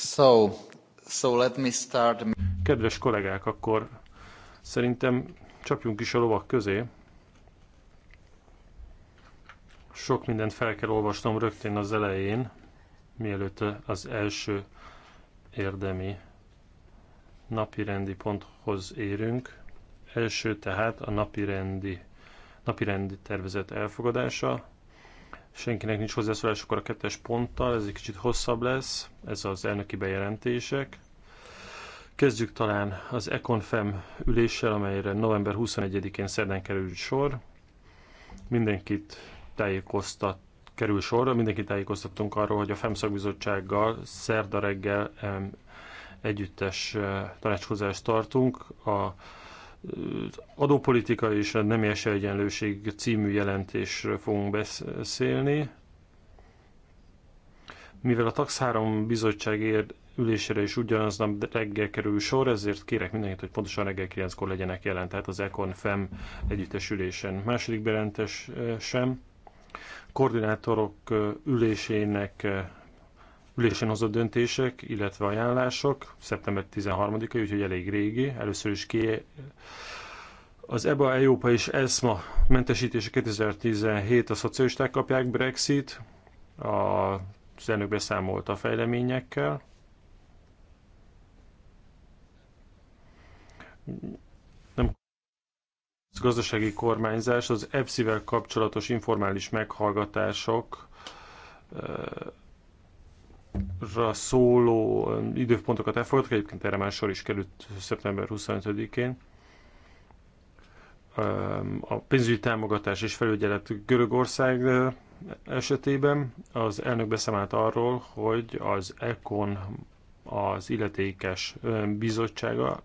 So, so let me start... Kedves kollégák, akkor szerintem csapjunk is a lovak közé. Sok mindent fel kell olvasnom rögtön az elején, mielőtt az első érdemi napirendi ponthoz érünk. Első tehát a napirendi napirendi tervezet elfogadása, senkinek nincs hozzászólás, akkor a kettes ponttal, ez egy kicsit hosszabb lesz, ez az elnöki bejelentések. Kezdjük talán az Econfem üléssel, amelyre november 21-én szerdán kerül sor. Mindenkit tájékoztat, kerül sorra, mindenkit tájékoztattunk arról, hogy a FEM szakbizottsággal szerda reggel em, együttes eh, tanácskozást tartunk. A adópolitika és a nemies egyenlőség című jelentésről fogunk beszélni. Mivel a TAX 3 bizottság ér, ülésére is ugyanaznap reggel kerül sor, ezért kérek mindenkit, hogy pontosan reggel 9-kor legyenek jelen, tehát az Econ FEM együttesülésen. Második berentes sem. Koordinátorok ülésének ülésen hozott döntések, illetve ajánlások, szeptember 13-a, úgyhogy elég régi. Először is ki az EBA, Európa és ESMA mentesítése 2017 a szocialisták kapják Brexit, a az elnök beszámolt a fejleményekkel. Nem a gazdasági kormányzás, az EPSZ-vel kapcsolatos informális meghallgatások szóló um, időpontokat elfogadtak, egyébként erre már sor is került szeptember 25-én. Um, a pénzügyi támogatás és felügyelet Görögország uh, esetében az elnök beszámolt arról, hogy az ECON az illetékes um, bizottsága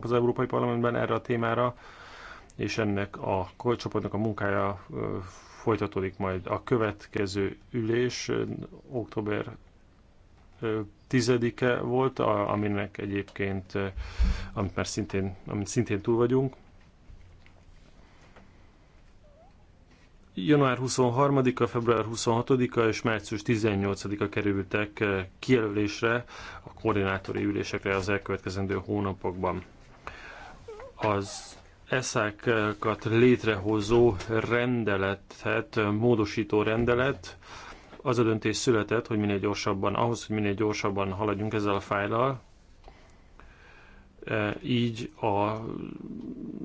az Európai Parlamentben erre a témára, és ennek a csoportnak a munkája uh, folytatódik majd. A következő ülés október tizedike volt, aminek egyébként, amit már szintén, amit szintén túl vagyunk. Január 23-a, február 26-a és március 18-a kerültek kijelölésre a koordinátori ülésekre az elkövetkezendő hónapokban. Az eszákat létrehozó rendeletet, módosító rendelet, az a döntés született, hogy minél gyorsabban, ahhoz, hogy minél gyorsabban haladjunk ezzel a fájlal, e, így a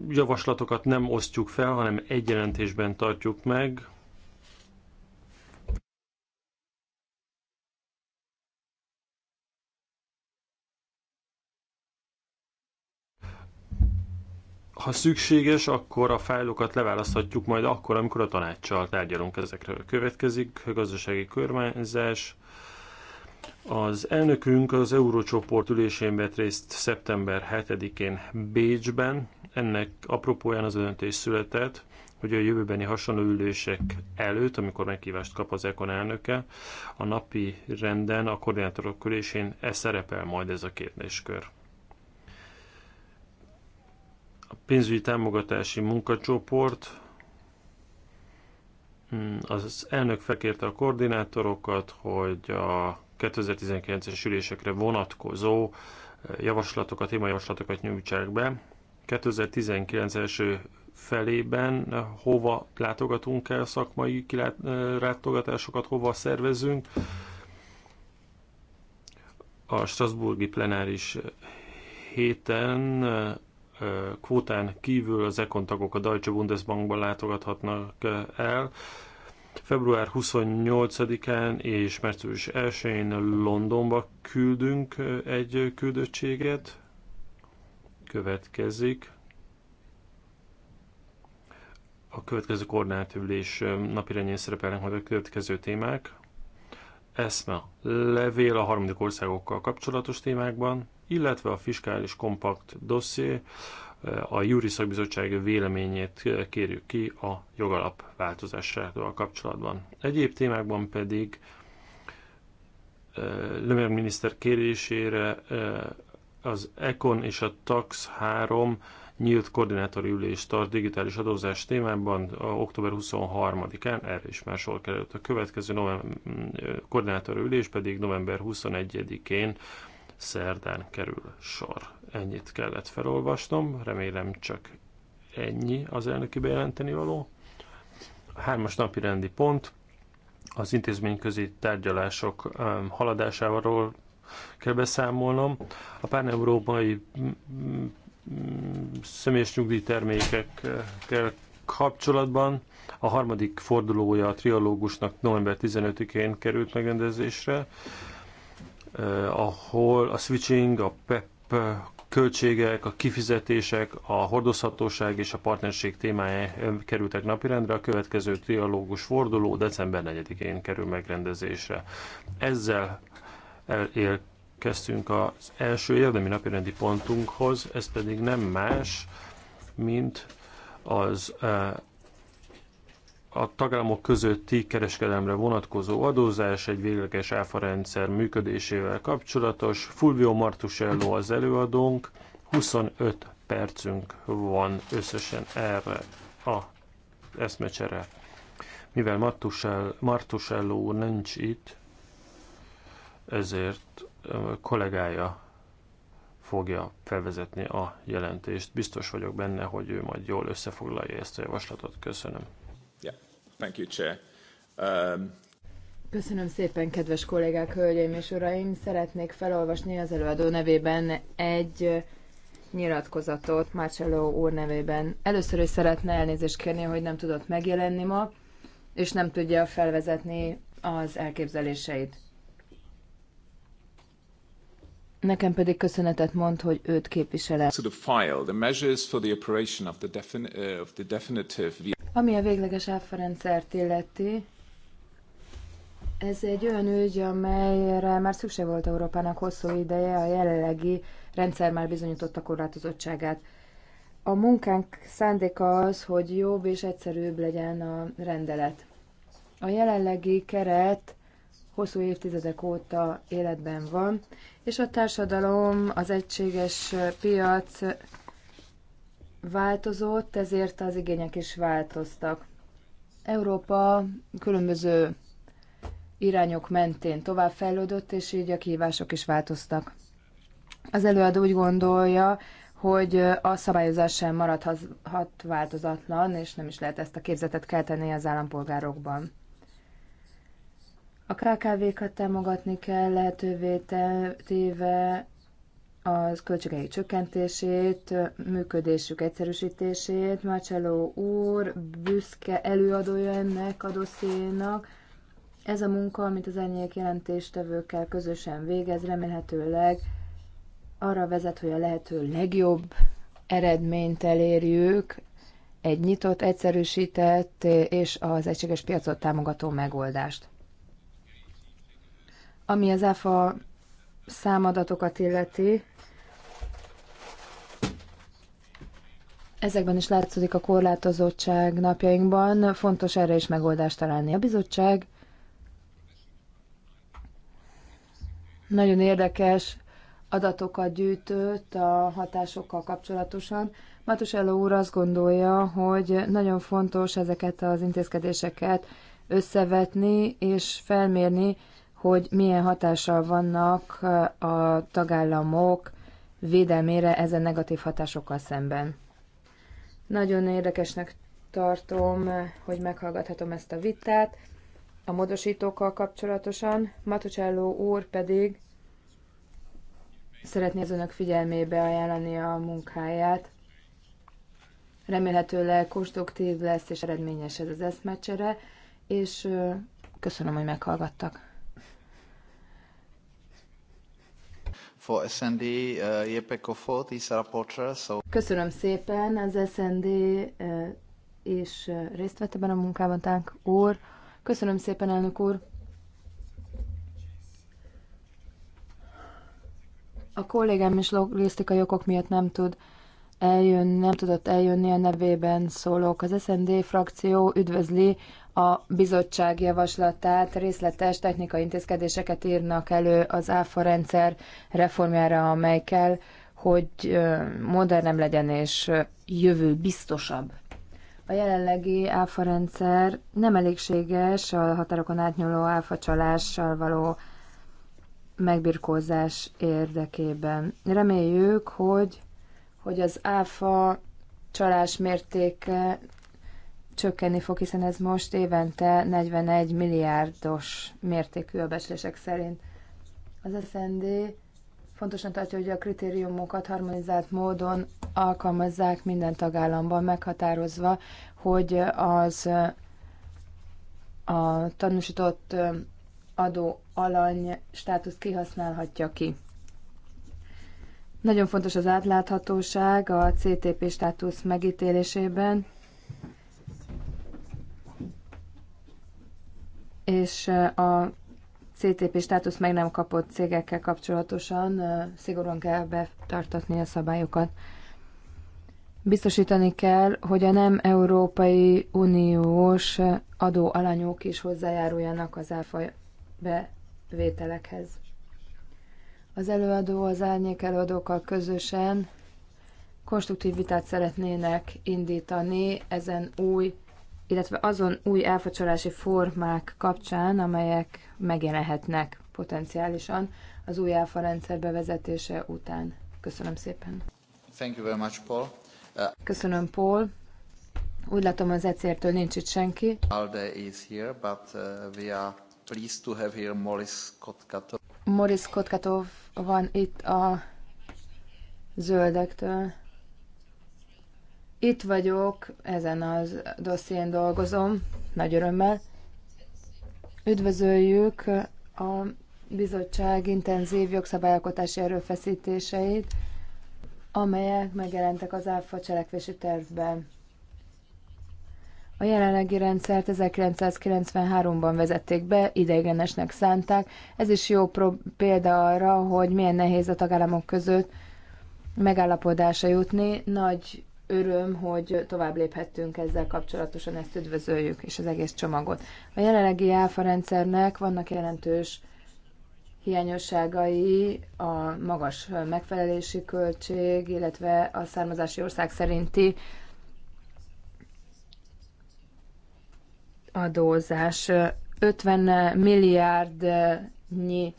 javaslatokat nem osztjuk fel, hanem egy jelentésben tartjuk meg, Ha szükséges, akkor a fájlokat leválaszthatjuk majd akkor, amikor a tanácssal tárgyalunk ezekről. Következik gazdasági kormányzás. Az elnökünk az Eurócsoport ülésén vett részt szeptember 7-én Bécsben. Ennek apropóján az döntés született, hogy a jövőbeni hasonló ülések előtt, amikor meghívást kap az EKON elnöke, a napi renden, a koordinátorok ülésén e szerepel majd ez a kérdéskör. A pénzügyi támogatási munkacsoport hm, az elnök fekérte a koordinátorokat, hogy a 2019-es ülésekre vonatkozó eh, javaslatokat, témajavaslatokat nyújtsák be. 2019 első felében eh, hova látogatunk el szakmai kilátogatásokat, eh, hova szervezünk. A Strasburgi plenáris héten kvótán kívül az Econ tagok a Deutsche Bundesbankban látogathatnak eh, el. Február 28-án és március 1-én Londonba küldünk eh, egy küldöttséget. Következik a következő koordinátülés eh, napirendjén szerepelnek majd a következő témák. Eszme, levél a harmadik országokkal kapcsolatos témákban, illetve a fiskális kompakt dosszié, eh, a Júri Szakbizottság véleményét eh, kérjük ki a jogalap változásával kapcsolatban. Egyéb témákban pedig eh, Lömer miniszter kérésére az ECON és a TAX 3 nyílt koordinátori ülést tart digitális adózás témában október 23-án, erre is máshol került. A következő november, koordinátori ülés pedig november 21-én szerdán kerül sor. Ennyit kellett felolvasnom, remélem csak ennyi az elnöki bejelenteni való. A hármas napi rendi pont az intézményközi tárgyalások um, haladásáról kell beszámolnom. A páneurópai mm, mm, személyes nyugdíjtermékekkel kapcsolatban a harmadik fordulója a triológusnak november 15-én került megrendezésre ahol a switching, a PEP e költségek, a kifizetések, a hordozhatóság és a partnerség témája kerültek napirendre. A következő dialógus forduló december 4-én kerül megrendezésre. Ezzel elérkeztünk az első érdemi napirendi pontunkhoz, ez pedig nem más, mint az a tagállamok közötti kereskedelemre vonatkozó adózás egy végleges áfarendszer működésével kapcsolatos. Fulvio Martusello az előadónk, 25 percünk van összesen erre a eszmecsere. Mivel Martusello úr nincs itt, ezért kollégája fogja felvezetni a jelentést. Biztos vagyok benne, hogy ő majd jól összefoglalja ezt a javaslatot. Köszönöm. Thank you, Chair. Um... Köszönöm szépen, kedves kollégák, hölgyeim és uraim! Szeretnék felolvasni az előadó nevében egy nyilatkozatot Marcello úr nevében. Először is szeretne elnézést kérni, hogy nem tudott megjelenni ma, és nem tudja felvezetni az elképzeléseit. Nekem pedig köszönetet mond, hogy őt képviselem. Ami a végleges áfarendszert illeti, ez egy olyan ügy, amelyre már szükség volt Európának hosszú ideje, a jelenlegi rendszer már bizonyította korlátozottságát. A munkánk szándéka az, hogy jobb és egyszerűbb legyen a rendelet. A jelenlegi keret hosszú évtizedek óta életben van, és a társadalom, az egységes piac változott, ezért az igények is változtak. Európa különböző irányok mentén továbbfejlődött, és így a kihívások is változtak. Az előadó úgy gondolja, hogy a szabályozás sem maradhat változatlan, és nem is lehet ezt a képzetet kelteni az állampolgárokban. A KKV-kat támogatni kell, lehetővé téve az költségei csökkentését, működésük egyszerűsítését. Marcello úr büszke előadója ennek a dossziénak. Ez a munka, amit az árnyék jelentéstevőkkel közösen végez, remélhetőleg arra vezet, hogy a lehető legjobb eredményt elérjük egy nyitott, egyszerűsített és az egységes piacot támogató megoldást. Ami az efa számadatokat illeti, ezekben is látszódik a korlátozottság napjainkban, fontos erre is megoldást találni. A bizottság nagyon érdekes adatokat gyűjtött a hatásokkal kapcsolatosan. Matusello úr azt gondolja, hogy nagyon fontos ezeket az intézkedéseket összevetni és felmérni, hogy milyen hatással vannak a tagállamok védelmére ezen negatív hatásokkal szemben. Nagyon érdekesnek tartom, hogy meghallgathatom ezt a vitát a módosítókkal kapcsolatosan. Matucselló úr pedig szeretné az önök figyelmébe ajánlani a munkáját. Remélhetőleg konstruktív lesz és eredményes ez az eszmecsere, és köszönöm, hogy meghallgattak. For SND, uh, Jeppe is a so... Köszönöm szépen, az SND uh, és uh, részt vett ebben a munkában, Tánk úr. Köszönöm szépen, elnök úr. A kollégám is logisztikai okok miatt nem tud eljön, nem tudott eljönni a nevében szólók. Az SND frakció üdvözli a bizottság javaslatát, részletes technikai intézkedéseket írnak elő az ÁFA rendszer reformjára, amely kell, hogy modernem legyen és jövő biztosabb. A jelenlegi áfa rendszer nem elégséges a határokon átnyúló áfa csalással való megbirkózás érdekében. Reméljük, hogy, hogy az áfa csalás mértéke csökkenni fog, hiszen ez most évente 41 milliárdos mértékű a becslések szerint. Az SND fontosan tartja, hogy a kritériumokat harmonizált módon alkalmazzák minden tagállamban, meghatározva, hogy az a tanúsított adó alany státusz kihasználhatja ki. Nagyon fontos az átláthatóság a CTP státusz megítélésében, és a CTP státusz meg nem kapott cégekkel kapcsolatosan szigorúan kell betartatni a szabályokat. Biztosítani kell, hogy a nem Európai Uniós adóalanyok is hozzájáruljanak az áfa bevételekhez. Az előadó az árnyék előadókkal közösen konstruktív vitát szeretnének indítani ezen új illetve azon új elfacsolási formák kapcsán, amelyek megjelenhetnek potenciálisan az új áfa rendszer bevezetése után. Köszönöm szépen. Thank you very much, Paul. Uh, Köszönöm, Paul. Úgy látom, az ECR-től nincs itt senki. Alde is here, but uh, we are pleased to have here Morris Kotkatov. Morris Kotkatov van itt a zöldektől. Itt vagyok, ezen az dosszién dolgozom, nagy örömmel. Üdvözöljük a bizottság intenzív jogszabályalkotási erőfeszítéseit, amelyek megjelentek az ÁFA cselekvési tervben. A jelenlegi rendszert 1993-ban vezették be, ideiglenesnek szánták. Ez is jó példa arra, hogy milyen nehéz a tagállamok között megállapodásra jutni. Nagy öröm, hogy tovább léphettünk ezzel kapcsolatosan, ezt üdvözöljük, és az egész csomagot. A jelenlegi áfa rendszernek vannak jelentős hiányosságai a magas megfelelési költség, illetve a származási ország szerinti adózás. 50 milliárdnyi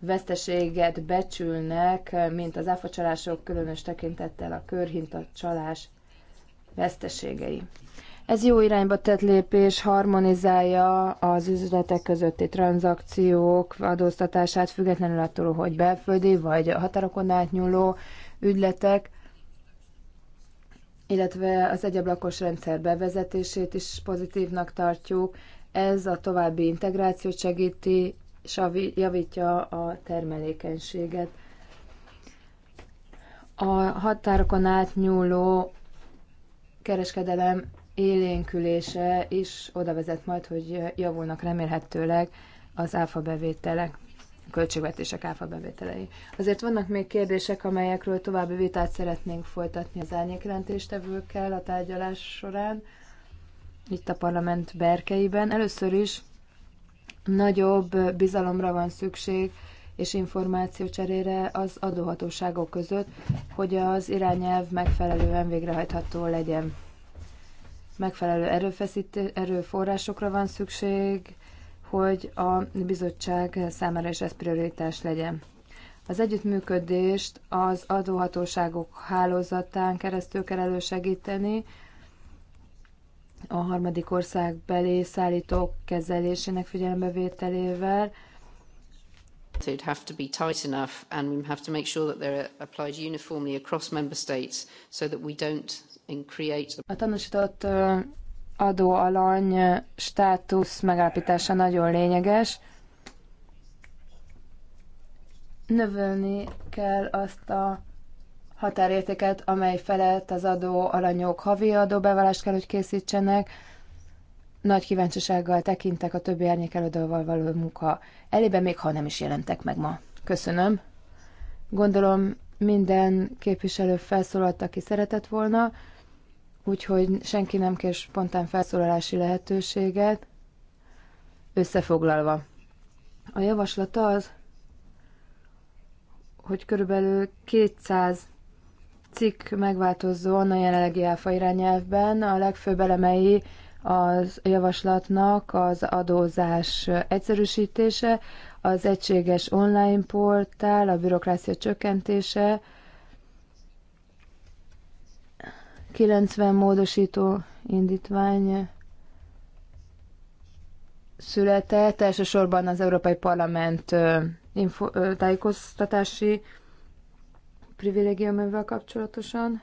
veszteséget becsülnek, mint az áfacsalások, különös tekintettel a körhinta csalás veszteségei. Ez jó irányba tett lépés, harmonizálja az üzletek közötti tranzakciók adóztatását, függetlenül attól, hogy belföldi vagy határokon átnyúló ügyletek, illetve az lakos rendszer bevezetését is pozitívnak tartjuk. Ez a további integrációt segíti, és javítja a termelékenységet. A határokon átnyúló kereskedelem élénkülése is oda vezet majd, hogy javulnak remélhetőleg az áfa bevételek, a költségvetések áfa bevételei. Azért vannak még kérdések, amelyekről további vitát szeretnénk folytatni az árnyékrendéstevőkkel a tárgyalás során, itt a parlament berkeiben. Először is Nagyobb bizalomra van szükség és információcserére az adóhatóságok között, hogy az irányelv megfelelően végrehajtható legyen. Megfelelő erőfeszít, erőforrásokra van szükség, hogy a bizottság számára is ez prioritás legyen. Az együttműködést az adóhatóságok hálózatán keresztül kell elősegíteni, a harmadik ország belé szállítók kezelésének figyelembevételével. It'd have to be tight enough and we have to make sure that they're applied uniformly across member states so that we don't create... A tanúsított adóalany státusz megállapítása nagyon lényeges. Növelni kell azt a határértéket, amely felett az adó alanyok havi adóbevallást kell, hogy készítsenek. Nagy kíváncsisággal tekintek a többi árnyék előadóval való munka elébe, még ha nem is jelentek meg ma. Köszönöm. Gondolom minden képviselő felszólalt, aki szeretett volna, úgyhogy senki nem kér spontán felszólalási lehetőséget. Összefoglalva. A javaslat az, hogy körülbelül 200 cikk megváltozzon a jelenlegi áfa irányelvben. A legfőbb elemei az javaslatnak az adózás egyszerűsítése, az egységes online portál, a bürokrácia csökkentése, 90 módosító indítvány született, elsősorban az Európai Parlament info, tájékoztatási privilégiumával kapcsolatosan,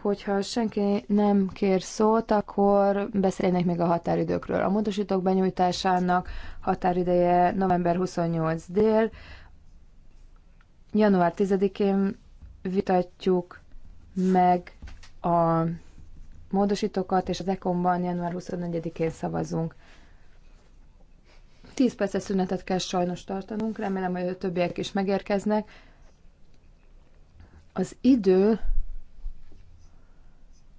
hogyha senki nem kér szót, akkor beszélnek még a határidőkről. A módosítók benyújtásának határideje november 28 dél, január 10-én vitatjuk meg a módosítókat, és az ekonban ban január 24-én szavazunk. 10 perces szünetet kell sajnos tartanunk, remélem, hogy a többiek is megérkeznek. Az idő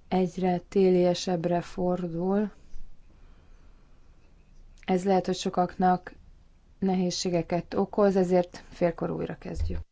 egyre téliesebbre fordul. Ez lehet, hogy sokaknak nehézségeket okoz, ezért félkor újra kezdjük.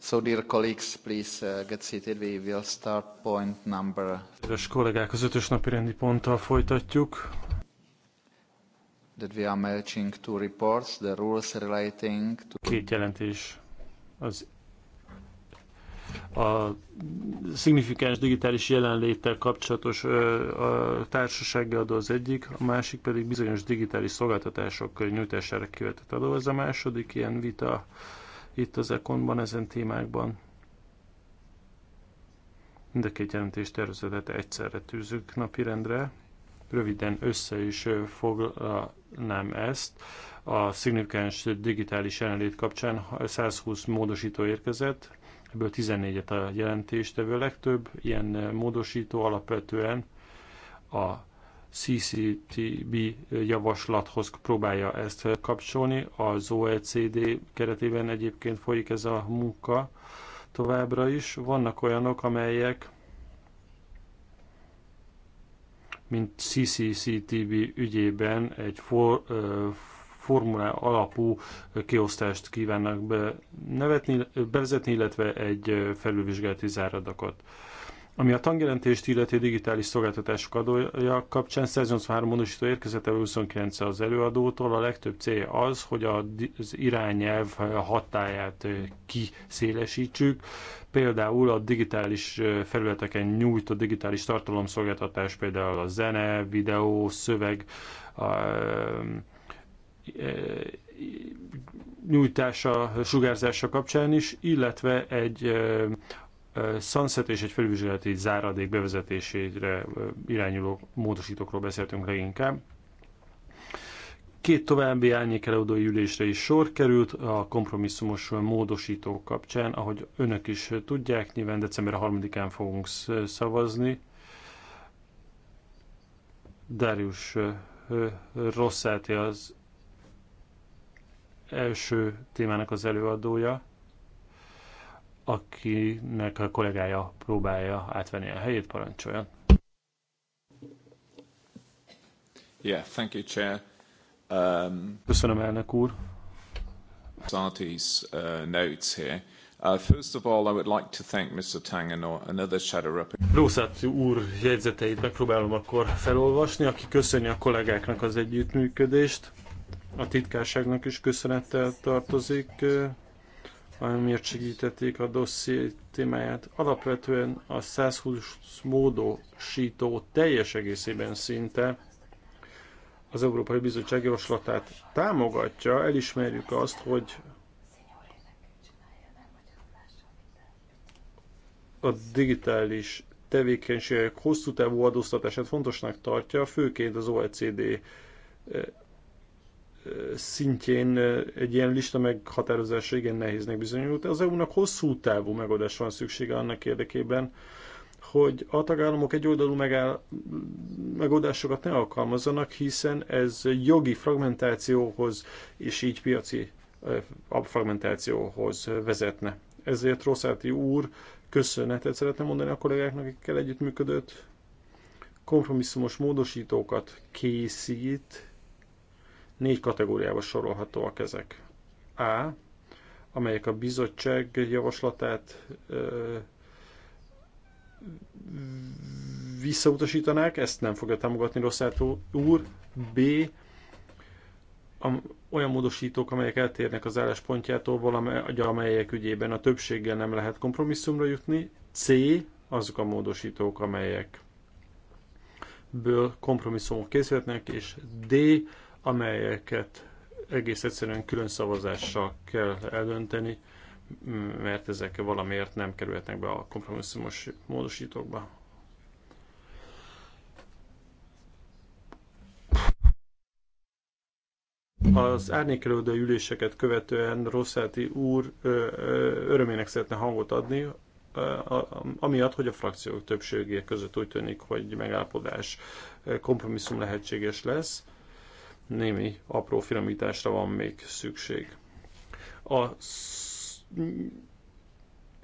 So, dear colleagues, please uh, get seated. We will start point number... Kedves kollégák, az ötös napi rendi ponttal folytatjuk. That we are merging two reports, the rules relating to... Két jelentés. Az a szignifikáns digitális jelenléttel kapcsolatos a társasági adó az egyik, a másik pedig bizonyos digitális szolgáltatások nyújtására kivetett adó. Ez a második ilyen vita itt az Ekonban ezen témákban. Mind a két jelentés tervezetet egyszerre tűzünk napirendre. Röviden össze is foglalnám ezt. A szignifikáns digitális jelenlét kapcsán 120 módosító érkezett, ebből 14-et a jelentéstevő. legtöbb ilyen módosító alapvetően a CCTB javaslathoz próbálja ezt kapcsolni. Az OECD keretében egyébként folyik ez a munka továbbra is. Vannak olyanok, amelyek mint CCCTB ügyében egy for, uh, formula alapú kiosztást kívánnak be. Nevetni, bevezetni, illetve egy felülvizsgálati záradakat. Ami a tangjelentést illeti digitális szolgáltatások adója kapcsán 183 módosító érkezett, 29 az előadótól. A legtöbb célja az, hogy az irányelv hatáját kiszélesítsük. Például a digitális felületeken nyújt a digitális tartalomszolgáltatás, például a zene, videó, szöveg, a, nyújtása, sugárzása kapcsán is, illetve egy Sunset és egy felülvizsgálati záradék bevezetésére irányuló módosítókról beszéltünk leginkább. Két további előadói ülésre is sor került a kompromisszumos módosítók kapcsán. Ahogy önök is tudják, nyilván december 3-án fogunk szavazni. Darius Rosszáti az első témának az előadója akinek a kollégája próbálja átvenni a helyét, parancsoljon. Yeah, thank you, Chair. Um, Köszönöm, elnök úr. Sarti's uh, notes here. Uh, first of all, I would like to thank Mr. Tangano, another shadow rapporteur. úr jegyzeteit megpróbálom akkor felolvasni, aki köszöni a kollégáknak az együttműködést. A titkárságnak is köszönettel tartozik. Uh, valamiért segítették a dosszi témáját. Alapvetően a 120 módosító teljes egészében szinte az Európai Bizottság javaslatát támogatja. Elismerjük azt, hogy a digitális tevékenységek hosszú távú adóztatását fontosnak tartja, főként az OECD eh, szintjén egy ilyen lista meghatározása igen nehéznek bizonyult. Az EU-nak hosszú távú megoldásra van szüksége annak érdekében, hogy a tagállamok oldalú megáll, megoldásokat ne alkalmazzanak, hiszen ez jogi fragmentációhoz és így piaci fragmentációhoz vezetne. Ezért Rosszáti úr köszönetet szeretne mondani a kollégáknak, akikkel együttműködött, kompromisszumos módosítókat készít, Négy kategóriába sorolhatóak ezek. A, amelyek a bizottság javaslatát ö, visszautasítanák, ezt nem fogja támogatni Rosszátó úr. B, olyan módosítók, amelyek eltérnek az álláspontjától, valamely, amelyek ügyében a többséggel nem lehet kompromisszumra jutni. C, azok a módosítók, amelyek ből kompromisszumok készülhetnek, és D, amelyeket egész egyszerűen külön szavazással kell eldönteni, mert ezek valamiért nem kerülhetnek be a kompromisszumos módosítókba. Az árnyékelődő üléseket követően Rosszáti úr örömének szeretne hangot adni, amiatt, hogy a frakciók többségé között úgy tűnik, hogy megállapodás kompromisszum lehetséges lesz némi apró finomításra van még szükség. A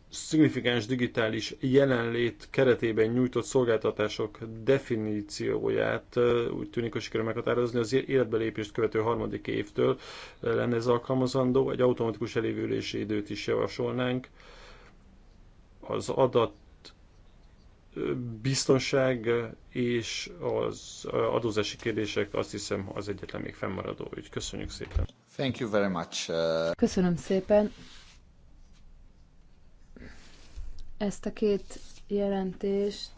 szignifikáns digitális jelenlét keretében nyújtott szolgáltatások definícióját úgy tűnik, hogy sikerül meghatározni, az életbelépést követő harmadik évtől lenne ez alkalmazandó, egy automatikus elévülési időt is javasolnánk, az adat biztonság és az adózási kérdések azt hiszem az egyetlen még fennmaradó ügy. Köszönjük szépen. Thank you very much. Uh, Köszönöm szépen. Ezt a két jelentést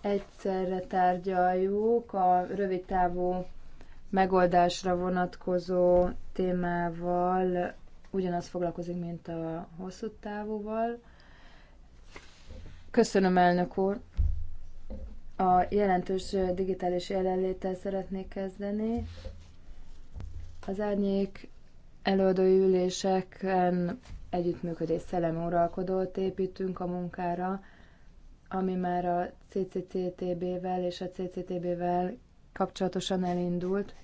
egyszerre tárgyaljuk a rövidtávú megoldásra vonatkozó témával ugyanaz foglalkozik, mint a hosszú távúval. Köszönöm, elnök úr. A jelentős digitális jelenléttel szeretnék kezdeni. Az árnyék előadói üléseken együttműködés szellemi uralkodót építünk a munkára, ami már a cctb vel és a CCTB-vel kapcsolatosan elindult.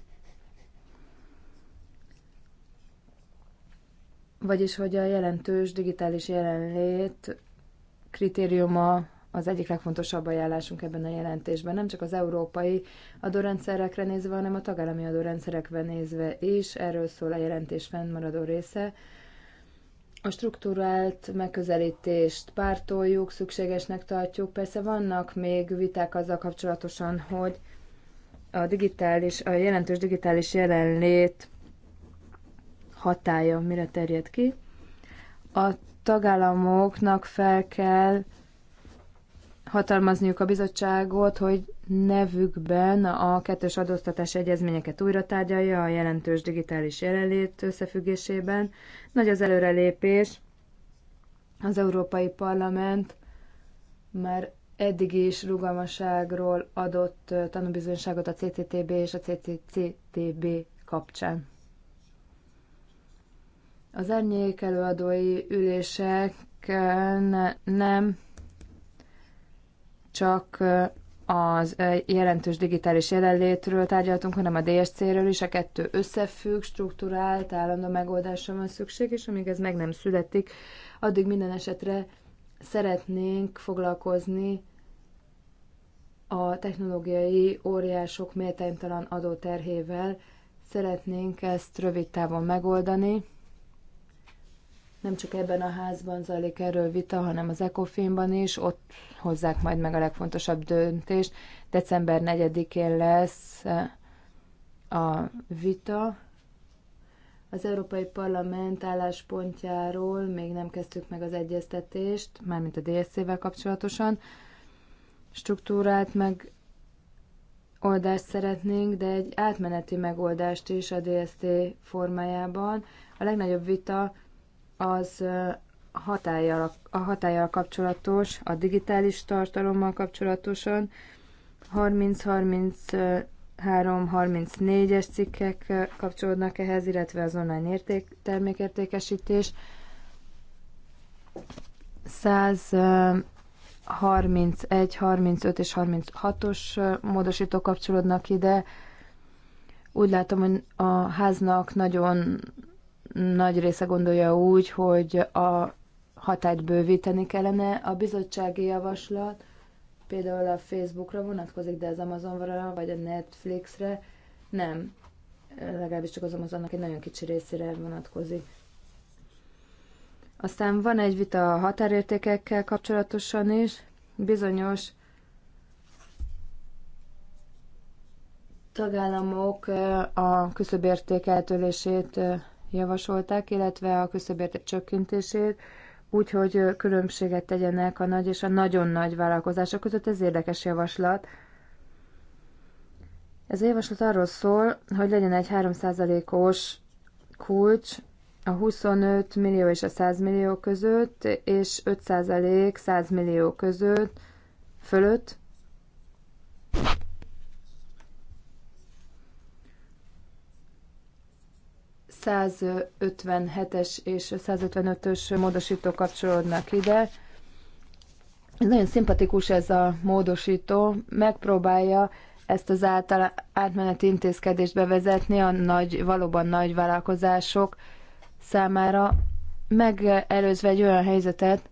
Vagyis, hogy a jelentős digitális jelenlét kritériuma az egyik legfontosabb ajánlásunk ebben a jelentésben, nem csak az európai adórendszerekre nézve, hanem a tagállami adórendszerekre nézve is, erről szól a jelentés fennmaradó része. A struktúrált megközelítést pártoljuk, szükségesnek tartjuk. Persze vannak még viták azzal kapcsolatosan, hogy a digitális, a jelentős digitális jelenlét hatája mire terjed ki a tagállamoknak fel kell hatalmazniuk a bizottságot, hogy nevükben a kettős adóztatási egyezményeket újra tárgyalja a jelentős digitális jelenlét összefüggésében. Nagy az előrelépés. Az Európai Parlament már eddig is rugalmasságról adott tanúbizonyságot a CCTB és a CCCTB kapcsán. Az árnyék előadói üléseken nem csak az jelentős digitális jelenlétről tárgyaltunk, hanem a DSC-ről is, a kettő összefügg, struktúrált, állandó megoldásra van szükség, és amíg ez meg nem születik, addig minden esetre szeretnénk foglalkozni a technológiai óriások méltánytalan adóterhével, szeretnénk ezt rövid távon megoldani, nem csak ebben a házban zajlik erről vita, hanem az ECOFIN-ban is, ott hozzák majd meg a legfontosabb döntést. December 4-én lesz eh, a vita. Az Európai Parlament álláspontjáról még nem kezdtük meg az egyeztetést, mármint a DSZ-vel kapcsolatosan. Struktúrát meg oldást szeretnénk, de egy átmeneti megoldást is a DST formájában. A legnagyobb vita az hatályjal, a hatállyal kapcsolatos, a digitális tartalommal kapcsolatosan 30-33-34-es cikkek kapcsolódnak ehhez, illetve az online érték, termékértékesítés. 31, 35 és 36-os módosító kapcsolódnak ide. Úgy látom, hogy a háznak nagyon nagy része gondolja úgy, hogy a hatályt bővíteni kellene. A bizottsági javaslat például a Facebookra vonatkozik, de az Amazonra vagy a Netflixre nem. Legalábbis csak az Amazonnak egy nagyon kicsi részére vonatkozik. Aztán van egy vita a határértékekkel kapcsolatosan is. Bizonyos tagállamok eh, a küszöbérték eltölését eh, javasolták, illetve a küszöbérték csökkentését, úgyhogy különbséget tegyenek a nagy és a nagyon nagy vállalkozások között. Ez érdekes javaslat. Ez a javaslat arról szól, hogy legyen egy 3%-os kulcs a 25 millió és a 100 millió között, és 5% 100 millió között fölött. 157-es és 155-ös módosító kapcsolódnak ide. nagyon szimpatikus ez a módosító, megpróbálja ezt az által, átmeneti intézkedést bevezetni a nagy, valóban nagy vállalkozások számára, megelőzve egy olyan helyzetet,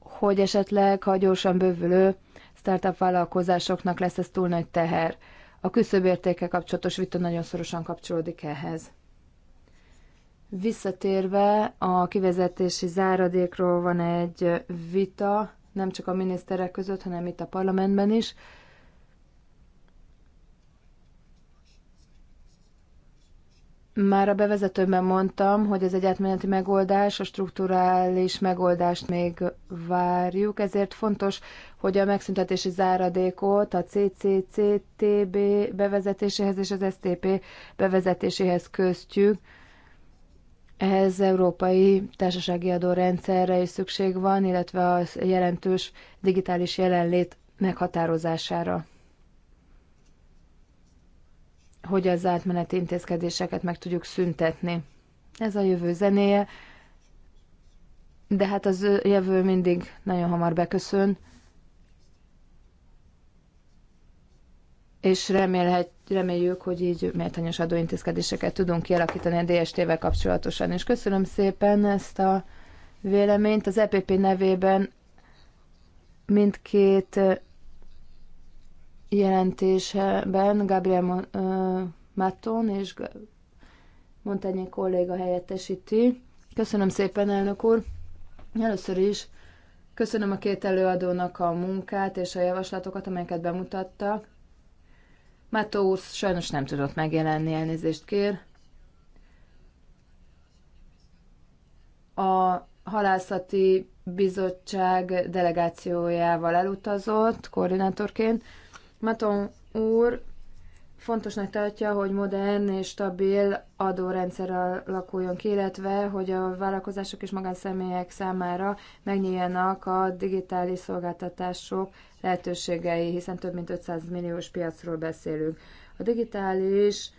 hogy esetleg, ha gyorsan bővülő startup vállalkozásoknak lesz ez túl nagy teher. A küszöbértéke kapcsolatos vita nagyon szorosan kapcsolódik ehhez. Visszatérve a kivezetési záradékról van egy vita, nem csak a miniszterek között, hanem itt a parlamentben is. Már a bevezetőben mondtam, hogy ez egy átmeneti megoldás, a strukturális megoldást még várjuk, ezért fontos, hogy a megszüntetési záradékot a CCCTB bevezetéséhez és az STP bevezetéséhez köztjük. Ehhez európai társasági adórendszerre is szükség van, illetve a jelentős digitális jelenlét meghatározására hogy az átmeneti intézkedéseket meg tudjuk szüntetni. Ez a jövő zenéje, de hát az jövő mindig nagyon hamar beköszön, és remélhet, reméljük, hogy így méltányos adóintézkedéseket tudunk kialakítani a DST-vel kapcsolatosan. És köszönöm szépen ezt a véleményt. Az EPP nevében mindkét jelentéseben Gabriel Maton és Montagné kolléga helyettesíti. Köszönöm szépen, elnök úr! Először is köszönöm a két előadónak a munkát és a javaslatokat, amelyeket bemutattak. Mátó úr sajnos nem tudott megjelenni, elnézést kér. A halászati bizottság delegációjával elutazott koordinátorként, Maton úr fontosnak tartja, hogy modern és stabil adórendszer alakuljon ki, illetve hogy a vállalkozások és magánszemélyek számára megnyíljanak a digitális szolgáltatások lehetőségei, hiszen több mint 500 milliós piacról beszélünk. A digitális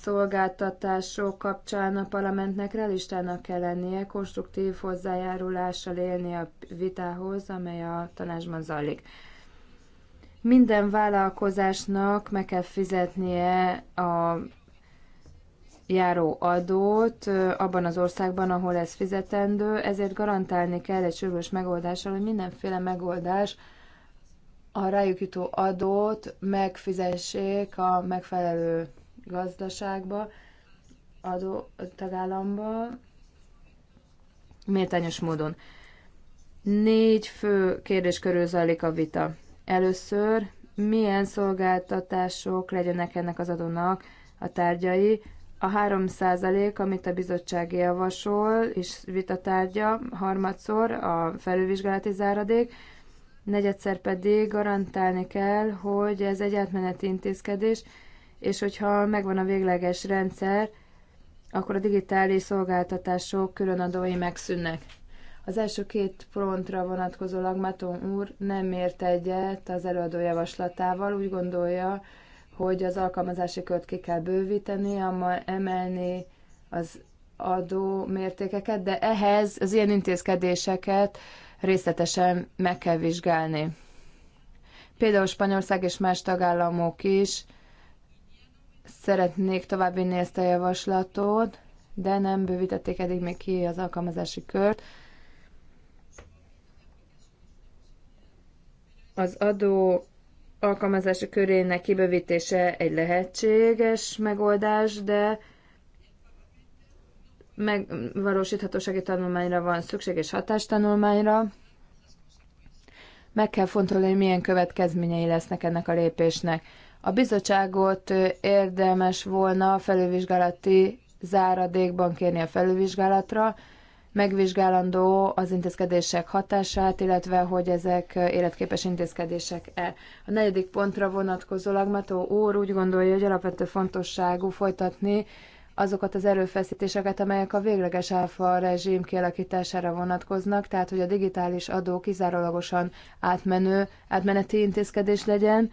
szolgáltatások kapcsán a parlamentnek realistának kell lennie, konstruktív hozzájárulással élni a vitához, amely a tanácsban zajlik. Minden vállalkozásnak meg kell fizetnie a járó adót abban az országban, ahol ez fizetendő, ezért garantálni kell egy sürgős megoldással, hogy mindenféle megoldás a rájuk jutó adót megfizessék a megfelelő gazdaságba, adó tagállamba, méltányos módon. Négy fő kérdés körül zajlik a vita. Először milyen szolgáltatások legyenek ennek az adónak a tárgyai. A 3 százalék, amit a bizottság javasol, és tárgya harmadszor a felülvizsgálati záradék, negyedszer pedig garantálni kell, hogy ez egy átmeneti intézkedés, és hogyha megvan a végleges rendszer, akkor a digitális szolgáltatások különadói megszűnnek. Az első két frontra vonatkozólag Maton úr nem ért egyet az előadó javaslatával, úgy gondolja, hogy az alkalmazási költ ki kell bővíteni, emelni az adó mértékeket, de ehhez az ilyen intézkedéseket részletesen meg kell vizsgálni. Például Spanyolország és más tagállamok is szeretnék továbbvinni ezt a javaslatot, de nem bővítették eddig még ki az alkalmazási kört. Az adó alkalmazási körének kibővítése egy lehetséges megoldás, de megvalósíthatósági tanulmányra van szükség, és hatástanulmányra. Meg kell fontolni, hogy milyen következményei lesznek ennek a lépésnek. A bizottságot érdemes volna felülvizsgálati záradékban kérni a felülvizsgálatra, megvizsgálandó az intézkedések hatását, illetve hogy ezek életképes intézkedések-e. A negyedik pontra vonatkozólag Mató úr úgy gondolja, hogy alapvető fontosságú folytatni azokat az erőfeszítéseket, amelyek a végleges áfa rezsim kialakítására vonatkoznak, tehát hogy a digitális adó kizárólagosan átmenő, átmeneti intézkedés legyen,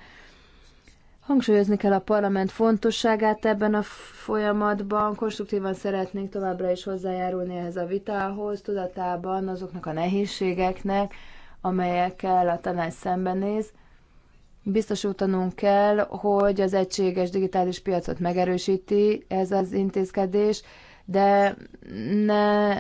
Hangsúlyozni kell a parlament fontosságát ebben a folyamatban, konstruktívan szeretnénk továbbra is hozzájárulni ehhez a vitához, tudatában azoknak a nehézségeknek, amelyekkel a tanács szembenéz. Biztosítanunk kell, hogy az egységes digitális piacot megerősíti ez az intézkedés, de ne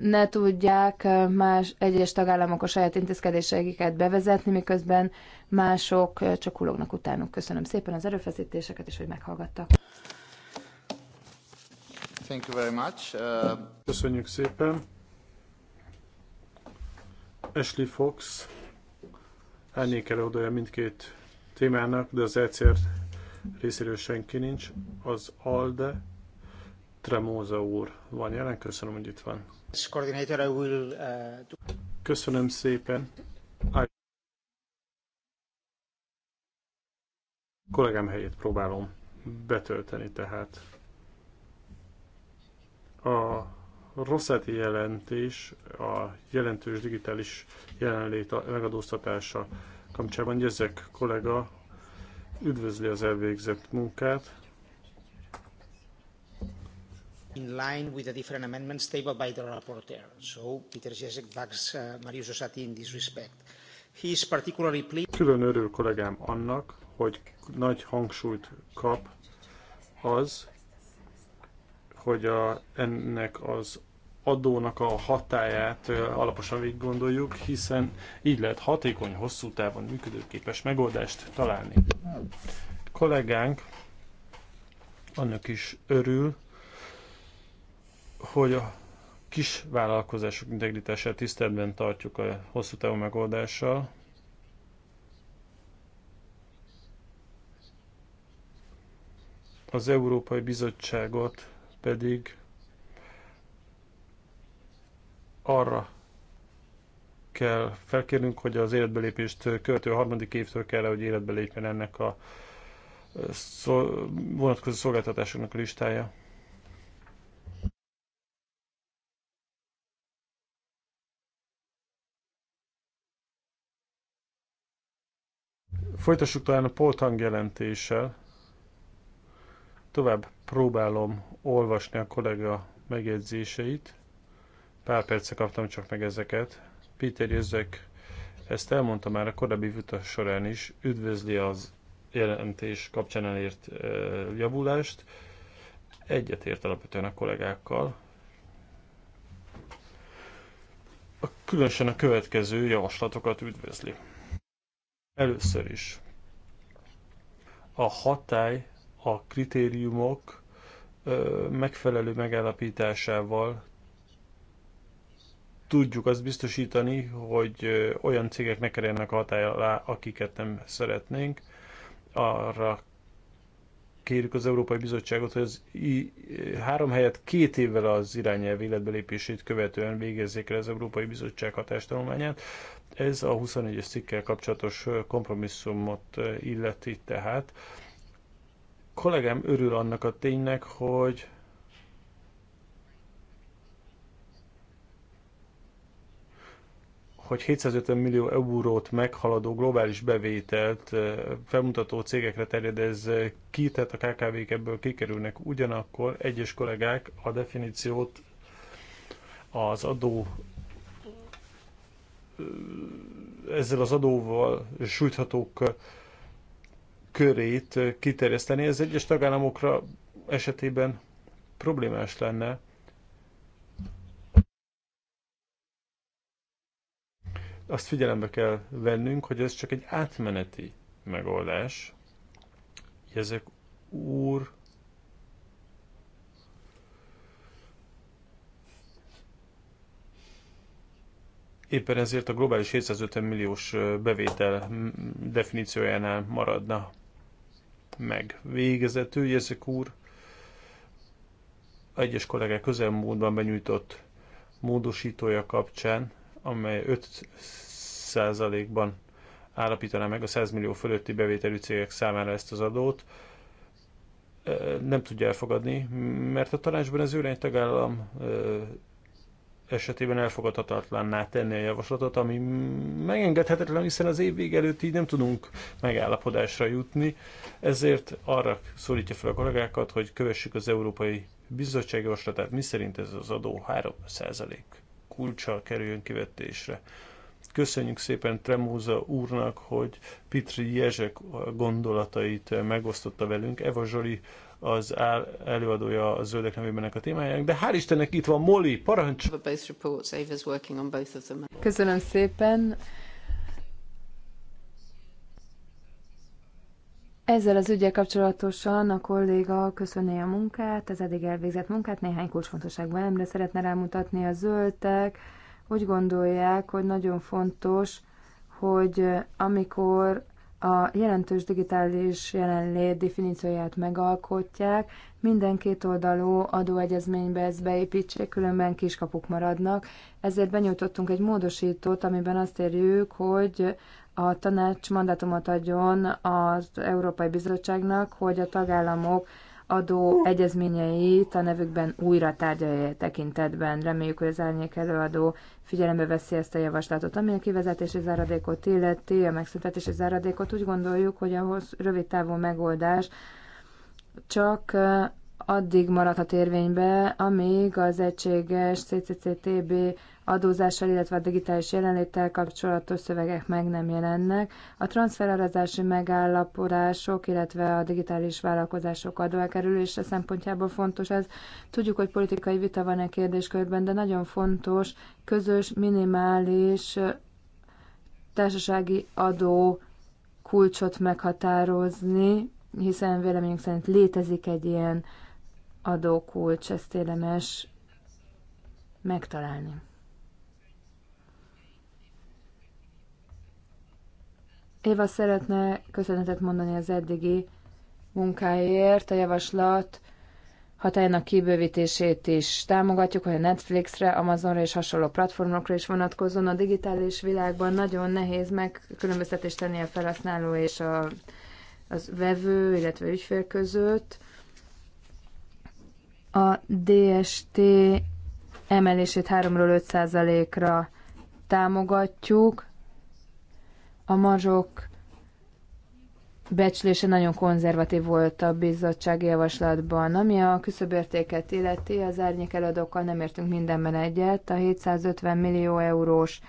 ne tudják más egyes tagállamok a saját intézkedéseiket bevezetni, miközben mások csak ulognak utánuk. Köszönöm szépen az erőfeszítéseket, és hogy meghallgattak. Thank you very much. Uh... Köszönjük szépen. Ashley Fox odaja mindkét témának, de az ECR részéről senki nincs. Az ALDE Tremóza úr van jelen, köszönöm, hogy itt van. Uh, köszönöm szépen. kollégám helyét próbálom betölteni, tehát a Rosszáti jelentés a jelentős digitális jelenlét megadóztatása kamcsában Gyezek kollega üdvözli az elvégzett munkát. In line with the different amendments tabled by the rapporteur. So Peter Jezek backs uh, Mario Sosati in this respect. He is particularly pleased. Külön örül kollégám annak, hogy nagy hangsúlyt kap az, hogy a, ennek az adónak a hatáját alaposan végig gondoljuk, hiszen így lehet hatékony, hosszú távon működőképes megoldást találni. A kollégánk annak is örül, hogy a kis vállalkozások integritását tiszteletben tartjuk a hosszú távú megoldással, az Európai Bizottságot pedig arra kell felkérnünk, hogy az életbelépést követő harmadik évtől kell, hogy életbe lépjen ennek a szol vonatkozó szolgáltatásoknak a listája. Folytassuk talán a poltang jelentéssel. Tovább próbálom olvasni a kollega megjegyzéseit. Pár perce kaptam csak meg ezeket. Péter Jözek ezt elmondta már a korábbi vita során is, üdvözli az jelentés kapcsán elért javulást. Egyetért alapvetően a kollégákkal. A, különösen a következő javaslatokat üdvözli. Először is a hatály a kritériumok megfelelő megállapításával tudjuk azt biztosítani, hogy olyan cégek ne kerüljenek hatály alá, akiket nem szeretnénk. Arra kérjük az Európai Bizottságot, hogy az I három helyet két évvel az irányelv életbelépését követően végezzék el az Európai Bizottság hatástanulmányát. Ez a 24-es cikkel kapcsolatos kompromisszumot illeti tehát kollégám örül annak a ténynek, hogy hogy 750 millió eurót meghaladó globális bevételt felmutató cégekre terjed ez ki, tehát a KKV-k ebből kikerülnek. Ugyanakkor egyes kollégák a definíciót az adó ezzel az adóval sújthatók körét kiterjeszteni. Ez egyes tagállamokra esetében problémás lenne. Azt figyelembe kell vennünk, hogy ez csak egy átmeneti megoldás. Ezek úr éppen ezért a globális 750 milliós bevétel definíciójánál maradna meg. Végezetül Jezek úr egyes kollégák közelmúltban benyújtott módosítója kapcsán, amely 5%-ban állapítaná meg a 100 millió fölötti bevételű cégek számára ezt az adót, nem tudja elfogadni, mert a tanácsban az őrány tagállam esetében elfogadhatatlanná tenni a javaslatot, ami megengedhetetlen, hiszen az év vége előtt így nem tudunk megállapodásra jutni, ezért arra szólítja fel a kollégákat, hogy kövessük az Európai Bizottság javaslatát, szerint ez az adó 3% kulcsal kerüljön kivetésre. Köszönjük szépen Tremóza úrnak, hogy Pitri Jezsek gondolatait megosztotta velünk. Eva Zsoli az előadója a Zöldek nevében a témájának, de hál' Istennek itt van Molly, parancs! Köszönöm szépen! Ezzel az ügyel kapcsolatosan a kolléga köszöné a munkát, az eddig elvégzett munkát, néhány kulcsfontosságú elemre szeretne rámutatni a zöldek. Úgy gondolják, hogy nagyon fontos, hogy amikor a jelentős digitális jelenlét definícióját megalkotják, minden kétoldalú adóegyezménybe ezt beépítsék, különben kiskapuk maradnak. Ezért benyújtottunk egy módosítót, amiben azt érjük, hogy a tanács mandátumot adjon az Európai Bizottságnak, hogy a tagállamok adó egyezményeit a nevükben újra tárgyalja tekintetben. Reméljük, hogy az árnyék előadó figyelembe veszi ezt a javaslatot. Ami a kivezetési záradékot illeti, a megszüntetési záradékot úgy gondoljuk, hogy ahhoz rövid távú megoldás csak addig maradhat érvénybe, amíg az egységes CCCTB adózással, illetve a digitális jelenléttel kapcsolatos szövegek meg nem jelennek. A transferárazási megállapodások, illetve a digitális vállalkozások adóelkerülése szempontjából fontos ez. Tudjuk, hogy politikai vita van-e kérdéskörben, de nagyon fontos közös, minimális társasági adó kulcsot meghatározni, hiszen véleményünk szerint létezik egy ilyen adókulcs, ezt érdemes megtalálni. Éva szeretne köszönetet mondani az eddigi munkáért, a javaslat hatájának kibővítését is támogatjuk, hogy a Netflixre, Amazonra és hasonló platformokra is vonatkozzon. A digitális világban nagyon nehéz megkülönböztetést tenni a felhasználó és a, az vevő, illetve ügyfél között. A DST emelését 3-ról 5%-ra támogatjuk, a marzsok becslése nagyon konzervatív volt a bizottsági javaslatban. Ami a küszöbértéket illeti, az árnyék eladókkal nem értünk mindenben egyet. A 750 millió eurós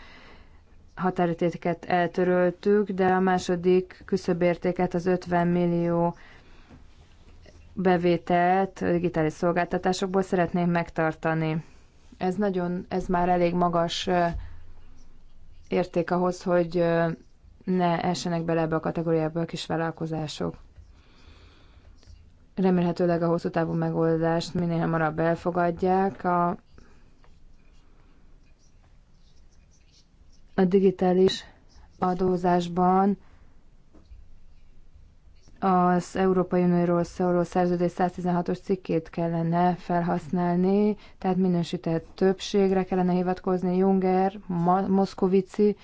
határértéket eltöröltük, de a második küszöbértéket, az 50 millió bevételt digitális szolgáltatásokból szeretnénk megtartani. Ez nagyon, ez már elég magas érték ahhoz, hogy ne essenek bele ebbe a kategóriába a kis vállalkozások. Remélhetőleg a hosszú távú megoldást minél hamarabb elfogadják. A, a digitális adózásban az Európai Unióról szóló szerződés 116-os cikkét kellene felhasználni, tehát minősített többségre kellene hivatkozni, Junger, Ma- Moszkovici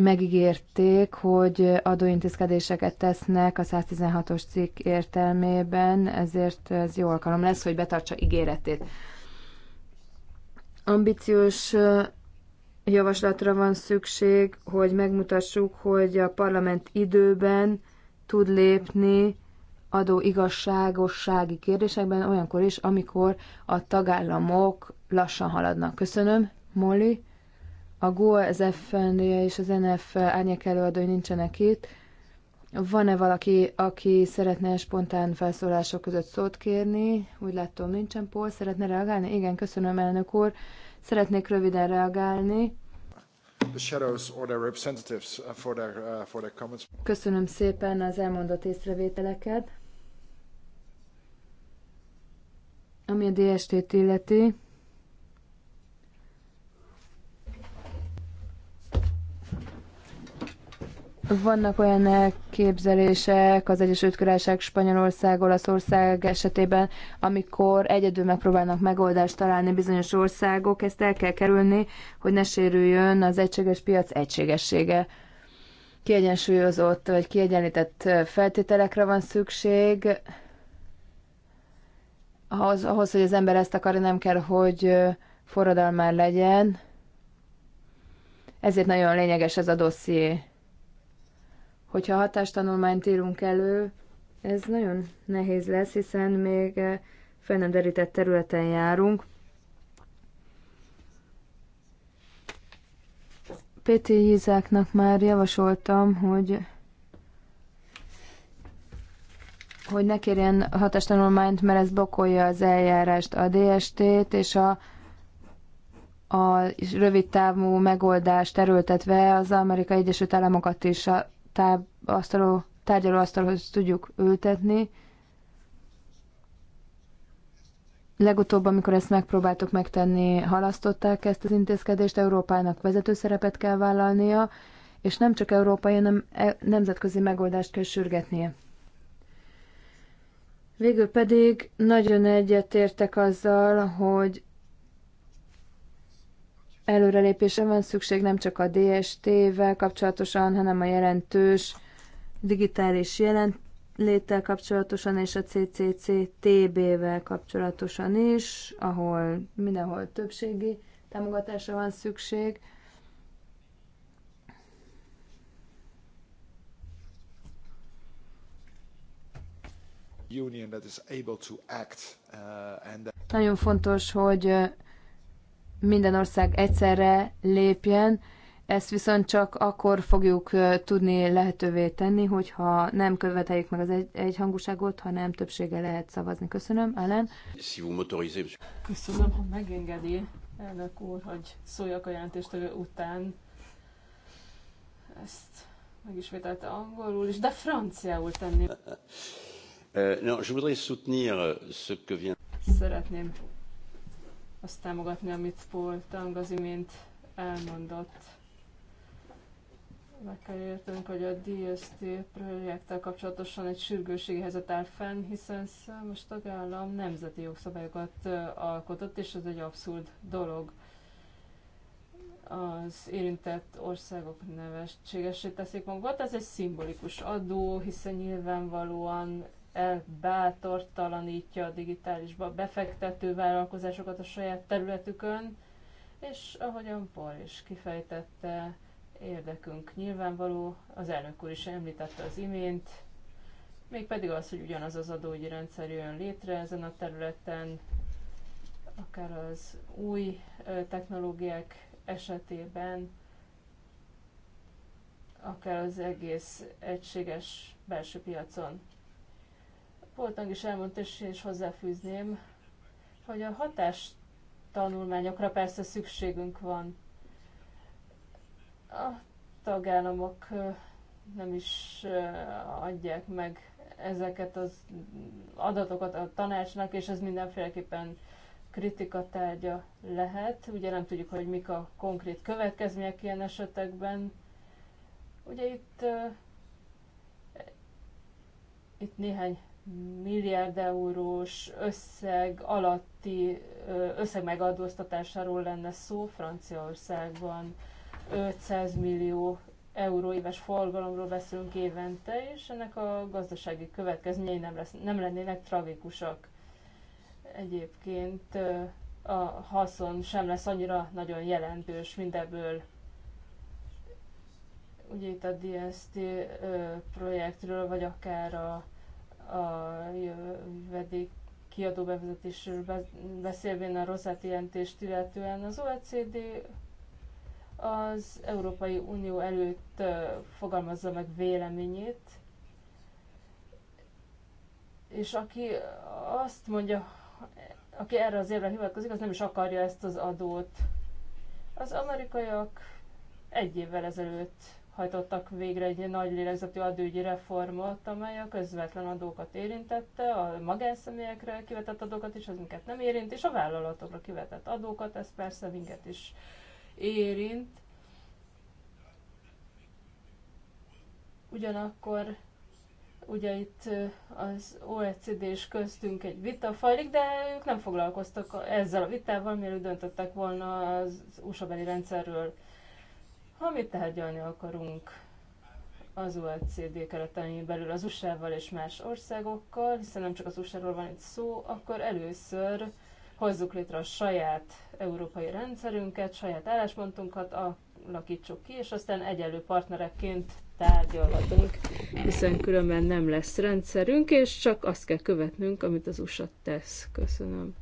megígérték, hogy adóintézkedéseket tesznek a 116-os cikk értelmében, ezért ez jó alkalom lesz, hogy betartsa ígéretét. Ambiciós javaslatra van szükség, hogy megmutassuk, hogy a parlament időben tud lépni adó igazságossági kérdésekben olyankor is, amikor a tagállamok lassan haladnak. Köszönöm, Molly a GO, az FND és az NF árnyék előadói nincsenek itt. Van-e valaki, aki szeretne spontán felszólások között szót kérni? Úgy látom, nincsen. Paul, szeretne reagálni? Igen, köszönöm, elnök úr. Szeretnék röviden reagálni. Uh, uh, köszönöm szépen az elmondott észrevételeket. Ami a DST-t illeti, Vannak olyan elképzelések az Egyesült Királyság, Spanyolország, Olaszország esetében, amikor egyedül megpróbálnak megoldást találni bizonyos országok, ezt el kell kerülni, hogy ne sérüljön az egységes piac egységessége. Kiegyensúlyozott vagy kiegyenlített feltételekre van szükség. Ahhoz, ahhoz hogy az ember ezt akarja, nem kell, hogy forradalmár legyen. Ezért nagyon lényeges ez a dosszié. Hogyha hatástanulmányt írunk elő, ez nagyon nehéz lesz, hiszen még eh, fel nem derített területen járunk. Péti Hízáknak már javasoltam, hogy hogy ne kérjen hatástanulmányt, mert ez blokkolja az eljárást, a DST-t, és a, a rövid távú megoldást erőltetve az Amerikai Egyesült Államokat is a tábasztaló, tárgyalóasztalhoz tudjuk ültetni. Legutóbb, amikor ezt megpróbáltuk megtenni, halasztották ezt az intézkedést, Európának vezető szerepet kell vállalnia, és nem csak európai, hanem e- nemzetközi megoldást kell sürgetnie. Végül pedig nagyon egyetértek azzal, hogy Előrelépésre van szükség nem csak a DST-vel kapcsolatosan, hanem a jelentős digitális jelenléttel kapcsolatosan és a CCCTB-vel kapcsolatosan is, ahol mindenhol többségi támogatásra van szükség. Uh, Nagyon fontos, hogy uh, minden ország egyszerre lépjen, ezt viszont csak akkor fogjuk tudni lehetővé tenni, hogyha nem követeljük meg az egy, egyhangúságot, hanem többsége lehet szavazni. Köszönöm, Ellen. Köszönöm, ha megengedi, elnök úr, hogy szóljak a jelentéstől után. Ezt megismételte angolul is, de franciául tenni. Euh, euh, Szeretném azt támogatni, amit Paul Tang az imént elmondott. Meg kell értenünk, hogy a DST projekttel kapcsolatosan egy sürgőségi helyzet áll fenn, hiszen számos tagállam nemzeti jogszabályokat alkotott, és ez egy abszurd dolog az érintett országok nevességesé teszik magukat. Ez egy szimbolikus adó, hiszen nyilvánvalóan elbátortalanítja a digitálisba befektető vállalkozásokat a saját területükön, és ahogyan Paul is kifejtette, érdekünk nyilvánvaló, az elnök úr is említette az imént, mégpedig az, hogy ugyanaz az adógyi rendszer jön létre ezen a területen, akár az új e, technológiák esetében, akár az egész egységes belső piacon. Voltang is elmondta, és én is hozzáfűzném, hogy a hatás tanulmányokra persze szükségünk van. A tagállamok nem is adják meg ezeket az adatokat a tanácsnak, és ez mindenféleképpen kritika tárgya lehet. Ugye nem tudjuk, hogy mik a konkrét következmények ilyen esetekben. Ugye itt, itt néhány milliárd eurós összeg alatti összeg megadóztatásáról lenne szó Franciaországban. 500 millió euró éves forgalomról beszélünk évente, és ennek a gazdasági következményei nem, lesz, nem lennének tragikusak. Egyébként a haszon sem lesz annyira nagyon jelentős mindebből. Ugye itt a DST projektről, vagy akár a a jövedék kiadó bevezetésről beszélvén a Rosati jelentést illetően az OECD az Európai Unió előtt fogalmazza meg véleményét, és aki azt mondja, aki erre az évre hivatkozik, az nem is akarja ezt az adót. Az amerikaiak egy évvel ezelőtt hajtottak végre egy nagy lélegzetű adőgyi reformot, amely a közvetlen adókat érintette, a magánszemélyekre kivetett adókat is, az minket nem érint, és a vállalatokra kivetett adókat, ez persze minket is érint. Ugyanakkor ugye itt az OECD és köztünk egy vita folyik, de ők nem foglalkoztak ezzel a vitával, mielőtt döntöttek volna az USA-beli rendszerről. Ha tárgyalni akarunk az OECD keretein belül az USA-val és más országokkal, hiszen nem csak az USA-ról van itt szó, akkor először hozzuk létre a saját európai rendszerünket, saját álláspontunkat alakítsuk ki, és aztán egyenlő partnerekként tárgyalhatunk, hiszen különben nem lesz rendszerünk, és csak azt kell követnünk, amit az USA tesz. Köszönöm.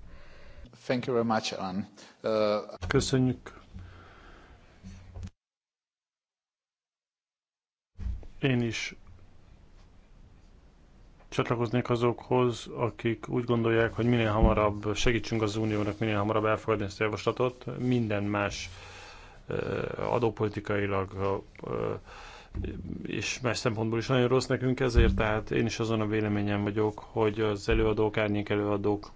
Thank you very much, Anne. Uh... Köszönjük, Én is csatlakoznék azokhoz, akik úgy gondolják, hogy minél hamarabb segítsünk az uniónak, minél hamarabb elfogadni ezt a javaslatot, minden más adópolitikailag és más szempontból is nagyon rossz nekünk, ezért tehát én is azon a véleményem vagyok, hogy az előadók, árnyék előadók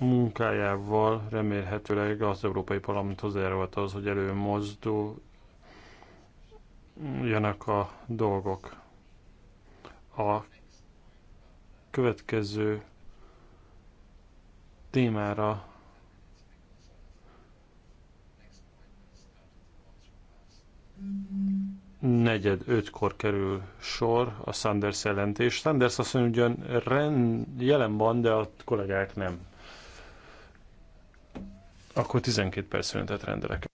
munkájával remélhetőleg az Európai Parlament hozzájárulhat az, hogy előmozdul jönnek a dolgok. A következő témára negyed ötkor kerül sor a Sanders jelentés. Sanders azt mondja, hogy ugyan rend, jelen van, de a kollégák nem. Akkor 12 perc szünetet rendelek.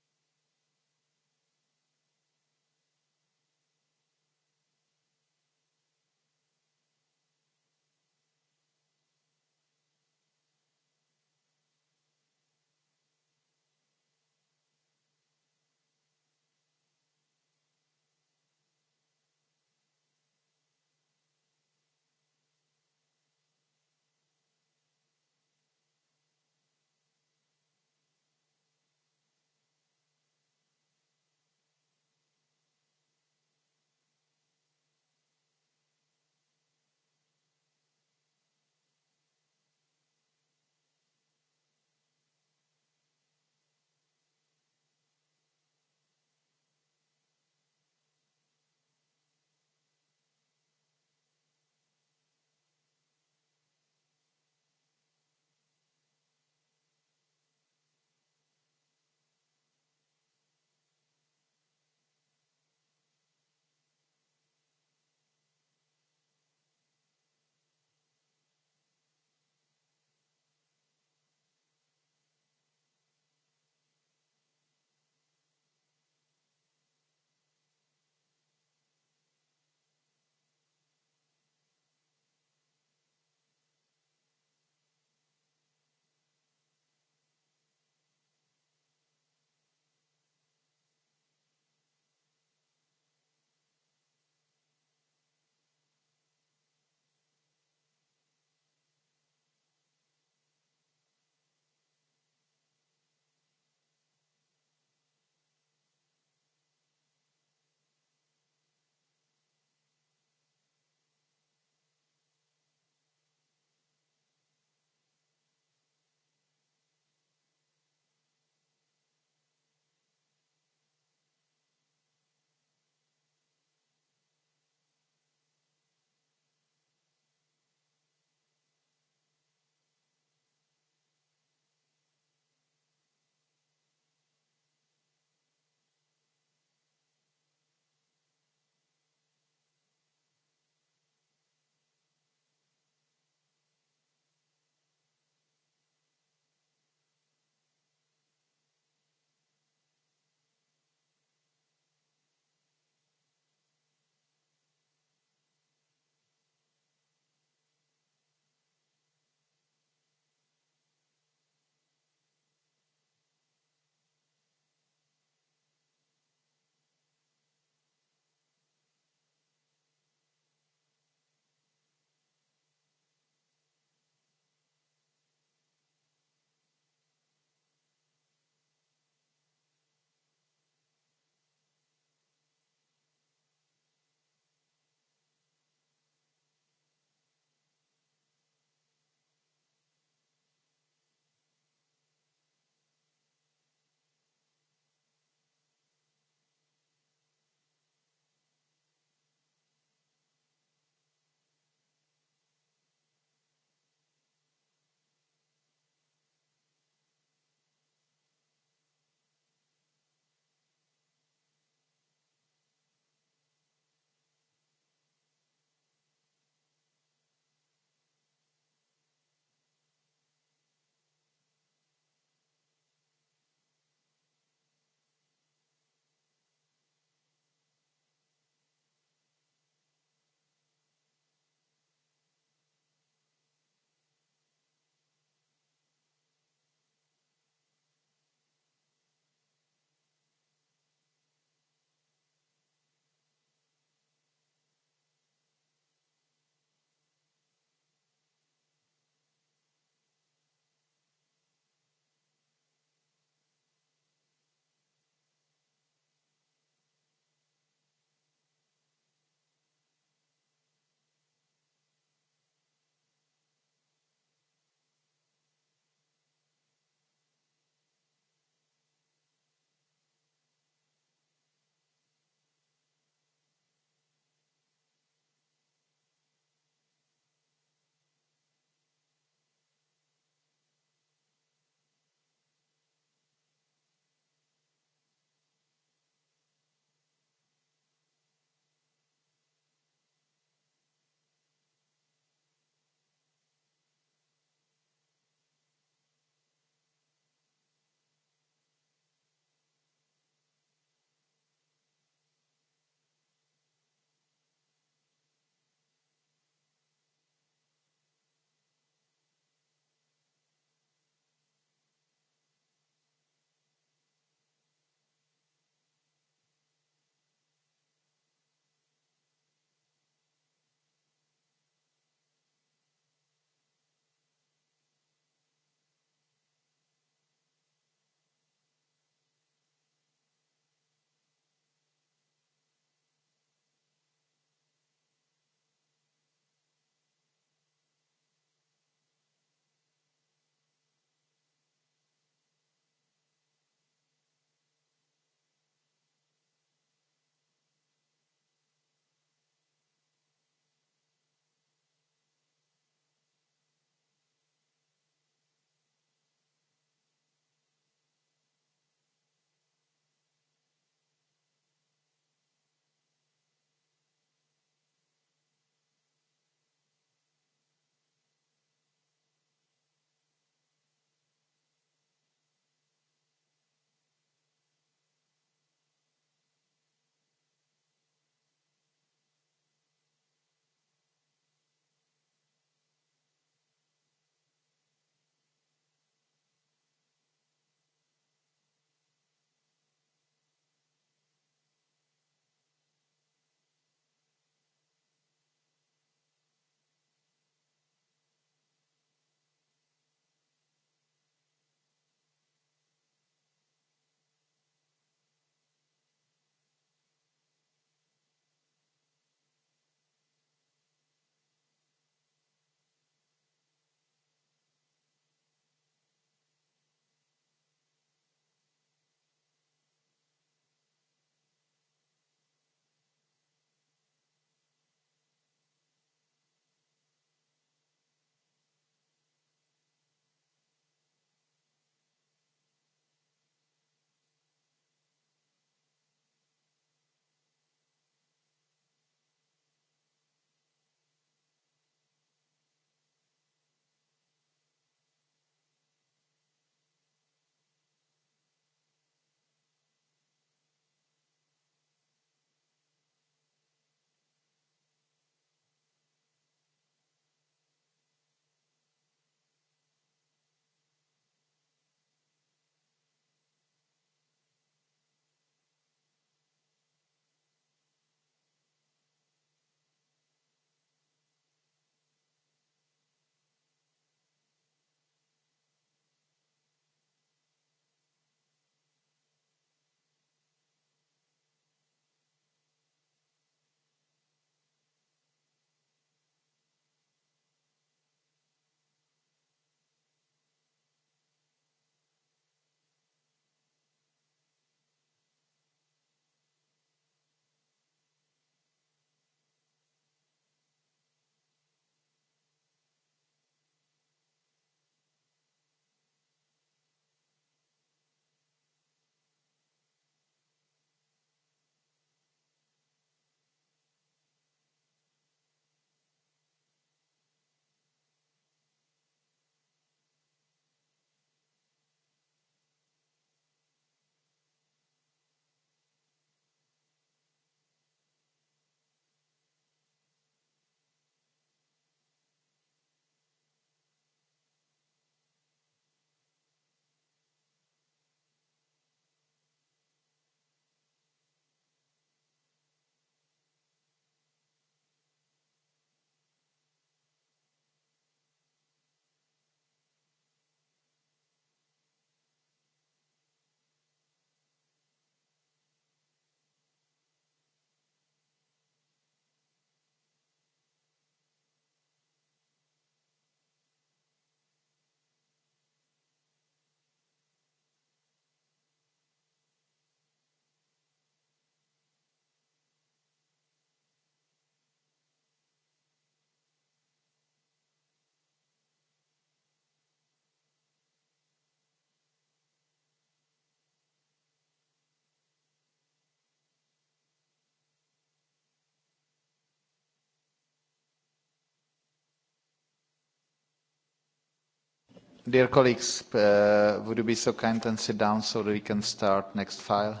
Dear colleagues, uh, would you be so kind and sit down so that we can start next file?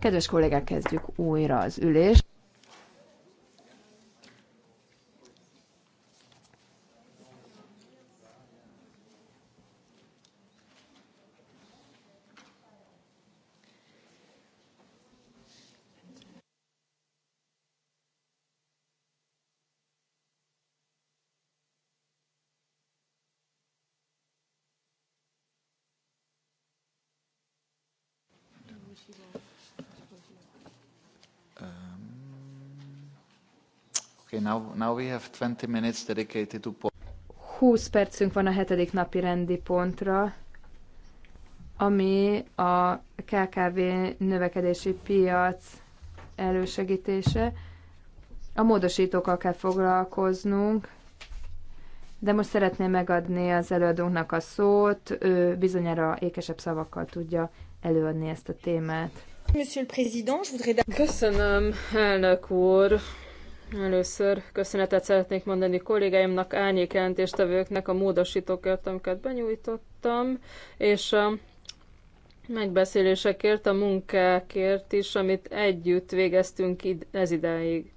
Kedves kollégák, kezdjük újra az ülést. Now, now we have 20 minutes dedicated to 20 percünk van a hetedik napi rendi pontra, ami a KKV növekedési piac elősegítése. A módosítókkal kell foglalkoznunk, de most szeretném megadni az előadónak a szót, ő bizonyára ékesebb szavakkal tudja előadni ezt a témát. Köszönöm, elnök úr! Először köszönetet szeretnék mondani kollégáimnak, árnyékjelentéstevőknek a módosítókért, amiket benyújtottam, és a megbeszélésekért, a munkákért is, amit együtt végeztünk id- ez idáig.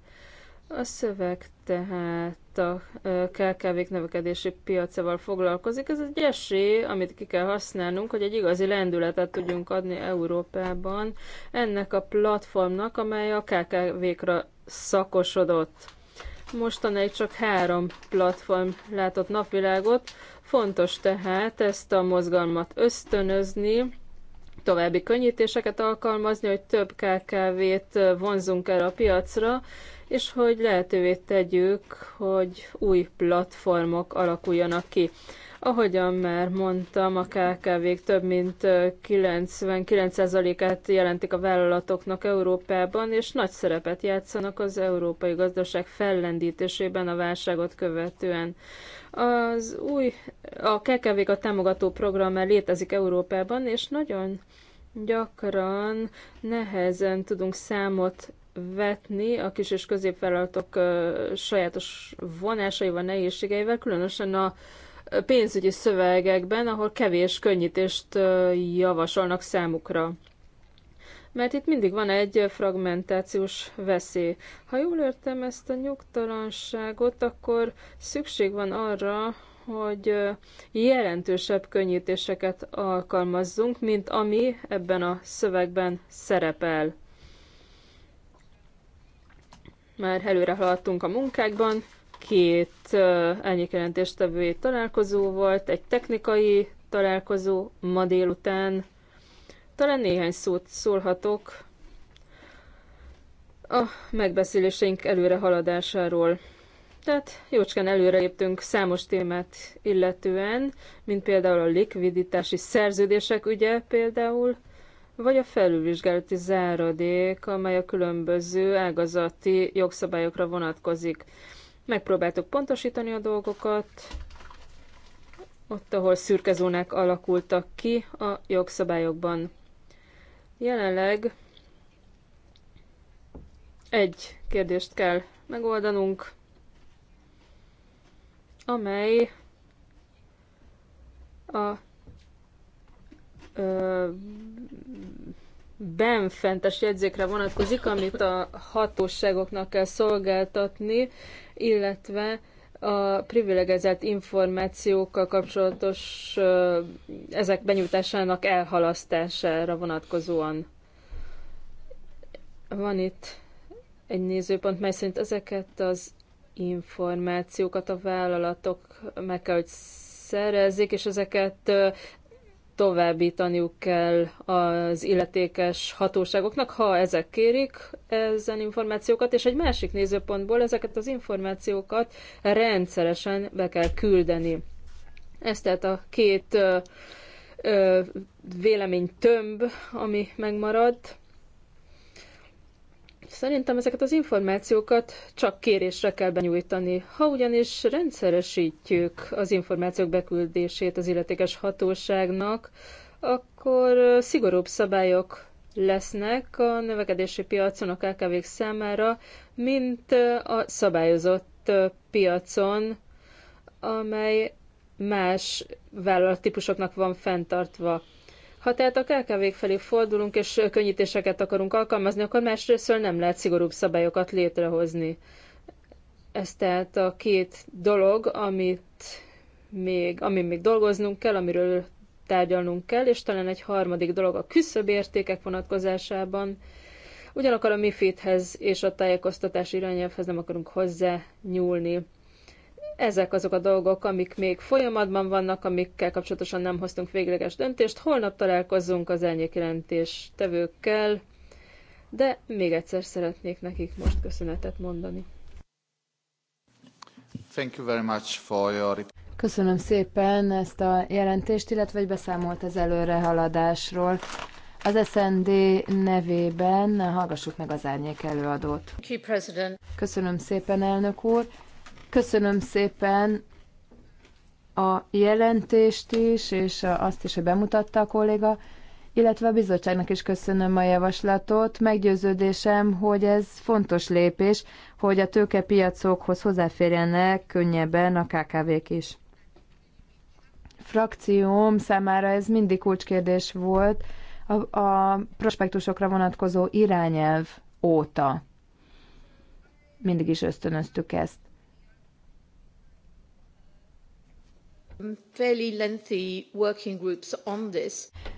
A szöveg tehát a KKV-k növekedési piacával foglalkozik. Ez egy esély, amit ki kell használnunk, hogy egy igazi lendületet tudjunk adni Európában ennek a platformnak, amely a KKV-kra szakosodott. Mostanáig csak három platform látott napvilágot, fontos tehát ezt a mozgalmat ösztönözni, további könnyítéseket alkalmazni, hogy több KKV-t vonzunk erre a piacra, és hogy lehetővé tegyük, hogy új platformok alakuljanak ki. Ahogyan már mondtam, a kkv több mint 99%-át jelentik a vállalatoknak Európában, és nagy szerepet játszanak az európai gazdaság fellendítésében a válságot követően. Az új, a kkv a támogató program már létezik Európában, és nagyon gyakran nehezen tudunk számot vetni a kis és középvállalatok sajátos vonásaival, nehézségeivel, különösen a pénzügyi szövegekben, ahol kevés könnyítést javasolnak számukra. Mert itt mindig van egy fragmentációs veszély. Ha jól értem ezt a nyugtalanságot, akkor szükség van arra, hogy jelentősebb könnyítéseket alkalmazzunk, mint ami ebben a szövegben szerepel. Már előre haladtunk a munkákban, két jelentéstevői találkozó volt, egy technikai találkozó ma délután. Talán néhány szót szólhatok a megbeszéléseink előre haladásáról. Tehát jócskán előreléptünk számos témát illetően, mint például a likviditási szerződések ügye például, vagy a felülvizsgálati záradék, amely a különböző ágazati jogszabályokra vonatkozik. Megpróbáltuk pontosítani a dolgokat, ott, ahol szürke zónák alakultak ki a jogszabályokban. Jelenleg egy kérdést kell megoldanunk, amely a benfentes jegyzékre vonatkozik, amit a hatóságoknak kell szolgáltatni illetve a privilegizált információkkal kapcsolatos ezek benyújtásának elhalasztására vonatkozóan. Van itt egy nézőpont, mely szerint ezeket az információkat a vállalatok meg kell, hogy szerezzék, és ezeket továbbítaniuk kell az illetékes hatóságoknak, ha ezek kérik ezen információkat, és egy másik nézőpontból ezeket az információkat rendszeresen be kell küldeni. Ez tehát a két vélemény tömb, ami megmaradt. Szerintem ezeket az információkat csak kérésre kell benyújtani. Ha ugyanis rendszeresítjük az információk beküldését az illetékes hatóságnak, akkor szigorúbb szabályok lesznek a növekedési piacon a kkv számára, mint a szabályozott piacon, amely más vállalattípusoknak van fenntartva. Ha tehát a kkv felé fordulunk és könnyítéseket akarunk alkalmazni, akkor másrésztről nem lehet szigorúbb szabályokat létrehozni. Ez tehát a két dolog, amit még, amin még dolgoznunk kell, amiről tárgyalnunk kell, és talán egy harmadik dolog a küszöbértékek vonatkozásában. Ugyanakkor a MIFID-hez és a tájékoztatás irányelvhez nem akarunk hozzá nyúlni. Ezek azok a dolgok, amik még folyamatban vannak, amikkel kapcsolatosan nem hoztunk végleges döntést. Holnap találkozunk az jelentés tevőkkel, de még egyszer szeretnék nekik most köszönetet mondani. Thank you very much for your... Köszönöm szépen ezt a jelentést, illetve hogy beszámolt az előrehaladásról. Az SND nevében hallgassuk meg az árnyék előadót. Köszönöm szépen, elnök úr. Köszönöm szépen a jelentést is, és azt is, hogy bemutatta a kolléga, illetve a bizottságnak is köszönöm a javaslatot. Meggyőződésem, hogy ez fontos lépés, hogy a tőkepiacokhoz hozzáférjenek könnyebben a KKV-k is. Frakcióm számára ez mindig kulcskérdés volt a, a prospektusokra vonatkozó irányelv óta. Mindig is ösztönöztük ezt.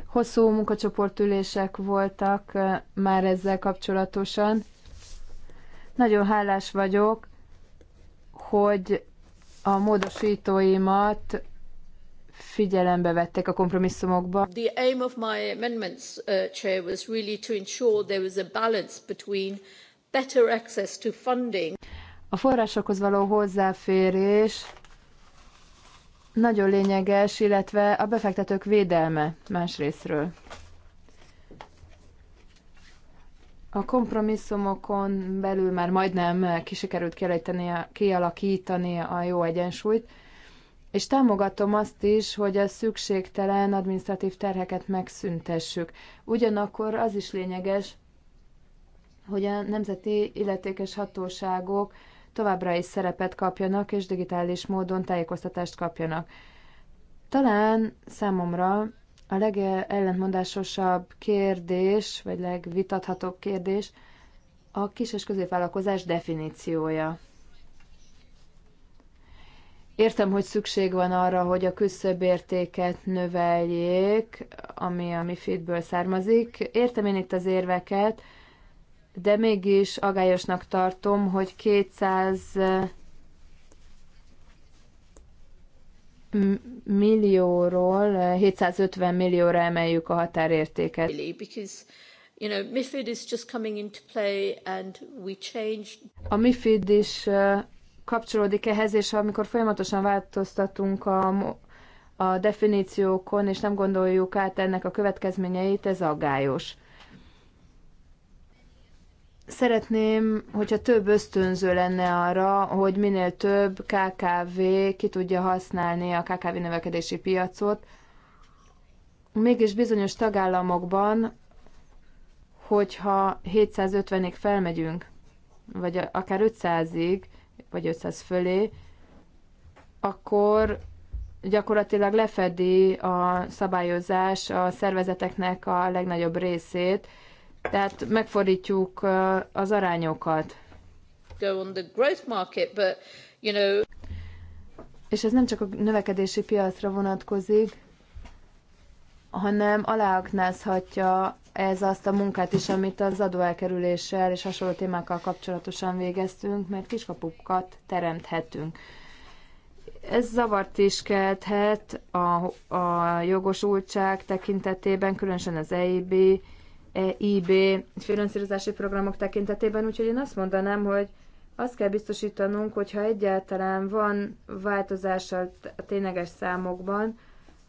Hosszú munkacsoportülések voltak már ezzel kapcsolatosan. Nagyon hálás vagyok, hogy a módosítóimat figyelembe vettek a kompromisszumokba. The aim of my amendments, uh, Chair, was really to ensure there was a balance between better access to funding. A forrásokhoz való hozzáférés nagyon lényeges, illetve a befektetők védelme másrésztről. A kompromisszumokon belül már majdnem kisikerült kialakítani a jó egyensúlyt, és támogatom azt is, hogy a szükségtelen adminisztratív terheket megszüntessük. Ugyanakkor az is lényeges, hogy a nemzeti illetékes hatóságok továbbra is szerepet kapjanak, és digitális módon tájékoztatást kapjanak. Talán számomra a legellentmondásosabb kérdés, vagy legvitathatóbb kérdés a kis- és középvállalkozás definíciója. Értem, hogy szükség van arra, hogy a küszöbértéket növeljék, ami a mi ből származik. Értem én itt az érveket, de mégis agályosnak tartom, hogy 200 millióról 750 millióra emeljük a határértéket. A MIFID is kapcsolódik ehhez, és amikor folyamatosan változtatunk a, a definíciókon, és nem gondoljuk át ennek a következményeit, ez aggályos. Szeretném, hogyha több ösztönző lenne arra, hogy minél több KKV ki tudja használni a KKV növekedési piacot. Mégis bizonyos tagállamokban, hogyha 750-ig felmegyünk, vagy akár 500-ig, vagy 500 fölé, akkor gyakorlatilag lefedi a szabályozás a szervezeteknek a legnagyobb részét, tehát megfordítjuk az arányokat. Go on the growth market, but, you know... És ez nem csak a növekedési piacra vonatkozik, hanem aláaknázhatja ez azt a munkát is, amit az adóelkerüléssel és hasonló témákkal kapcsolatosan végeztünk, mert kiskapukat teremthetünk. Ez zavart is kelthet a, a jogosultság tekintetében, különösen az EIB EIB finanszírozási programok tekintetében, úgyhogy én azt mondanám, hogy azt kell biztosítanunk, hogyha egyáltalán van változás a tényleges számokban,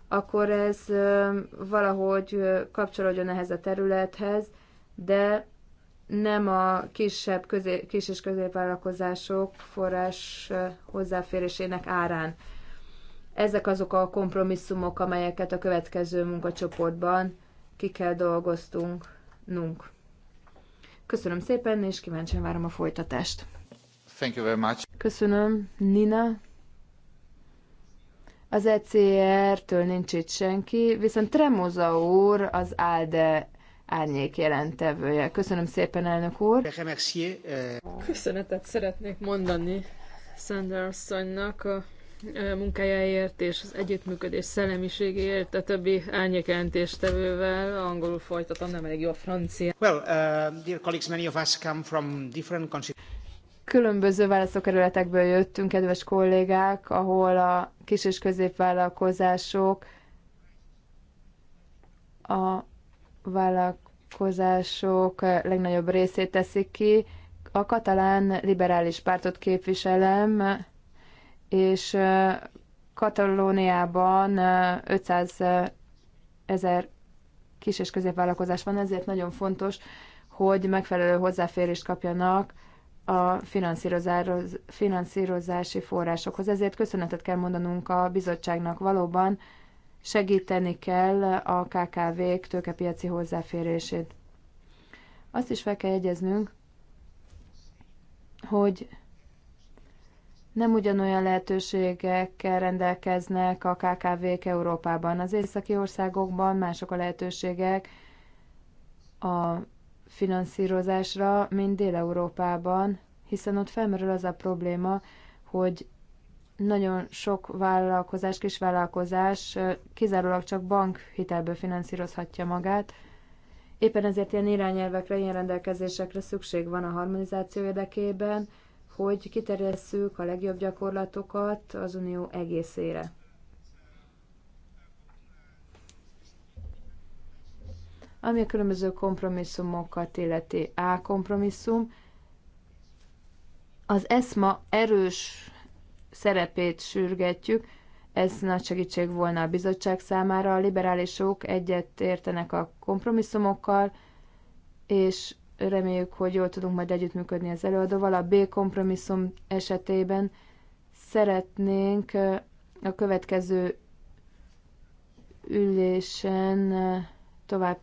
akkor ez valahogy kapcsolódjon ehhez a területhez, de nem a kisebb közé, kis és középvállalkozások forrás hozzáférésének árán. Ezek azok a kompromisszumok, amelyeket a következő munkacsoportban ki kell dolgoztunk. Köszönöm szépen, és kíváncsian várom a folytatást. Thank you very much. Köszönöm, Nina. Az ECR-től nincs itt senki, viszont Tremoza úr az ALDE árnyék jelentevője. Köszönöm szépen, elnök úr. Euh, Köszönetet szeretnék mondani Sanderssonnak a munkájáért és az együttműködés szellemiségéért a többi árnyékjelentéstevővel. Angolul folytatom, nem elég jó a francia. Well, uh, dear colleagues, many of us come from different Különböző választókerületekből jöttünk, kedves kollégák, ahol a kis- és középvállalkozások a vállalkozások legnagyobb részét teszik ki. A katalán liberális pártot képviselem, és Katalóniában 500 ezer kis és középvállalkozás van, ezért nagyon fontos, hogy megfelelő hozzáférést kapjanak a finanszírozási forrásokhoz. Ezért köszönetet kell mondanunk a bizottságnak valóban, segíteni kell a KKV-k tőkepiaci hozzáférését. Azt is fel kell jegyeznünk, hogy nem ugyanolyan lehetőségekkel rendelkeznek a KKV-k Európában. Az északi országokban mások a lehetőségek a finanszírozásra, mint Dél-Európában, hiszen ott felmerül az a probléma, hogy nagyon sok vállalkozás, kisvállalkozás kizárólag csak bankhitelből finanszírozhatja magát. Éppen ezért ilyen irányelvekre, ilyen rendelkezésekre szükség van a harmonizáció érdekében, hogy kiterjesszük a legjobb gyakorlatokat az Unió egészére. Ami a különböző kompromisszumokat illeti A kompromisszum, az ESMA erős szerepét sürgetjük, ez nagy segítség volna a bizottság számára. A liberálisok egyet értenek a kompromisszumokkal, és reméljük, hogy jól tudunk majd együttműködni az előadóval. A B kompromisszum esetében szeretnénk a következő ülésen tovább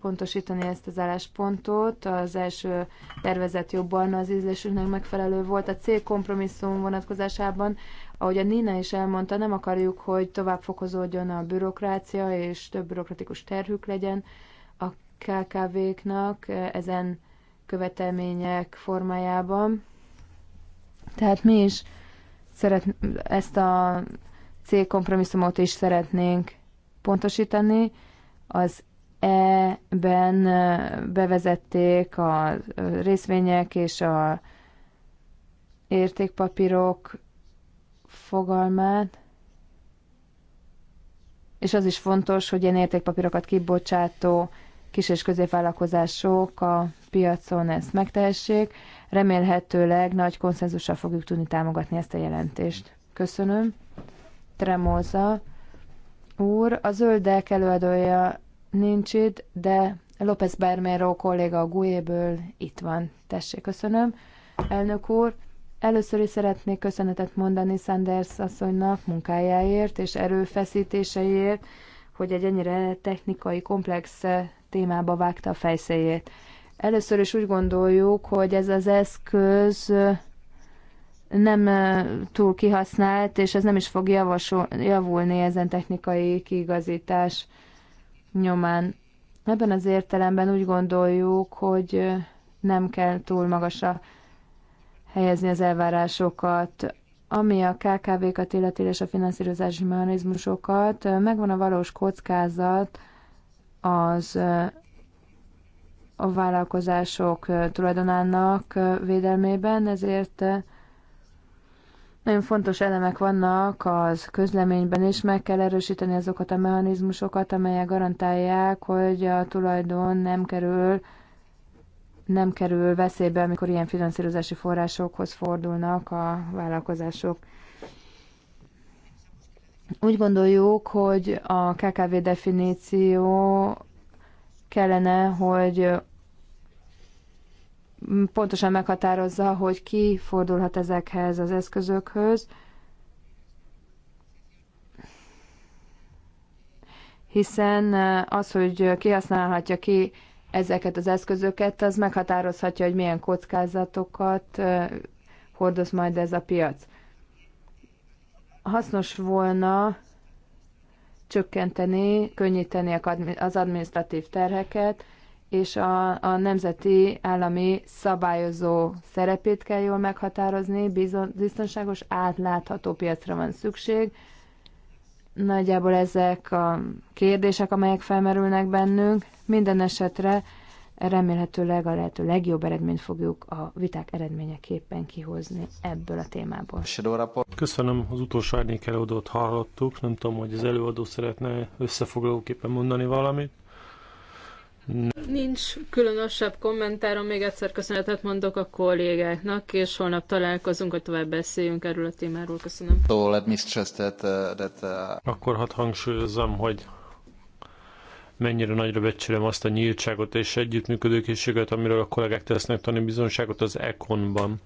pontosítani ezt az álláspontot. Az első tervezet jobban az ízlésünknek megfelelő volt. A C kompromisszum vonatkozásában, ahogy a Nina is elmondta, nem akarjuk, hogy tovább fokozódjon a bürokrácia, és több bürokratikus terhük legyen KKV-knak eh, ezen követelmények formájában. Tehát mi is szeret, ezt a célkompromisszumot is szeretnénk pontosítani. Az E-ben eh, bevezették a részvények és a értékpapírok fogalmát, és az is fontos, hogy ilyen értékpapírokat kibocsátó kis- és középvállalkozások a piacon ezt megtehessék. Remélhetőleg nagy konszenzussal fogjuk tudni támogatni ezt a jelentést. Köszönöm. Tremóza úr, a zöldek előadója nincs itt, de López Bermero kolléga a GUE-ből itt van. Tessék, köszönöm. Elnök úr, először is szeretnék köszönetet mondani Sanders asszonynak munkájáért és erőfeszítéseiért, hogy egy ennyire technikai, komplex témába vágta a fejszéjét. Először is úgy gondoljuk, hogy ez az eszköz nem túl kihasznált, és ez nem is fog javasol, javulni ezen technikai kiigazítás nyomán. Ebben az értelemben úgy gondoljuk, hogy nem kell túl magasra helyezni az elvárásokat. Ami a KKV-kat illeti és a finanszírozási mechanizmusokat, megvan a valós kockázat, az a vállalkozások tulajdonának védelmében, ezért nagyon fontos elemek vannak az közleményben is, meg kell erősíteni azokat a mechanizmusokat, amelyek garantálják, hogy a tulajdon nem kerül nem kerül veszélybe, amikor ilyen finanszírozási forrásokhoz fordulnak a vállalkozások. Úgy gondoljuk, hogy a KKV definíció kellene, hogy pontosan meghatározza, hogy ki fordulhat ezekhez az eszközökhöz, hiszen az, hogy kihasználhatja ki ezeket az eszközöket, az meghatározhatja, hogy milyen kockázatokat eh, hordoz majd ez a piac hasznos volna csökkenteni, könnyíteni az adminisztratív terheket, és a, a nemzeti állami szabályozó szerepét kell jól meghatározni, bizon, biztonságos, átlátható piacra van szükség. Nagyjából ezek a kérdések, amelyek felmerülnek bennünk. Minden esetre remélhetőleg a lehető legjobb eredményt fogjuk a viták eredményeképpen kihozni ebből a témából. Köszönöm, az utolsó árnyék előadót hallottuk, nem tudom, hogy az előadó szeretne összefoglalóképpen mondani valamit. Nincs különösebb kommentárom, még egyszer köszönetet mondok a kollégáknak, és holnap találkozunk, hogy tovább beszéljünk erről a témáról. Köszönöm. Uh, uh, Akkor hadd hangsúlyozzam, hogy mennyire nagyra becsülöm azt a nyíltságot és együttműködőkészséget, amiről a kollégák tesznek bizonságot az Econ-ban.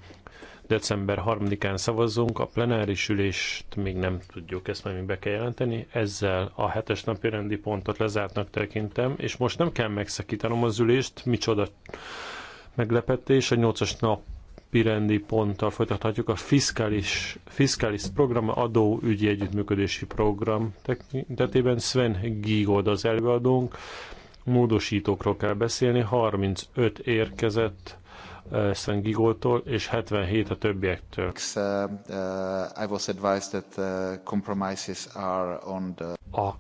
December 3-án szavazzunk, a plenáris ülést még nem tudjuk, ezt majd még be kell jelenteni. Ezzel a hetes napi rendi pontot lezártnak tekintem, és most nem kell megszakítanom az ülést, micsoda meglepetés, a nyolcas nap napirendi ponttal folytathatjuk a fiskális, fiskális program, adóügyi együttműködési program tekintetében. Sven Gigod az előadónk, módosítókról kell beszélni, 35 érkezett eh, Sven Gigoltól és 77 a többiektől. Eh, eh, a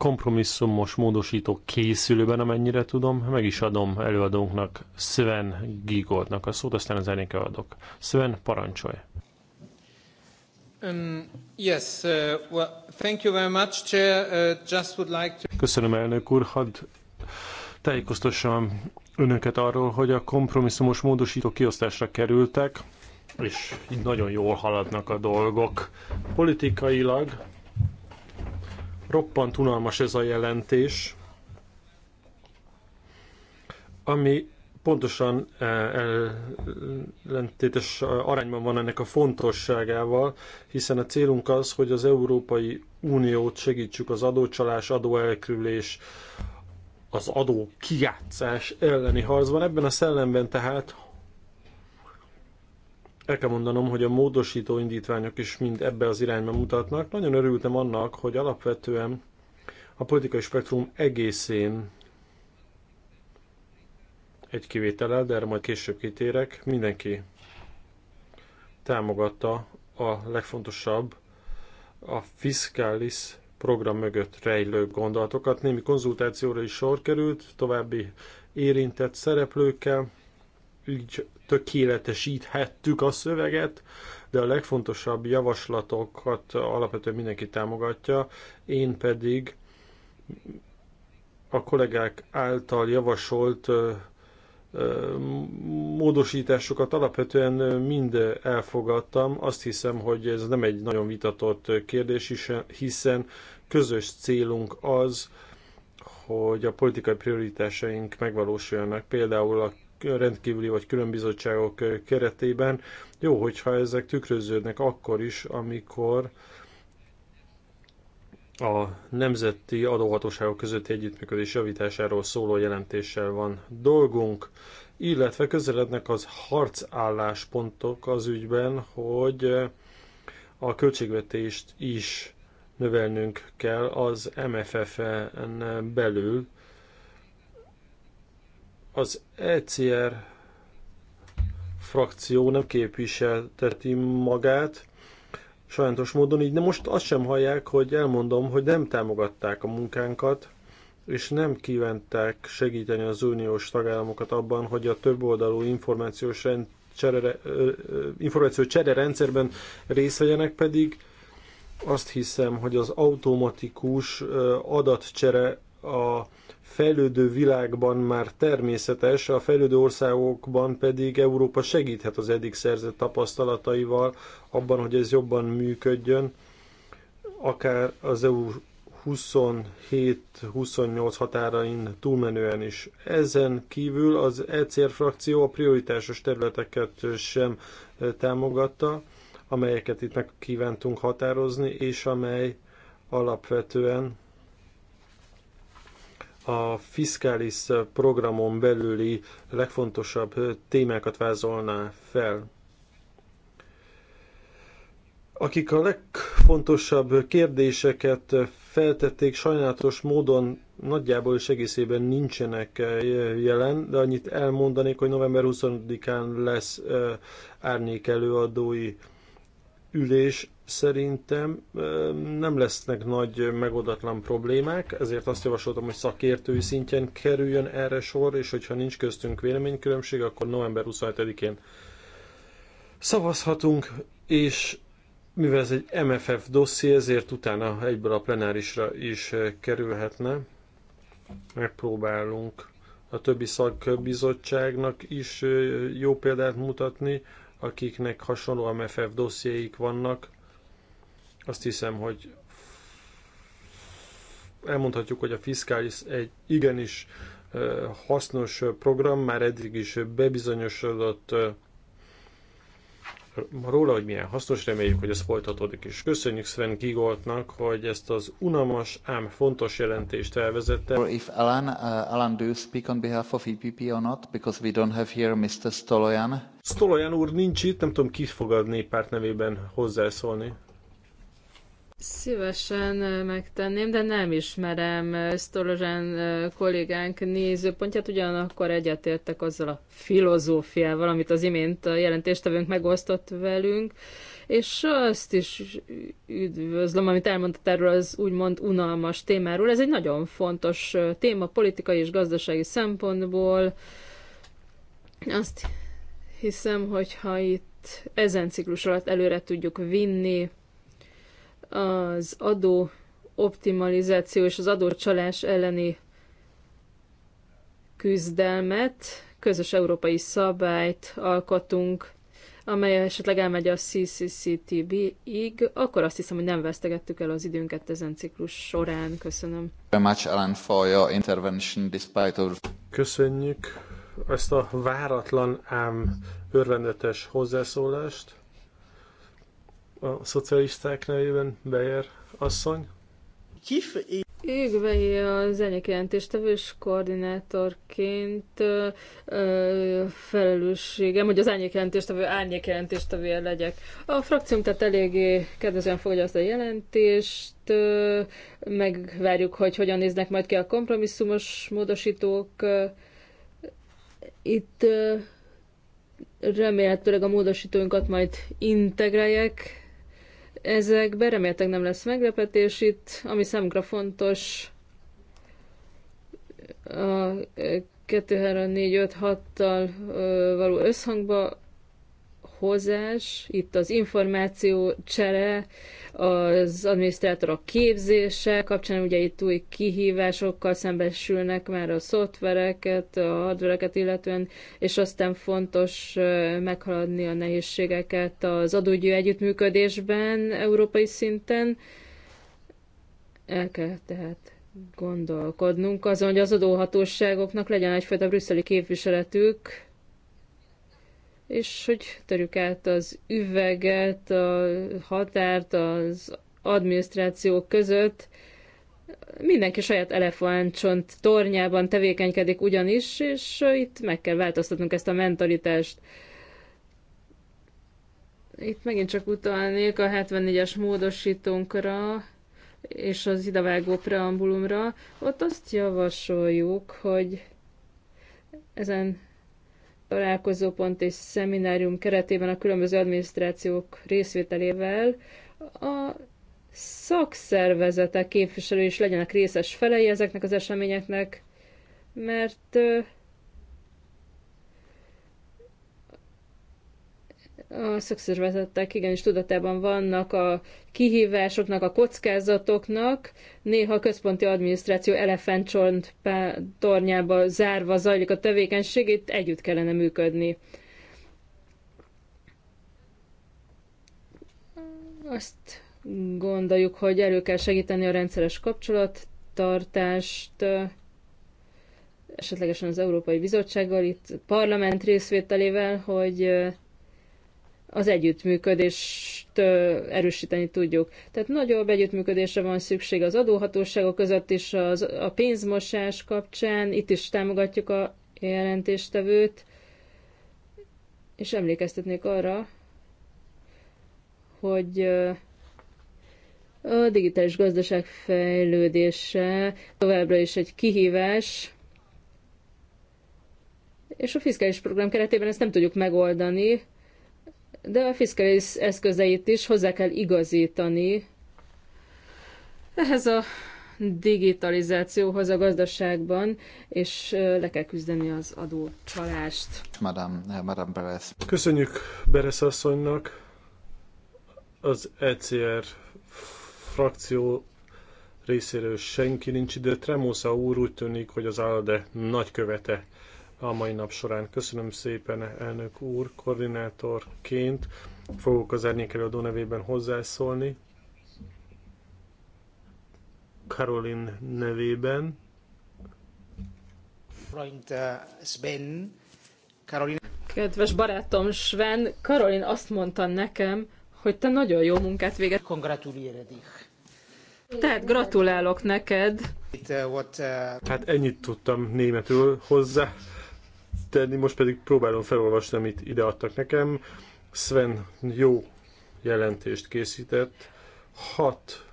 kompromisszumos módosító készülőben, amennyire tudom. Meg is adom előadónknak, Sven Gigoltnak a szót, aztán az elénke adok. Sven, parancsolj! Um, yes, uh, well, thank you very much, Chair. Uh, just would like to... Köszönöm, elnök úr. Hadd tájékoztassam önöket arról, hogy a kompromisszumos módosító kiosztásra kerültek, és így nagyon jól haladnak a dolgok. Politikailag Roppant unalmas ez a jelentés, ami pontosan eh, ellentétes arányban van ennek a fontosságával, hiszen a célunk az, hogy az Európai Uniót segítsük az adócsalás, adóelkülés, az adó kiátszás elleni harcban. Ebben a szellemben tehát el kell mondanom, hogy a módosító indítványok is mind ebbe az irányba mutatnak. Nagyon örültem annak, hogy alapvetően a politikai spektrum egészén egy kivétellel, de erre majd később kitérek, mindenki támogatta a legfontosabb, a fiskális program mögött rejlő gondolatokat. Némi konzultációra is sor került, további érintett szereplőkkel, így tökéletesíthettük a szöveget, de a legfontosabb javaslatokat alapvetően mindenki támogatja, én pedig a kollégák által javasolt módosításokat alapvetően mind elfogadtam. Azt hiszem, hogy ez nem egy nagyon vitatott kérdés, hiszen közös célunk az, hogy a politikai prioritásaink megvalósuljanak. Például a rendkívüli vagy különbizottságok keretében. Jó, hogyha ezek tükröződnek akkor is, amikor a nemzeti adóhatóságok közötti együttműködés javításáról szóló jelentéssel van dolgunk, illetve közelednek az harcálláspontok az ügyben, hogy a költségvetést is növelnünk kell az MFF-en belül, az ECR frakció nem képviselteti magát, sajnos módon így, de most azt sem hallják, hogy elmondom, hogy nem támogatták a munkánkat, és nem kívánták segíteni az uniós tagállamokat abban, hogy a többoldalú információs rend, cserere, információ csere rendszerben részt vegyenek, pedig azt hiszem, hogy az automatikus adatcsere a fejlődő világban már természetes, a fejlődő országokban pedig Európa segíthet az eddig szerzett tapasztalataival abban, hogy ez jobban működjön, akár az EU 27-28 határain túlmenően is. Ezen kívül az ECR frakció a prioritásos területeket sem támogatta, amelyeket itt meg kívántunk határozni, és amely alapvetően a fiskális programon belüli legfontosabb témákat vázolná fel. Akik a legfontosabb kérdéseket feltették, sajnálatos módon nagyjából is egészében nincsenek jelen, de annyit elmondanék, hogy november 20-án lesz árnyék előadói ülés szerintem nem lesznek nagy megoldatlan problémák, ezért azt javasoltam, hogy szakértői szintjen kerüljön erre sor, és hogyha nincs köztünk véleménykülönbség, akkor november 27-én szavazhatunk, és mivel ez egy MFF dosszi, ezért utána egyből a plenárisra is kerülhetne. Megpróbálunk a többi szakbizottságnak is jó példát mutatni, akiknek hasonló MFF dossziéik vannak, azt hiszem, hogy elmondhatjuk, hogy a fiskális egy igenis hasznos program, már eddig is bebizonyosodott róla, hogy milyen hasznos, reméljük, hogy ez folytatódik is. Köszönjük Sven Gigoltnak, hogy ezt az unalmas, ám fontos jelentést elvezette. If Alan, uh, Alan, do you speak on behalf of EPP or not? Because we don't have here Mr. Stolojan. Stolojan úr nincs itt, nem tudom, ki fog a néppárt nevében hozzászólni. Szívesen megtenném, de nem ismerem Sztolozsán kollégánk nézőpontját, ugyanakkor egyetértek azzal a filozófiával, amit az imént a jelentéstevőnk megosztott velünk, és azt is üdvözlöm, amit elmondott erről az úgymond unalmas témáról. Ez egy nagyon fontos téma politikai és gazdasági szempontból. Azt hiszem, hogyha itt ezen ciklus alatt előre tudjuk vinni, az adó optimalizáció és az adócsalás elleni küzdelmet, közös európai szabályt alkotunk, amely esetleg elmegy a CCCTB-ig, akkor azt hiszem, hogy nem vesztegettük el az időnket ezen ciklus során. Köszönöm. Köszönjük ezt a váratlan, ám örvendetes hozzászólást a szocialisták nevében Beyer asszony. Kif Jügvehi a enyek jelentéstevő koordinátorként ö, ö, felelősségem, hogy az árnyék jelentéstevő árnyék jelentéstevője legyek. A frakcióm tehát eléggé kedvezően fogadja azt a jelentést, ö, megvárjuk, hogy hogyan néznek majd ki a kompromisszumos módosítók. Itt ö, remélhetőleg a módosítóinkat majd integrálják ezekben. Reméltek nem lesz meglepetés itt, ami számunkra fontos a 2-3-4-5-6-tal eh, való összhangba hozás, itt az információ csere, az adminisztrátorok képzése kapcsán ugye itt új kihívásokkal szembesülnek már a szoftvereket, a hardvereket illetően, és aztán fontos meghaladni a nehézségeket az adógyű együttműködésben európai szinten. El kell tehát gondolkodnunk azon, hogy az adóhatóságoknak legyen egyfajta brüsszeli képviseletük, és hogy törjük át az üveget, a határt az adminisztráció között. Mindenki saját elefántcsont tornyában tevékenykedik ugyanis, és itt meg kell változtatnunk ezt a mentalitást. Itt megint csak utalnék a 74-es módosítónkra és az idevágó preambulumra. Ott azt javasoljuk, hogy ezen találkozópont és szeminárium keretében a különböző adminisztrációk részvételével a szakszervezetek képviselői is legyenek részes felei ezeknek az eseményeknek, mert a szakszervezetek igenis tudatában vannak a kihívásoknak, a kockázatoknak. Néha a központi adminisztráció elefántcsont tornyába zárva zajlik a tevékenység, itt együtt kellene működni. Azt gondoljuk, hogy elő kell segíteni a rendszeres kapcsolattartást, esetlegesen az Európai Bizottsággal, itt parlament részvételével, hogy az együttműködést erősíteni tudjuk. Tehát nagyobb együttműködésre van szükség az adóhatóságok között is, az, a pénzmosás kapcsán, itt is támogatjuk a jelentéstevőt, és emlékeztetnék arra, hogy a digitális gazdaság fejlődése továbbra is egy kihívás, és a fiskális program keretében ezt nem tudjuk megoldani, de a fiskális eszközeit is hozzá kell igazítani ehhez a digitalizációhoz a gazdaságban, és le kell küzdeni az adócsalást. Madame, eh, Madame Beres. Köszönjük Beres asszonynak. Az ECR frakció részéről senki nincs ide. Tremosa úr úgy tűnik, hogy az ALDE nagykövete a mai nap során. Köszönöm szépen, elnök úr, koordinátorként fogok az árnyékelőadó nevében hozzászólni. Karolin nevében. Freund eh, Sven, Karolin. Kedves barátom Sven, Karolin azt mondta nekem, hogy te nagyon jó munkát végez. Congratuliere Tehát gratulálok neked. Eh, eh, hát ennyit tudtam németül hozzá tenni, most pedig próbálom felolvasni, amit ideadtak nekem. Sven jó jelentést készített. Hat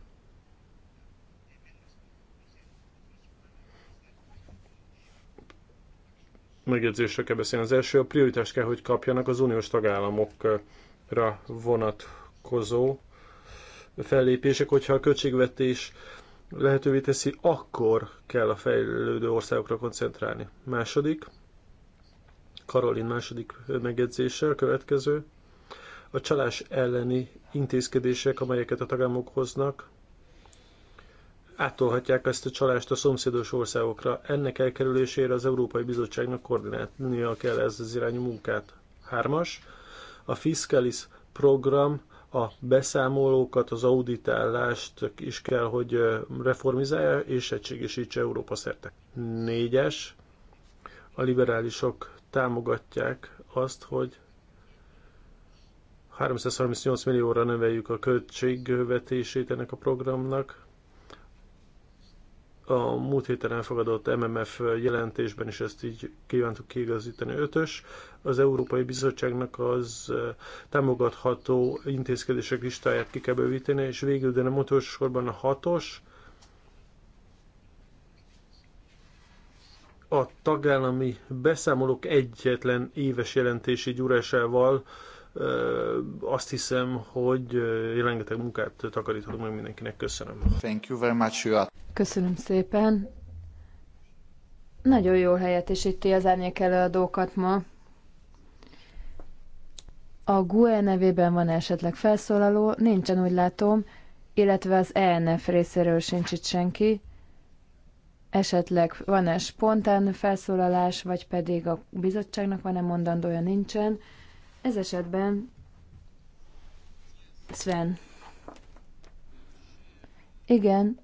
megjegyzésre kell beszélni. Az első a prioritást kell, hogy kapjanak az uniós tagállamokra vonatkozó fellépések, hogyha a költségvetés lehetővé teszi, akkor kell a fejlődő országokra koncentrálni. Második, Karolin második megjegyzéssel. Következő. A csalás elleni intézkedések, amelyeket a tagállamok hoznak, átolhatják ezt a csalást a szomszédos országokra. Ennek elkerülésére az Európai Bizottságnak koordinálnia kell ez az irányú munkát. Hármas, a Fiscalis program a beszámolókat, az auditálást is kell, hogy reformizálja és egységesítse Európa szerte. Négyes, a liberálisok támogatják azt, hogy 338 millióra növeljük a költségvetését ennek a programnak. A múlt héten elfogadott MMF jelentésben is ezt így kívántuk kiigazítani. Ötös, az Európai Bizottságnak az támogatható intézkedések listáját ki kell bővíteni, és végül, de nem utolsó sorban a hatos, a tagállami beszámolók egyetlen éves jelentési gyúrásával azt hiszem, hogy rengeteg munkát takaríthatunk meg mindenkinek. Köszönöm. Thank you very much, you are. Köszönöm szépen. Nagyon jól helyettesíti az árnyék előadókat ma. A GUE nevében van esetleg felszólaló, nincsen úgy látom, illetve az ENF részéről sincs itt senki. Esetleg van-e spontán felszólalás, vagy pedig a bizottságnak van-e mondandója nincsen. Ez esetben Sven. Igen.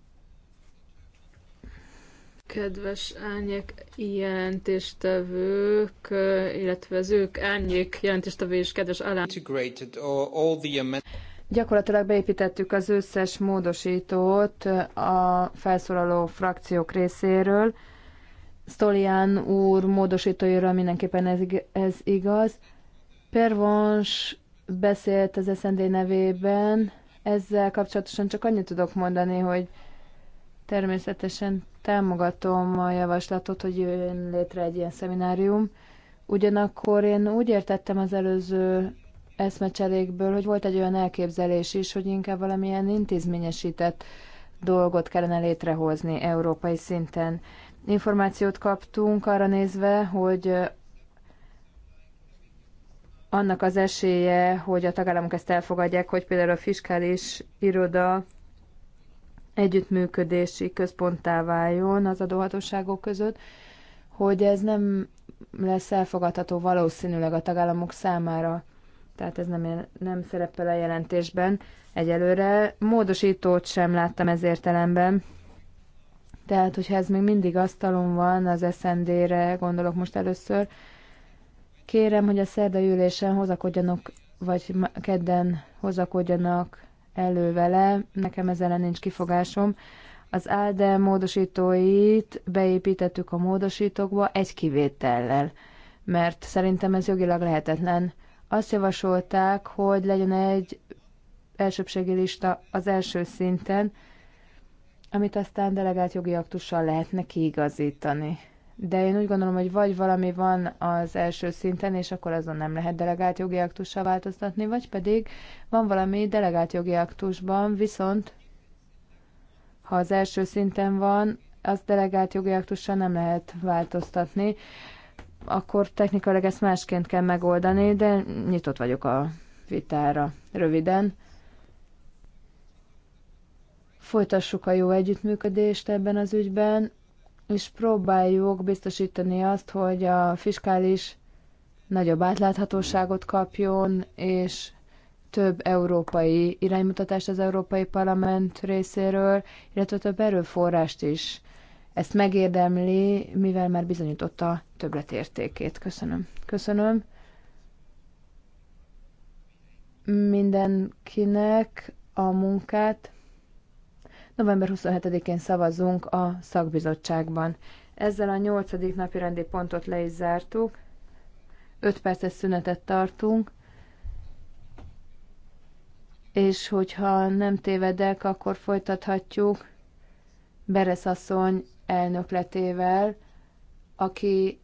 Kedves árnyék jelentéstevők, illetve az ők ányék jelentéstevő és kedves alá. Gyakorlatilag beépítettük az összes módosítót a felszólaló frakciók részéről. Stolian úr módosítóiról mindenképpen ez, ez igaz. Pervons beszélt az SND nevében. Ezzel kapcsolatosan csak annyit tudok mondani, hogy természetesen támogatom a javaslatot, hogy jön létre egy ilyen szeminárium. Ugyanakkor én úgy értettem az előző eszmecserékből, hogy volt egy olyan elképzelés is, hogy inkább valamilyen intézményesített dolgot kellene létrehozni európai szinten. Információt kaptunk arra nézve, hogy annak az esélye, hogy a tagállamok ezt elfogadják, hogy például a fiskális iroda együttműködési központtá váljon az adóhatóságok között, hogy ez nem lesz elfogadható valószínűleg a tagállamok számára tehát ez nem, nem szerepel a jelentésben egyelőre. Módosítót sem láttam ez értelemben. Tehát, hogyha ez még mindig asztalon van, az SMD-re gondolok most először, kérem, hogy a szerda ülésen hozakodjanak, vagy kedden hozakodjanak elő vele, nekem ezzel nincs kifogásom. Az ALDE módosítóit beépítettük a módosítókba egy kivétellel, mert szerintem ez jogilag lehetetlen azt javasolták, hogy legyen egy elsőbségi lista az első szinten, amit aztán delegált jogi aktussal lehetne kiigazítani. De én úgy gondolom, hogy vagy valami van az első szinten, és akkor azon nem lehet delegált jogi aktussal változtatni, vagy pedig van valami delegált jogi aktusban, viszont ha az első szinten van, az delegált jogi aktussal nem lehet változtatni akkor technikailag ezt másként kell megoldani, de nyitott vagyok a vitára röviden. Folytassuk a jó együttműködést ebben az ügyben, és próbáljuk biztosítani azt, hogy a fiskális nagyobb átláthatóságot kapjon, és több európai iránymutatást az Európai Parlament részéről, illetve több erőforrást is ezt megérdemli, mivel már bizonyította többletértékét. Köszönöm. Köszönöm mindenkinek a munkát. November 27-én szavazunk a szakbizottságban. Ezzel a nyolcadik napi rendi pontot le is zártuk. Öt perces szünetet tartunk, és hogyha nem tévedek, akkor folytathatjuk Beresz asszony elnökletével, aki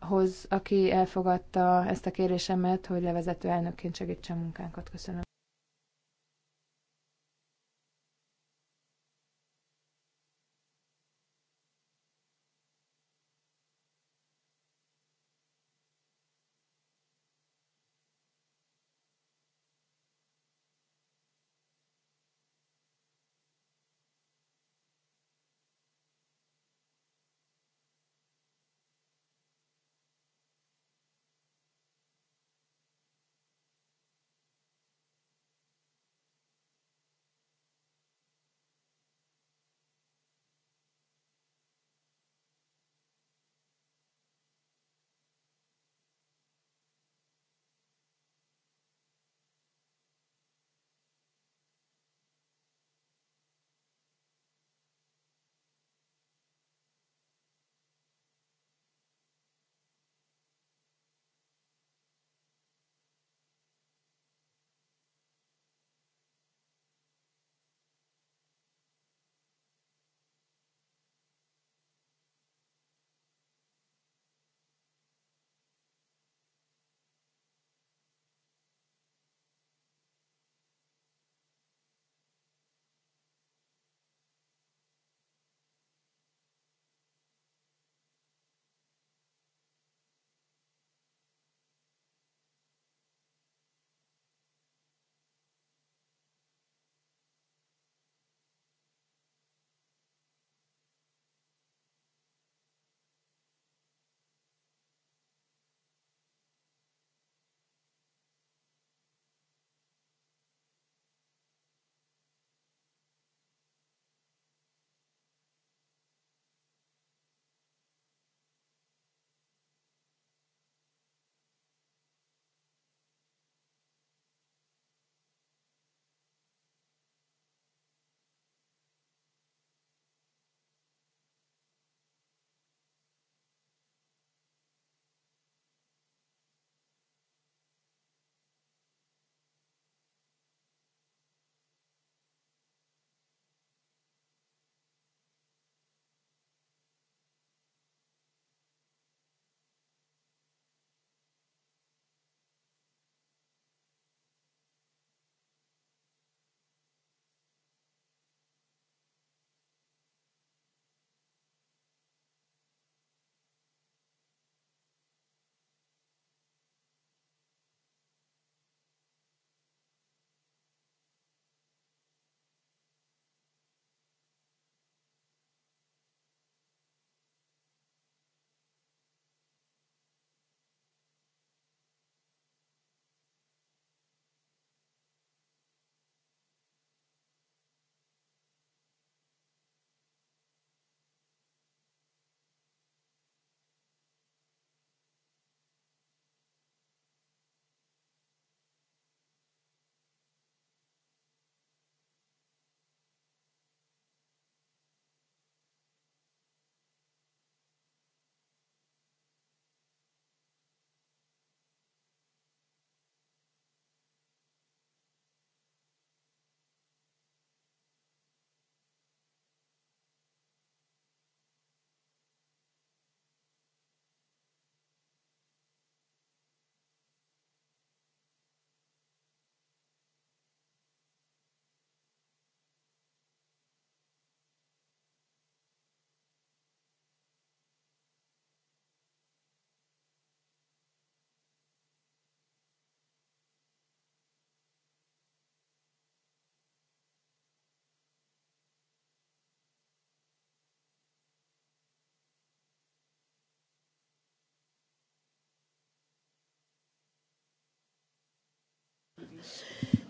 hoz, aki elfogadta ezt a kérésemet, hogy levezető elnökként segítsen munkánkat. Köszönöm.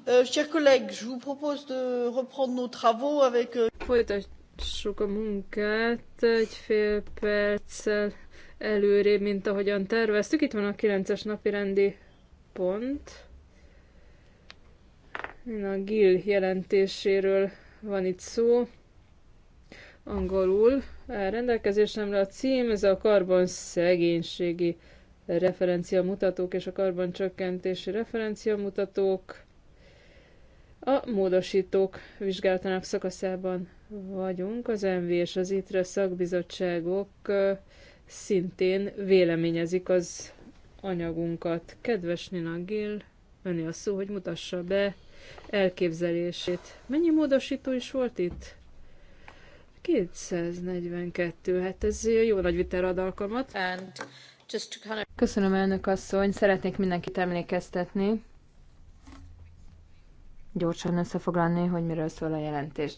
Euh, chers collègues, je vous propose de reprendre nos travaux avec... Euh, Folytassuk a munkát egy fél perccel előrébb, mint ahogyan terveztük. Itt van a 9-es napi rendi pont. A GIL jelentéséről van itt szó. Angolul rendelkezésemre a cím, ez a karbon szegénységi referenciamutatók és a karbon karboncsökkentési referenciamutatók. A módosítók vizsgálatának szakaszában vagyunk, az MV és az ITRE szakbizottságok szintén véleményezik az anyagunkat. Kedves Nina Gill, önni a szó, hogy mutassa be elképzelését. Mennyi módosító is volt itt? 242, hát ez jó nagy viter ad alkalmat. Köszönöm, elnök asszony, szeretnék mindenkit emlékeztetni, gyorsan összefoglalni, hogy miről szól a jelentés.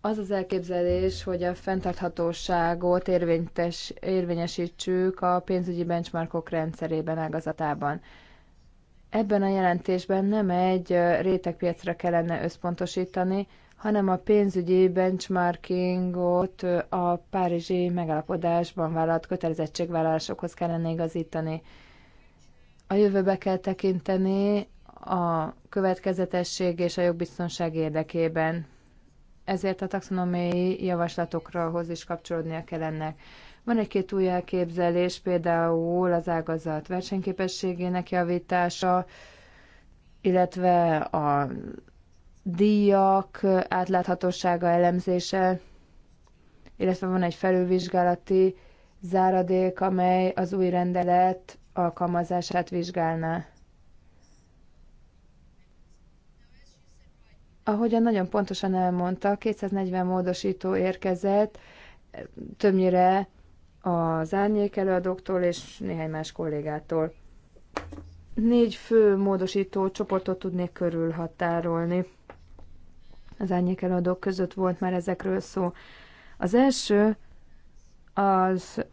Az az elképzelés, hogy a fenntarthatóságot érvénytes, érvényesítsük a pénzügyi benchmarkok rendszerében, ágazatában. Ebben a jelentésben nem egy rétegpiacra kellene összpontosítani, hanem a pénzügyi benchmarkingot a párizsi megállapodásban vállalt kötelezettségvállalásokhoz kellene igazítani. A jövőbe kell tekinteni, a következetesség és a jogbiztonság érdekében. Ezért a taxonomiai javaslatokhoz is kapcsolódnia kell ennek. Van egy-két új elképzelés, például az ágazat versenyképességének javítása, illetve a díjak átláthatósága elemzése, illetve van egy felülvizsgálati záradék, amely az új rendelet alkalmazását vizsgálná. Ahogyan nagyon pontosan elmondta, 240 módosító érkezett, többnyire az árnyék előadóktól és néhány más kollégától. Négy fő módosító csoportot tudnék körülhatárolni. Az árnyék előadók között volt már ezekről szó. Az első az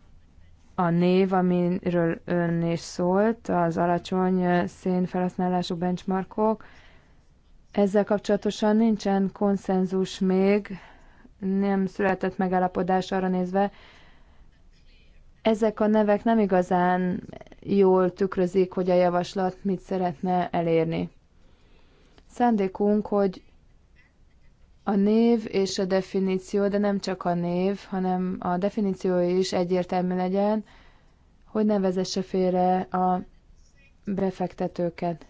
a név, amiről ön is szólt, az alacsony szénfelhasználású benchmarkok, -ok, ezzel kapcsolatosan nincsen konszenzus még, nem született megállapodás arra nézve. Ezek a nevek nem igazán jól tükrözik, hogy a javaslat mit szeretne elérni. Szándékunk, hogy a név és a definíció, de nem csak a név, hanem a definíció is egyértelmű legyen, hogy ne vezesse félre a befektetőket.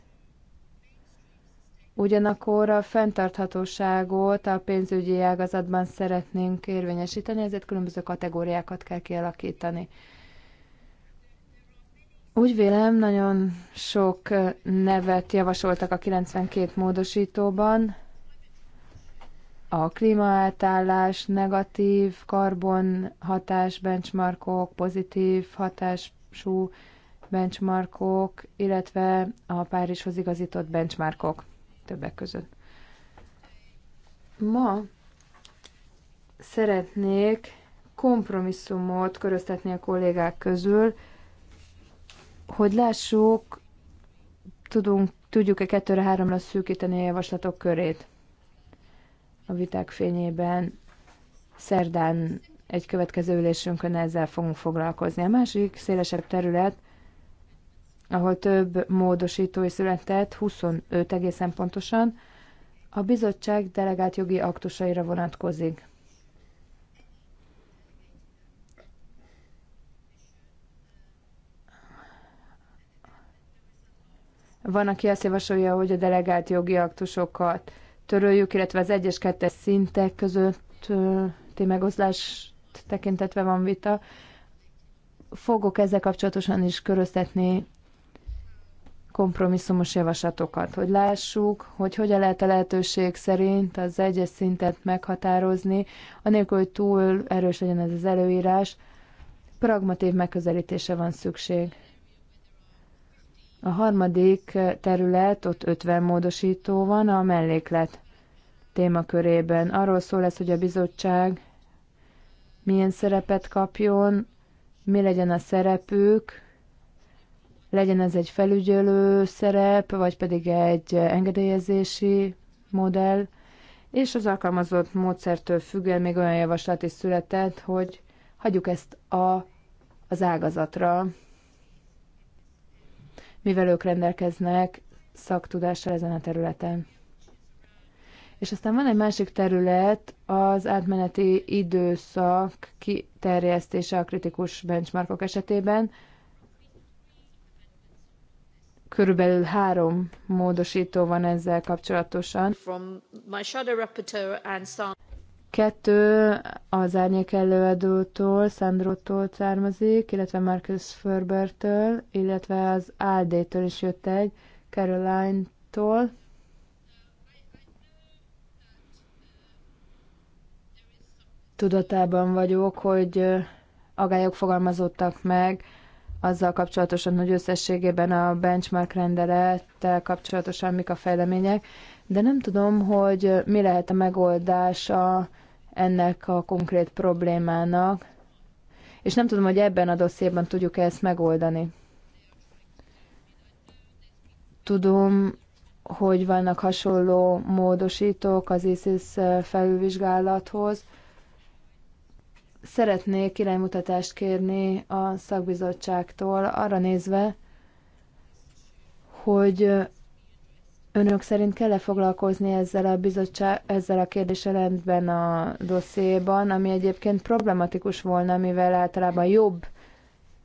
Ugyanakkor a fenntarthatóságot a pénzügyi ágazatban szeretnénk érvényesíteni, ezért különböző kategóriákat kell kialakítani. Úgy vélem, nagyon sok nevet javasoltak a 92 módosítóban. A klímaátállás, negatív karbon hatás benchmarkok, pozitív hatású benchmarkok, illetve a Párizshoz igazított benchmarkok többek között. Ma szeretnék kompromisszumot köröztetni a kollégák közül, hogy lássuk, tudunk, tudjuk-e kettőre háromra szűkíteni a javaslatok körét a viták fényében. Szerdán egy következő ülésünkön ezzel fogunk foglalkozni. A másik szélesebb terület ahol több módosító is született, 25 egészen pontosan, a bizottság delegált jogi aktusaira vonatkozik. Van, aki azt javasolja, hogy a delegált jogi aktusokat töröljük, illetve az egyes kettes szintek közötti megoszlást tekintetve van vita. Fogok ezzel kapcsolatosan is köröztetni kompromisszumos javaslatokat, hogy lássuk, hogy hogyan lehet a lehetőség szerint az egyes szintet meghatározni, anélkül, hogy túl erős legyen ez az előírás, pragmatív megközelítése van szükség. A harmadik terület, ott 50 módosító van, a melléklet témakörében. Arról szól ez, hogy a bizottság milyen szerepet kapjon, mi legyen a szerepük, legyen ez egy felügyelő szerep, vagy pedig egy engedélyezési modell, és az alkalmazott módszertől függően még olyan javaslat is született, hogy hagyjuk ezt a, az ágazatra, mivel ők rendelkeznek szaktudással ezen a területen. És aztán van egy másik terület, az átmeneti időszak kiterjesztése a kritikus benchmarkok esetében, Körülbelül három módosító van ezzel kapcsolatosan. Kettő az árnyék előadótól, Sandrótól származik, illetve Marcus Ferbertől, illetve az AD-től is jött egy, Caroline-tól. Tudatában vagyok, hogy agályok fogalmazottak meg azzal kapcsolatosan, hogy összességében a benchmark rendelettel kapcsolatosan mik a fejlemények, de nem tudom, hogy mi lehet a megoldása ennek a konkrét problémának, és nem tudom, hogy ebben a dossziéban tudjuk -e ezt megoldani. Tudom, hogy vannak hasonló módosítók az ISIS felülvizsgálathoz, Szeretnék iránymutatást kérni a szakbizottságtól arra nézve, hogy önök szerint kell-e foglalkozni ezzel a, bizottság, ezzel a kérdéssel ebben a dossziéban, ami egyébként problematikus volna, mivel általában jobb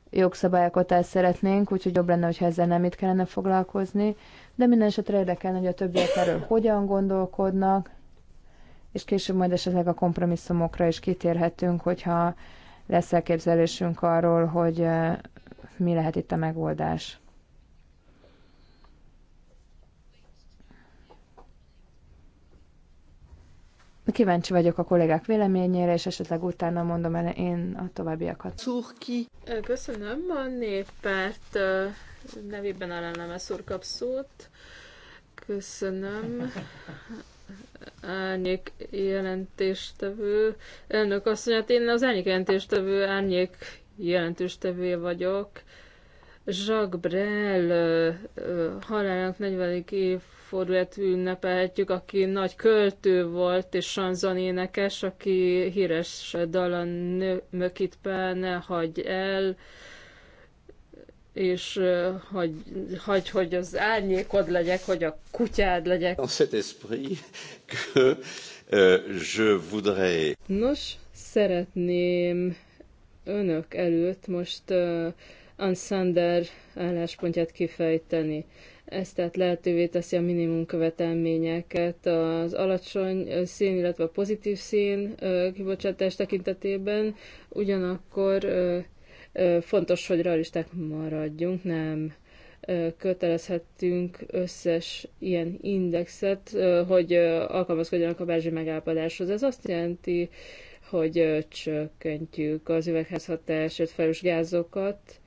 jogszabályalkotást szeretnénk, úgyhogy jobb lenne, hogyha ezzel nem itt kellene foglalkozni. De minden esetre érdekelne, hogy a többiek erről hogyan gondolkodnak, és később majd esetleg a kompromisszumokra is kitérhetünk, hogyha lesz elképzelésünk arról, hogy mi lehet itt a megoldás. Kíváncsi vagyok a kollégák véleményére, és esetleg utána mondom el én a továbbiakat. Szurki. Köszönöm a néppárt nevében nem szurkap szót. Köszönöm árnyék jelentéstevő. Elnök azt mondja, hát én az árnyék jelentéstevő árnyék jelentőstevője vagyok. Jacques Brel halálának 40. évfordulát ünnepelhetjük, aki nagy költő volt, és sanzon énekes, aki híres dala Mökit ne hagy el. Ö, és hogy, hogy, hogy az árnyékod legyek, hogy a kutyád legyek. Dans cet esprit que euh, je voudrais... Nos, szeretném önök előtt most uh, Ansander álláspontját kifejteni. Ez tehát lehetővé teszi a minimum követelményeket az alacsony szín, illetve a pozitív szín kibocsátás tekintetében, ugyanakkor Fontos, hogy realisták maradjunk, nem kötelezhetünk összes ilyen indexet, hogy alkalmazkodjanak a belső megállapodáshoz. Ez azt jelenti, hogy csökkentjük az üvegházhatásért felős gázokat,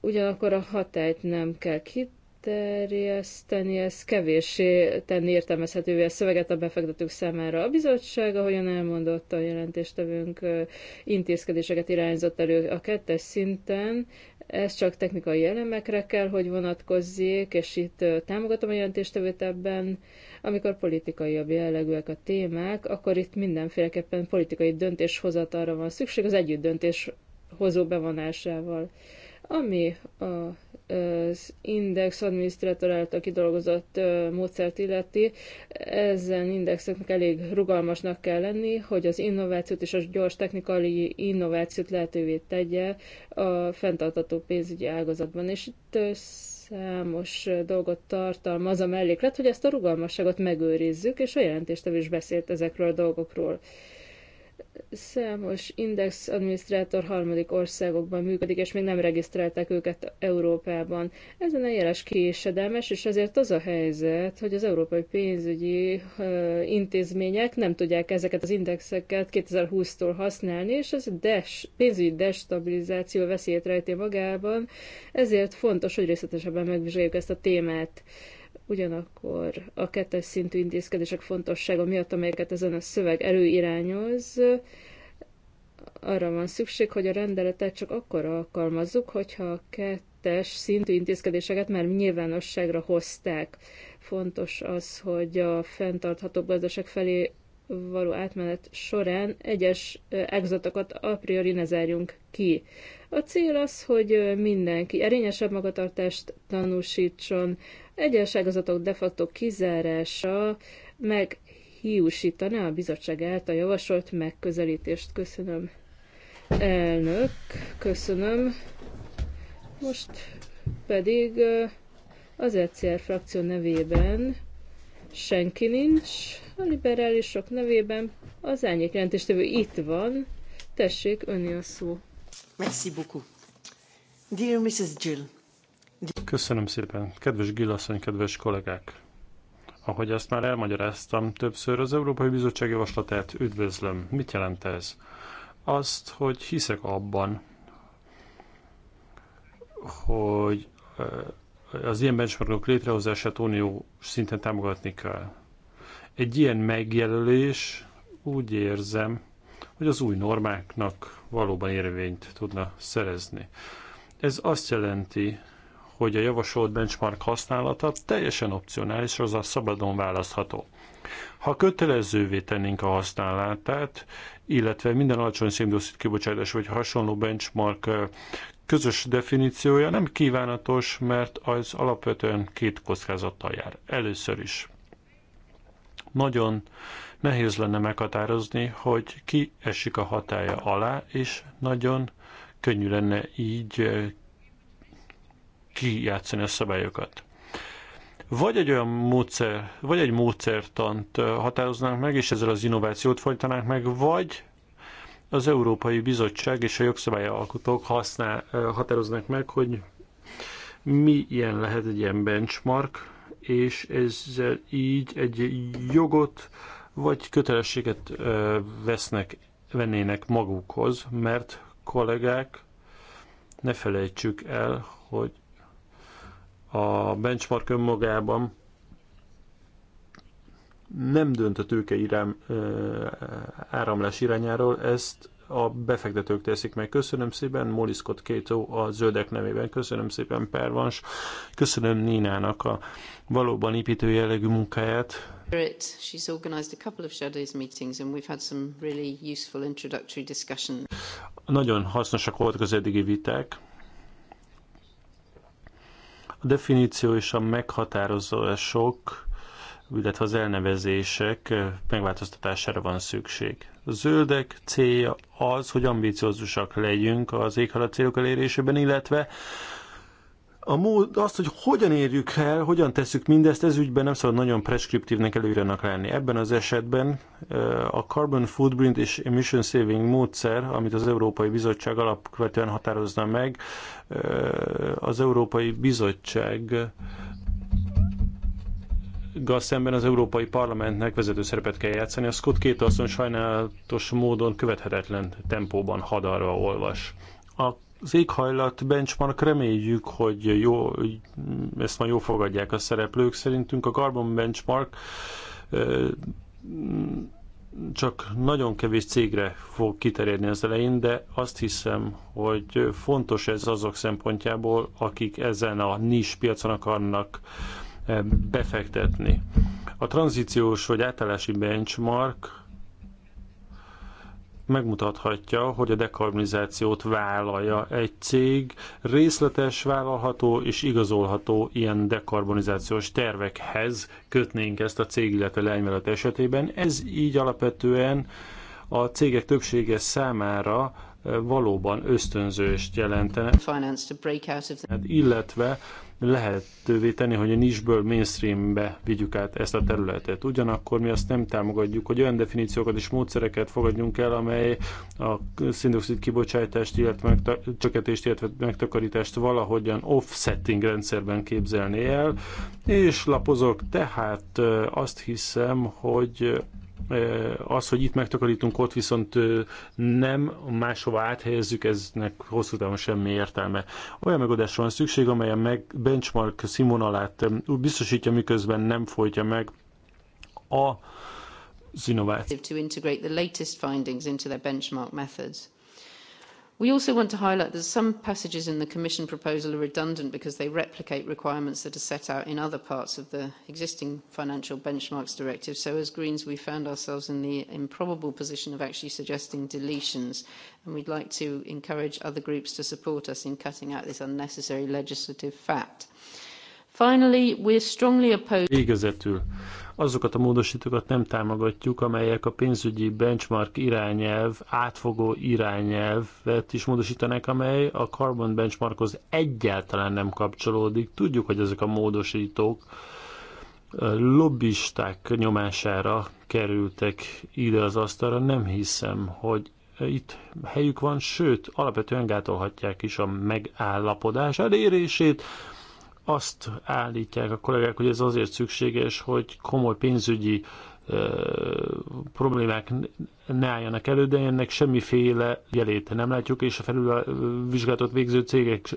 ugyanakkor a hatályt nem kell kit terjeszteni ez kevéssé tenni értelmezhetővé a szöveget a befektetők számára. A bizottság, ahogyan elmondott a jelentéstevőnk, intézkedéseket irányzott elő a kettes szinten, ez csak technikai elemekre kell, hogy vonatkozzék, és itt támogatom a jelentéstevőt ebben. Amikor politikaiabb jellegűek a témák, akkor itt mindenféleképpen politikai döntéshozatalra van szükség az együtt döntéshozó bevonásával. Ami a az index adminisztrátor által kidolgozott módszert illeti, ezen indexeknek elég rugalmasnak kell lenni, hogy az innovációt és a gyors technikai innovációt lehetővé tegye a fenntartató pénzügyi ágazatban. És itt számos dolgot tartalmaz a melléklet, hogy ezt a rugalmasságot megőrizzük, és a jelentéstevő is beszélt ezekről a dolgokról. Számos index adminisztrátor harmadik országokban működik, és még nem regisztrálták őket Európában. Ez a jeles késedelmes, és ezért az a helyzet, hogy az európai pénzügyi intézmények nem tudják ezeket az indexeket 2020-tól használni, és ez des, pénzügyi destabilizáció veszélyét rejti magában, ezért fontos, hogy részletesebben megvizsgáljuk ezt a témát. Ugyanakkor a kettes szintű intézkedések fontossága miatt, amelyeket ezen a szöveg előirányoz, arra van szükség, hogy a rendeletet csak akkor alkalmazzuk, hogyha a kettes szintű intézkedéseket már nyilvánosságra hozták. Fontos az, hogy a fenntartható gazdaság felé való átmenet során egyes egzotokat a priori ne zárjunk ki. A cél az, hogy mindenki erényesebb magatartást tanúsítson, egyes egzotok de facto kizárása hiúsítaná a bizottság által javasolt megközelítést. Köszönöm. Elnök, köszönöm. Most pedig az ECR frakció nevében senki nincs, a liberálisok nevében az elnyék jelentéstevő itt van, tessék önni a szó. Merci beaucoup. Dear Mrs. Jill. Köszönöm szépen. Kedves Gillasszony, kedves kollégák! Ahogy ezt már elmagyaráztam többször, az Európai Bizottság javaslatát üdvözlöm. Mit jelent ez? Azt, hogy hiszek abban, hogy az ilyen benchmarkok létrehozását unió szinten támogatni kell. Egy ilyen megjelölés úgy érzem, hogy az új normáknak valóban érvényt tudna szerezni. Ez azt jelenti, hogy a javasolt benchmark használata teljesen opcionális, azaz szabadon választható. Ha kötelezővé tennénk a használatát, illetve minden alacsony széndiokszid kibocsátás vagy hasonló benchmark közös definíciója nem kívánatos, mert az alapvetően két kockázattal jár. Először is nagyon nehéz lenne meghatározni, hogy ki esik a hatája alá, és nagyon könnyű lenne így eh, kijátszani a szabályokat. Vagy egy olyan módszer, vagy egy módszertant eh, határoznánk meg, és ezzel az innovációt folytanánk meg, vagy az Európai Bizottság és a jogszabályalkotók használ, határoznak meg, hogy mi ilyen lehet egy ilyen benchmark, és ezzel így egy jogot vagy kötelességet vesznek, vennének magukhoz, mert kollégák, ne felejtsük el, hogy a benchmark önmagában nem dönt a tőke irám, áramlás irányáról, ezt a befektetők teszik meg. Köszönöm szépen, Moliszkot Kétó a zöldek nevében, köszönöm szépen Pervans, köszönöm Nínának a valóban építő jellegű munkáját. Nagyon hasznosak voltak az eddigi viták. A definíció és a meghatározó sok illetve az elnevezések megváltoztatására van szükség. A zöldek célja az, hogy ambiciózusak legyünk az éghajlat célok elérésében, illetve a mód, azt, hogy hogyan érjük el, hogyan tesszük mindezt, ez ügyben nem szabad nagyon preskriptívnek előírenak lenni. Ebben az esetben a Carbon Footprint és Emission Saving módszer, amit az Európai Bizottság alapvetően határozna meg, az Európai Bizottság szemben az Európai Parlamentnek vezető szerepet kell játszani. A Scott Kétalszon sajnálatos módon követhetetlen tempóban hadarva olvas. A az éghajlat benchmark reméljük, hogy jó, ezt majd jó fogadják a szereplők. Szerintünk a Carbon Benchmark csak nagyon kevés cégre fog kiterjedni az elején, de azt hiszem, hogy fontos ez azok szempontjából, akik ezen a nis piacon akarnak befektetni. A tranzíciós vagy átállási benchmark megmutathatja, hogy a dekarbonizációt vállalja egy cég, részletes, vállalható és igazolható ilyen dekarbonizációs tervekhez kötnénk ezt a cég, illetve lányvállalat esetében. Ez így alapvetően a cégek többsége számára eh, valóban ösztönzőst jelentene, hát illetve lehetővé tenni, hogy a nisből mainstreambe vigyük át ezt a területet. Ugyanakkor mi azt nem támogatjuk, hogy olyan definíciókat és módszereket fogadjunk el, amely a szindoxid kibocsátást, illetve megta- csökkentést, illetve megtakarítást valahogyan offsetting rendszerben képzelné el, és lapozok, tehát azt hiszem, hogy az, hogy itt megtakarítunk, ott viszont nem, máshova áthelyezzük, eznek hosszú távon semmi értelme. Olyan megoldásra van szükség, amely a meg benchmark színvonalát biztosítja, miközben nem folytja meg a az innovációt. We also want to highlight that some passages in the Commission proposal are redundant because they replicate requirements that are set out in other parts of the existing Financial Benchmarks Directive. So as Greens, we found ourselves in the improbable position of actually suggesting deletions. And we'd like to encourage other groups to support us in cutting out this unnecessary legislative fat. Finally, we're strongly Végezetül, azokat a módosítókat nem támogatjuk, amelyek a pénzügyi benchmark irányelv, átfogó irányelvet is módosítanak, amely a carbon benchmarkhoz egyáltalán nem kapcsolódik. Tudjuk, hogy ezek a módosítók lobbisták nyomására kerültek ide az asztalra. Nem hiszem, hogy itt helyük van, sőt, alapvetően gátolhatják is a megállapodás elérését azt állítják a kollégák, hogy ez azért szükséges, hogy komoly pénzügyi problémák ne álljanak elő, de ennek semmiféle jelét nem látjuk, és a felülvizsgálatot végző cégek,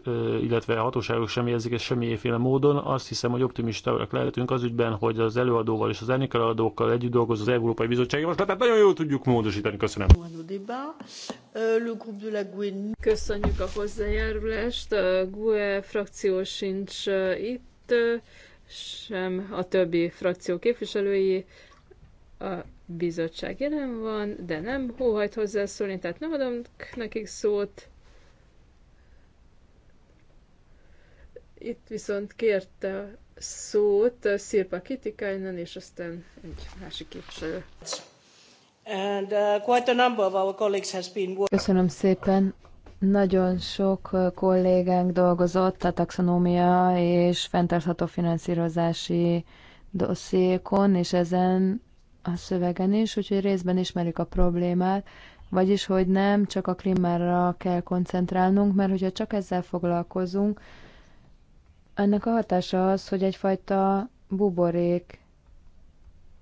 illetve a hatóságok sem érzik ezt semmiféle módon. Azt hiszem, hogy optimistábbak lehetünk az ügyben, hogy az előadóval és az előadókkal együtt dolgozó az Európai Bizottság most javaslatát nagyon jól tudjuk módosítani. Köszönöm. Köszönjük a hozzájárulást. A GUE frakció sincs itt, sem a többi frakció képviselői a bizottság jelen van, de nem hóhajt hozzászólni, tehát nem adom nekik szót. Itt viszont kérte szót Szirpa Kitikainen, és aztán egy másik képviselő. Uh, Köszönöm szépen. Nagyon sok uh, kollégánk dolgozott a taxonómia és fenntartható finanszírozási dossziékon, és ezen a szövegen is, úgyhogy részben ismerjük a problémát, vagyis, hogy nem csak a klímára kell koncentrálnunk, mert hogyha csak ezzel foglalkozunk, ennek a hatása az, hogy egyfajta buborék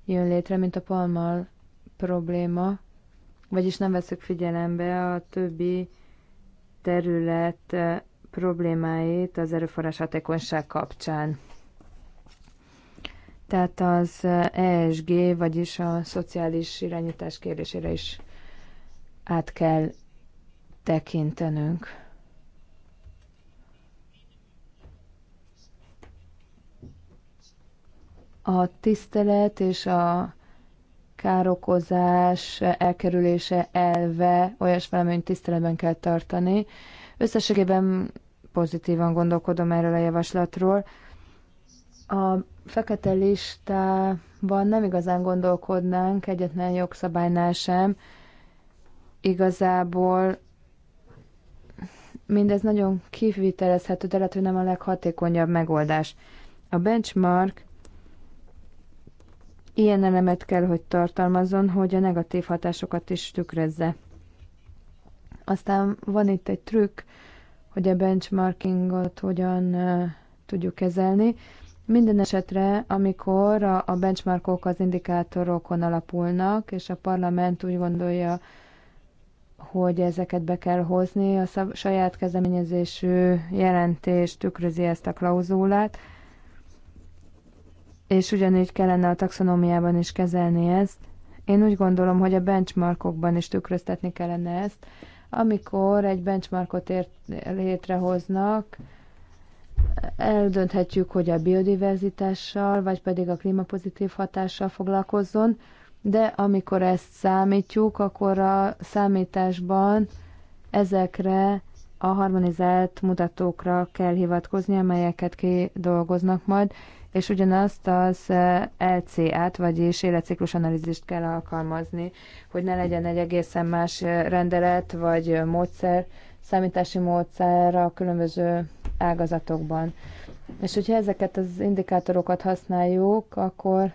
jön létre, mint a palmal probléma, vagyis nem veszük figyelembe a többi terület problémáit az erőforrás hatékonyság kapcsán tehát az ESG, vagyis a szociális irányítás kérdésére is át kell tekintenünk. A tisztelet és a károkozás elkerülése elve olyas valamint tiszteletben kell tartani. Összességében pozitívan gondolkodom erről a javaslatról a fekete listában nem igazán gondolkodnánk egyetlen jogszabálynál sem. Igazából mindez nagyon kivitelezhető, de lehet, hogy nem a leghatékonyabb megoldás. A benchmark ilyen elemet kell, hogy tartalmazzon, hogy a negatív hatásokat is tükrözze. Aztán van itt egy trükk, hogy a benchmarkingot hogyan tudjuk kezelni. Minden esetre, amikor a benchmarkok az indikátorokon alapulnak, és a parlament úgy gondolja, hogy ezeket be kell hozni, a szab- saját kezdeményezésű jelentés tükrözi ezt a klauzulát, és ugyanígy kellene a taxonómiában is kezelni ezt. Én úgy gondolom, hogy a benchmarkokban is tükröztetni kellene ezt. Amikor egy benchmarkot ért- létrehoznak, eldönthetjük, hogy a biodiverzitással, vagy pedig a klímapozitív hatással foglalkozzon, de amikor ezt számítjuk, akkor a számításban ezekre a harmonizált mutatókra kell hivatkozni, amelyeket kidolgoznak majd, és ugyanazt az LCA-t, vagyis életciklus analízist kell alkalmazni, hogy ne legyen egy egészen más rendelet vagy módszer, számítási módszer a különböző ágazatokban. És hogyha ezeket az indikátorokat használjuk, akkor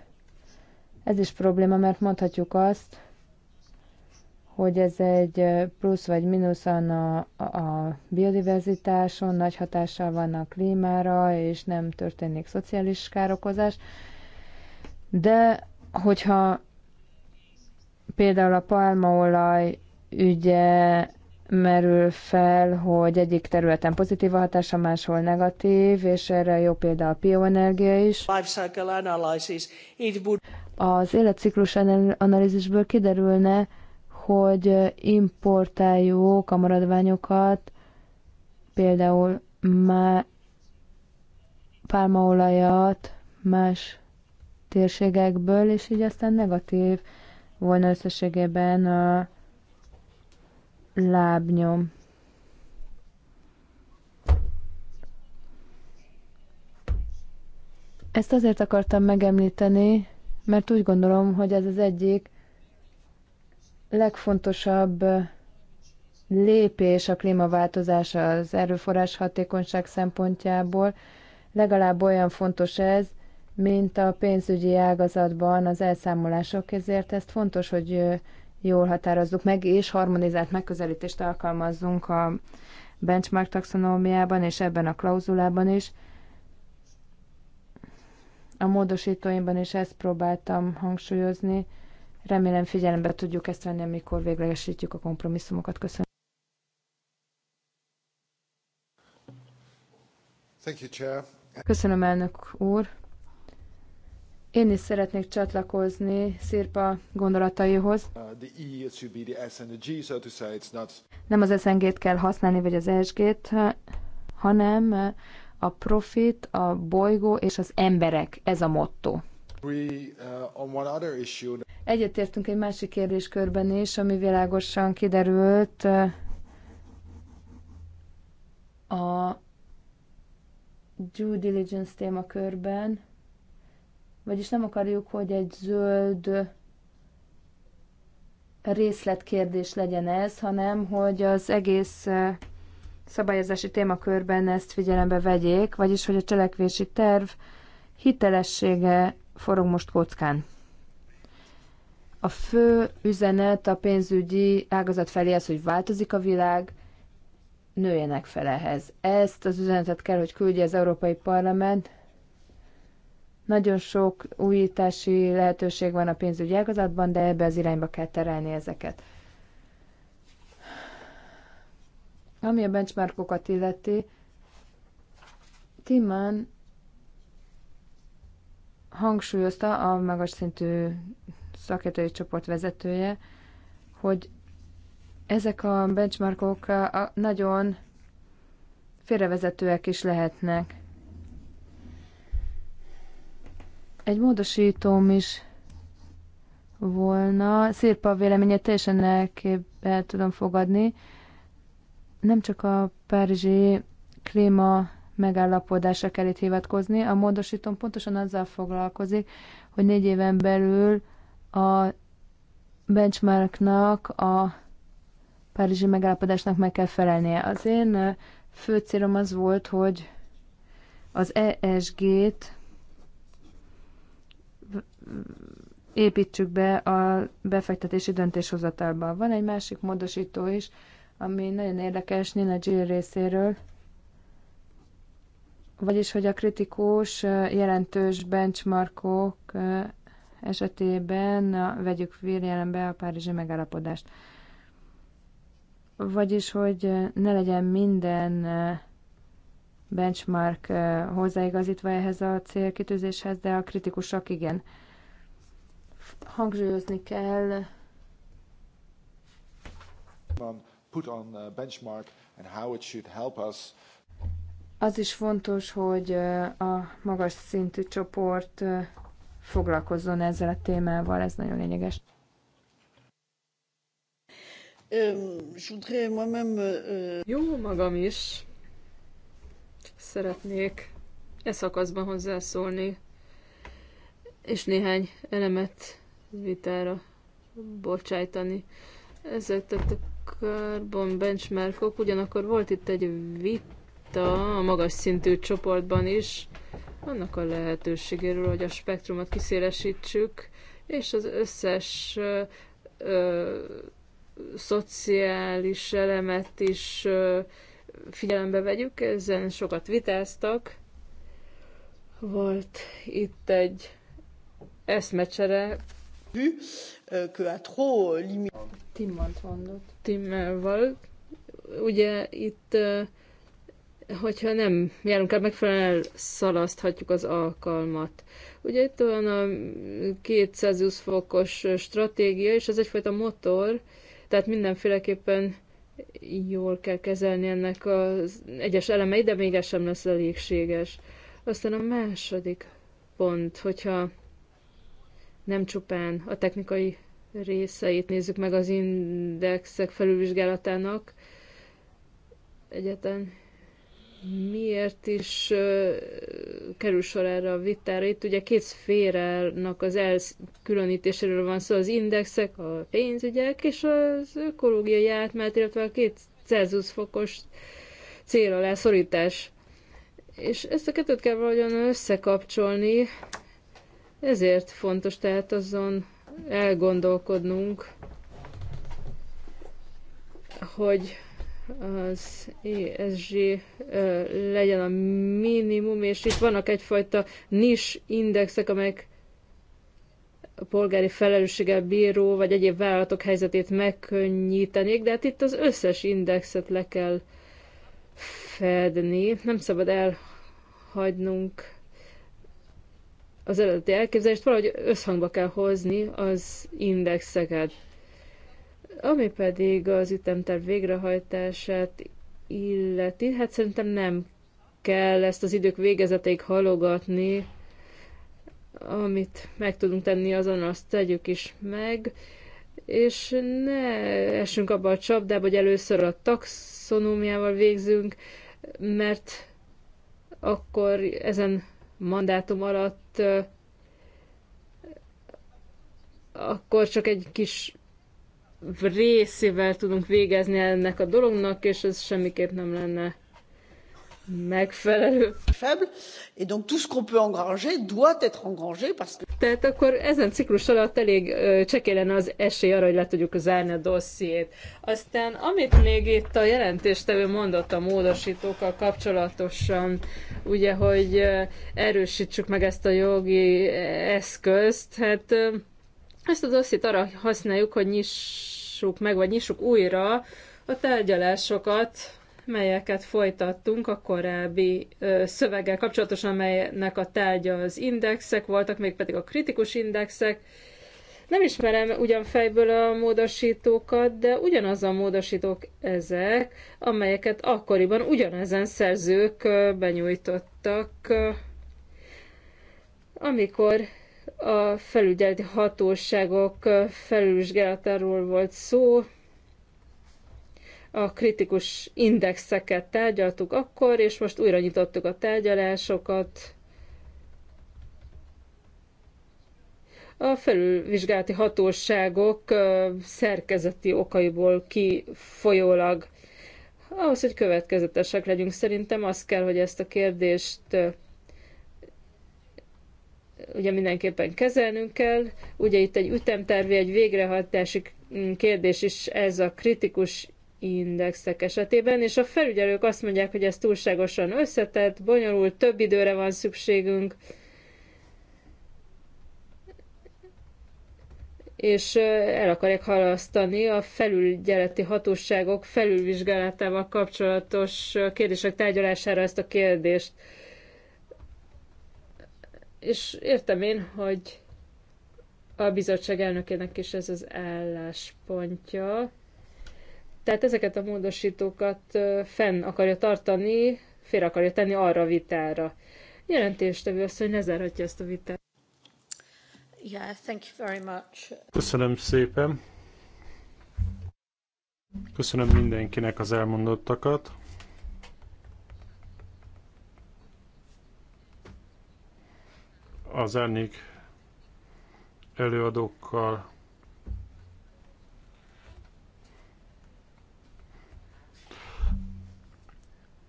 ez is probléma, mert mondhatjuk azt, hogy ez egy plusz vagy mínusz a, a biodiverzitáson, nagy hatással van a klímára, és nem történik szociális károkozás. De hogyha például a palmaolaj ügye merül fel, hogy egyik területen pozitív a hatása, máshol negatív, és erre jó példa a bioenergia is. Az életciklus analízisből kiderülne, hogy importáljuk a maradványokat, például má, pálmaolajat más térségekből, és így aztán negatív volna összességében a lábnyom. Ezt azért akartam megemlíteni, mert úgy gondolom, hogy ez az egyik legfontosabb lépés a klímaváltozás az erőforrás hatékonyság szempontjából. Legalább olyan fontos ez, mint a pénzügyi ágazatban az elszámolások, ezért ezt fontos, hogy jól határozzuk meg, és harmonizált megközelítést alkalmazzunk a benchmark taxonómiában és ebben a klauzulában is. A módosítóimban is ezt próbáltam hangsúlyozni. Remélem figyelembe tudjuk ezt venni, amikor véglegesítjük a kompromisszumokat. Köszönöm. Köszönöm, elnök úr. Én is szeretnék csatlakozni Szirpa gondolataihoz. Uh, e Nem az SNG-t kell használni, vagy az ESG-t, hanem uh, a profit, a bolygó és az emberek. Ez a motto. Uh, Egyetértünk egy másik kérdéskörben is, ami világosan kiderült a due diligence témakörben, vagyis nem akarjuk, hogy egy zöld részletkérdés legyen ez, hanem hogy az egész eh, szabályozási témakörben ezt figyelembe vegyék, vagyis hogy a cselekvési terv hitelessége forog most kockán. A fő üzenet a pénzügyi ágazat felé az, hogy változik a világ, nőjenek fel ehhez. Ezt az üzenetet kell, hogy küldje az Európai Parlament, nagyon sok újítási lehetőség van a pénzügyi ágazatban, de ebbe az irányba kell terelni ezeket. Ami a benchmarkokat illeti, Timman hangsúlyozta a magas szintű szakértői csoport vezetője, hogy ezek a benchmarkok nagyon félrevezetőek is lehetnek. Egy módosítóm is volna. Szirpa véleménye teljesen elkép, el tudom fogadni. Nem csak a párizsi klíma megállapodásra kell itt hivatkozni. A módosítón pontosan azzal foglalkozik, hogy négy éven belül a benchmarknak, a párizsi megállapodásnak meg kell felelnie. Az én fő célom az volt, hogy az ESG-t építsük be a befektetési döntéshozatalba. Van egy másik módosító is, ami nagyon érdekes Nina Gill részéről, vagyis hogy a kritikus jelentős benchmarkok esetében na, vegyük figyelembe a párizsi megállapodást. Vagyis, hogy ne legyen minden benchmark hozzáigazítva ehhez a célkitűzéshez, de a kritikusok igen hangsúlyozni kell um, put on benchmark and how it should help us az is fontos, hogy uh, a magas szintű csoport uh, foglalkozzon ezzel a témával, ez nagyon lényeges. Um, uh, Jó magam is szeretnék e szakaszban hozzászólni és néhány elemet vitára bocsájtani. Ezek tehát a carbon benchmarkok, ugyanakkor volt itt egy vita a magas szintű csoportban is, annak a lehetőségéről, hogy a spektrumot kiszélesítsük, és az összes ö, ö, szociális elemet is ö, figyelembe vegyük, ezen sokat vitáztak. Volt itt egy eszmecsere. Hű, que a trop limit. Timmant mondott. Timmelval. Ugye itt, hogyha nem járunk el megfelelően, szalaszthatjuk az alkalmat. Ugye itt van a 220 fokos stratégia, és ez egyfajta motor, tehát mindenféleképpen jól kell kezelni ennek az egyes elemei, de még ez sem lesz elégséges. Aztán a második pont, hogyha nem csupán a technikai részeit nézzük meg az indexek felülvizsgálatának. Egyetlen miért is uh, kerül sor erre a vitára. Itt ugye két szférának az elkülönítéséről van szó, az indexek, a pénzügyek és az ökológiai átmenet, illetve a két Celsius fokos cél alá szorítás. És ezt a kettőt kell valahogyan összekapcsolni, ezért fontos tehát azon elgondolkodnunk, hogy az ESG legyen a minimum, és itt vannak egyfajta nis indexek, amelyek a polgári felelősséggel bíró vagy egyéb vállalatok helyzetét megkönnyítenék, de hát itt az összes indexet le kell fedni. Nem szabad elhagynunk az eredeti elképzelést valahogy összhangba kell hozni az indexeket. Ami pedig az ütemterv végrehajtását illeti, hát szerintem nem kell ezt az idők végezetéig halogatni, amit meg tudunk tenni, azon azt tegyük is meg, és ne essünk abba a csapdába, hogy először a taxonómiával végzünk, mert akkor ezen mandátum alatt, akkor csak egy kis részével tudunk végezni ennek a dolognak, és ez semmiképp nem lenne megfelelő. Faible, et donc tout ce qu'on peut engranger doit être engrangé parce que... Tehát akkor ezen ciklus alatt elég csekélen az esély arra, hogy le tudjuk zárni a dossziét. Aztán amit még itt a jelentéstevő mondott a módosítókkal kapcsolatosan, ugye, hogy erősítsük meg ezt a jogi eszközt, hát ezt a dossziét arra használjuk, hogy nyissuk meg, vagy nyissuk újra a tárgyalásokat melyeket folytattunk a korábbi ö, szöveggel kapcsolatosan, amelynek a tárgya az indexek voltak, mégpedig a kritikus indexek. Nem ismerem ugyan fejből a módosítókat, de ugyanaz a módosítók ezek, amelyeket akkoriban ugyanezen szerzők benyújtottak, amikor a felügyeleti hatóságok felülvizsgálatáról volt szó, a kritikus indexeket tárgyaltuk akkor, és most újra nyitottuk a tárgyalásokat. A felülvizsgálati hatóságok szerkezeti okaiból kifolyólag. Ahhoz, hogy következetesek legyünk, szerintem az kell, hogy ezt a kérdést ugye mindenképpen kezelnünk kell. Ugye itt egy ütemtervi, egy végrehajtási kérdés is ez a kritikus indexek esetében, és a felügyelők azt mondják, hogy ez túlságosan összetett, bonyolult, több időre van szükségünk, és el akarják halasztani a felügyeleti hatóságok felülvizsgálatával kapcsolatos kérdések tárgyalására ezt a kérdést. És értem én, hogy a bizottság elnökének is ez az álláspontja. Tehát ezeket a módosítókat fenn akarja tartani, fél akarja tenni arra a vitára. Jelentéstevő azt, hogy ne zárhatja ezt a vitát. Yeah, thank you very much. Köszönöm szépen. Köszönöm mindenkinek az elmondottakat. Az elnék előadókkal